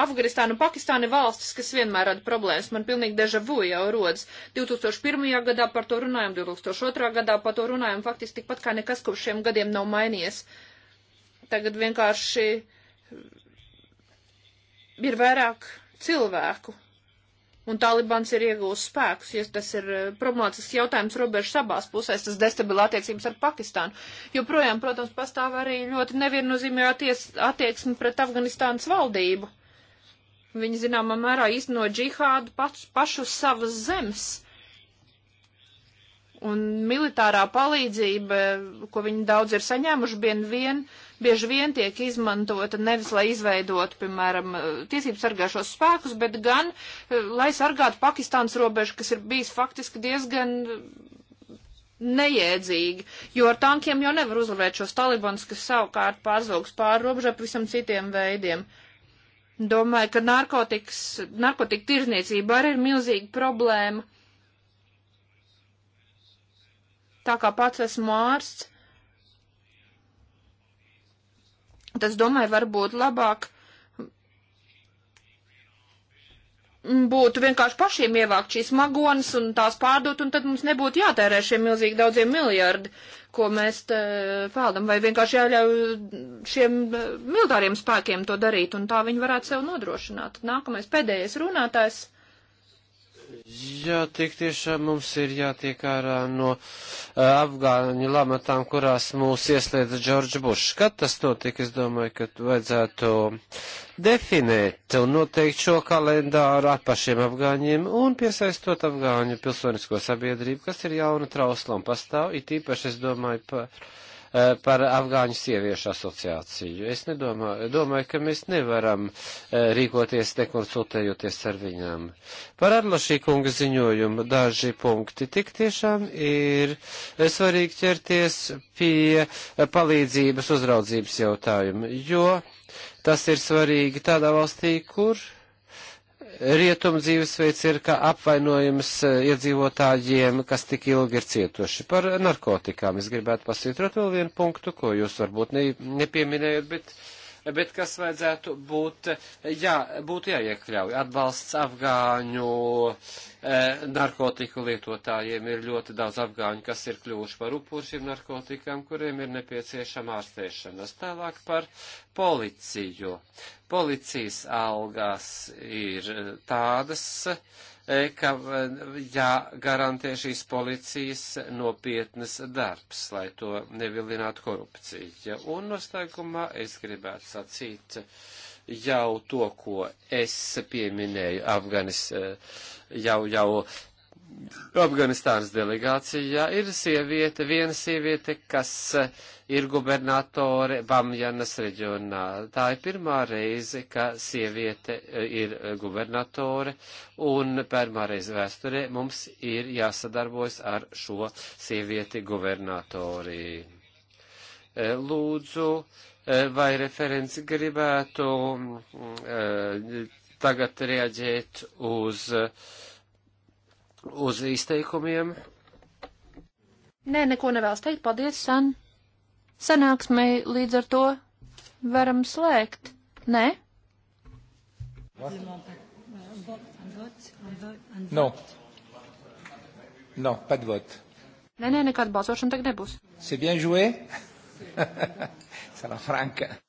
Afganistāna un Pakistāna ir valstis, kas vienmēr rada problēmas. Man pilnīgi deja vu jau rodas. 2001. gadā par to runājam, 2002. gadā par to runājam. Faktiski tikpat kā nekas kopš šiem gadiem nav mainījies. Tagad vienkārši ir vairāk cilvēku, un Talibans ir iegūst spēkus. Ja tas ir eh, problemātisks jautājums robežas abās pusēs, tas destabilē attiecības ar Pakistānu. Joprojām, protams, pastāv arī ļoti neviennozīmīga attieksme pret Afganistānas valdību. Viņi, zināmā mērā, īsteno džihādu pašu, pašu savas zemes Un militārā palīdzība, ko viņi daudz ir saņēmuši, bien vien, bieži vien tiek izmantota nevis, lai izveidotu, piemēram, eh, tiesību sargāšos spēkus, bet gan, eh, lai sargātu Pakistānas robežu, kas ir bijis faktiski diezgan eh, nejēdzīgi, jo ar tankiem jau nevar uzvarēt šos talibans, kas savukārt pārzaugs pāri robežai pavisam citiem veidiem. Domāju, ka narkotikas, narkotika tirzniecība arī ir milzīga problēma tā kā pats esmu ārsts, tas, domāju, varbūt labāk būtu vienkārši pašiem ievākt šīs magonas un tās pārdot, un tad mums nebūtu jātērē šie milzīgi daudzie miljardi, ko mēs te peldam, vai vienkārši jāļauj šiem eh, militāriem spēkiem to darīt, un tā viņi varētu sev nodrošināt. Nākamais pēdējais runātājs. Jā, tik tiešām mums ir jātiek ārā no uh, afgāņu lamatām, kurās mūs ieslēdza Džordža Bušs. Kad tas notika, es domāju, ka vajadzētu definēt un noteikt šo kalendāru ar pašiem afgāņiem un piesaistot afgāņu pilsonisko sabiedrību, kas ir jauna trausla un pastāv, it īpaši es domāju par Eh, par Afgāņu sieviešu asociāciju. Es nedomāju, domāju, ka mēs nevaram eh, rīkoties nekonsultējoties ar viņām. Par Arlašī kunga ziņojumu daži punkti tik tiešām ir eh, svarīgi ķerties pie palīdzības uzraudzības jautājumu, jo tas ir svarīgi tādā valstī, kur rietumu dzīvesveids ir kā apvainojums eh, iedzīvotājiem, kas tik ilgi ir cietuši. Par narkotikām es gribētu pasvītrot vēl vienu punktu, ko jūs varbūt ne, nepieminējat, bet bet kas vajadzētu būt, jā, būtu jāiekļauj. Atbalsts afgāņu e, narkotiku lietotājiem ir ļoti daudz afgāņu, kas ir kļuvuši par upuršiem narkotikām, kuriem ir nepieciešama ārstēšanas. Tālāk par policiju. Policijas algās ir eh, tādas ka eh, jāgarantē šīs policijas nopietnas darbs, lai to nevilinātu korupcija. Un noslēgumā es gribētu sacīt jau to, ko es pieminēju Afganis, eh, jau, jau Afganistānas delegācijā ir sieviete, viena sieviete, kas eh, ir gubernatore Bamjanas reģionā. Tā ir pirmā reize, ka sieviete eh, ir eh, gubernatore, un pirmā reize vēsturē mums ir jāsadarbojas ar šo sievieti gubernatori. Lūdzu, vai referenci gribētu mm, tagad reaģēt uz uh, uz izteikumiem. Nē, neko nevēlas teikt. Paldies, San. Sanāksmei līdz ar to varam slēgt. Nē? No. No, pas de vote. Nē, nē, nekāda balsošana tagad nebūs. C'est bien joué? Salafranca. <laughs>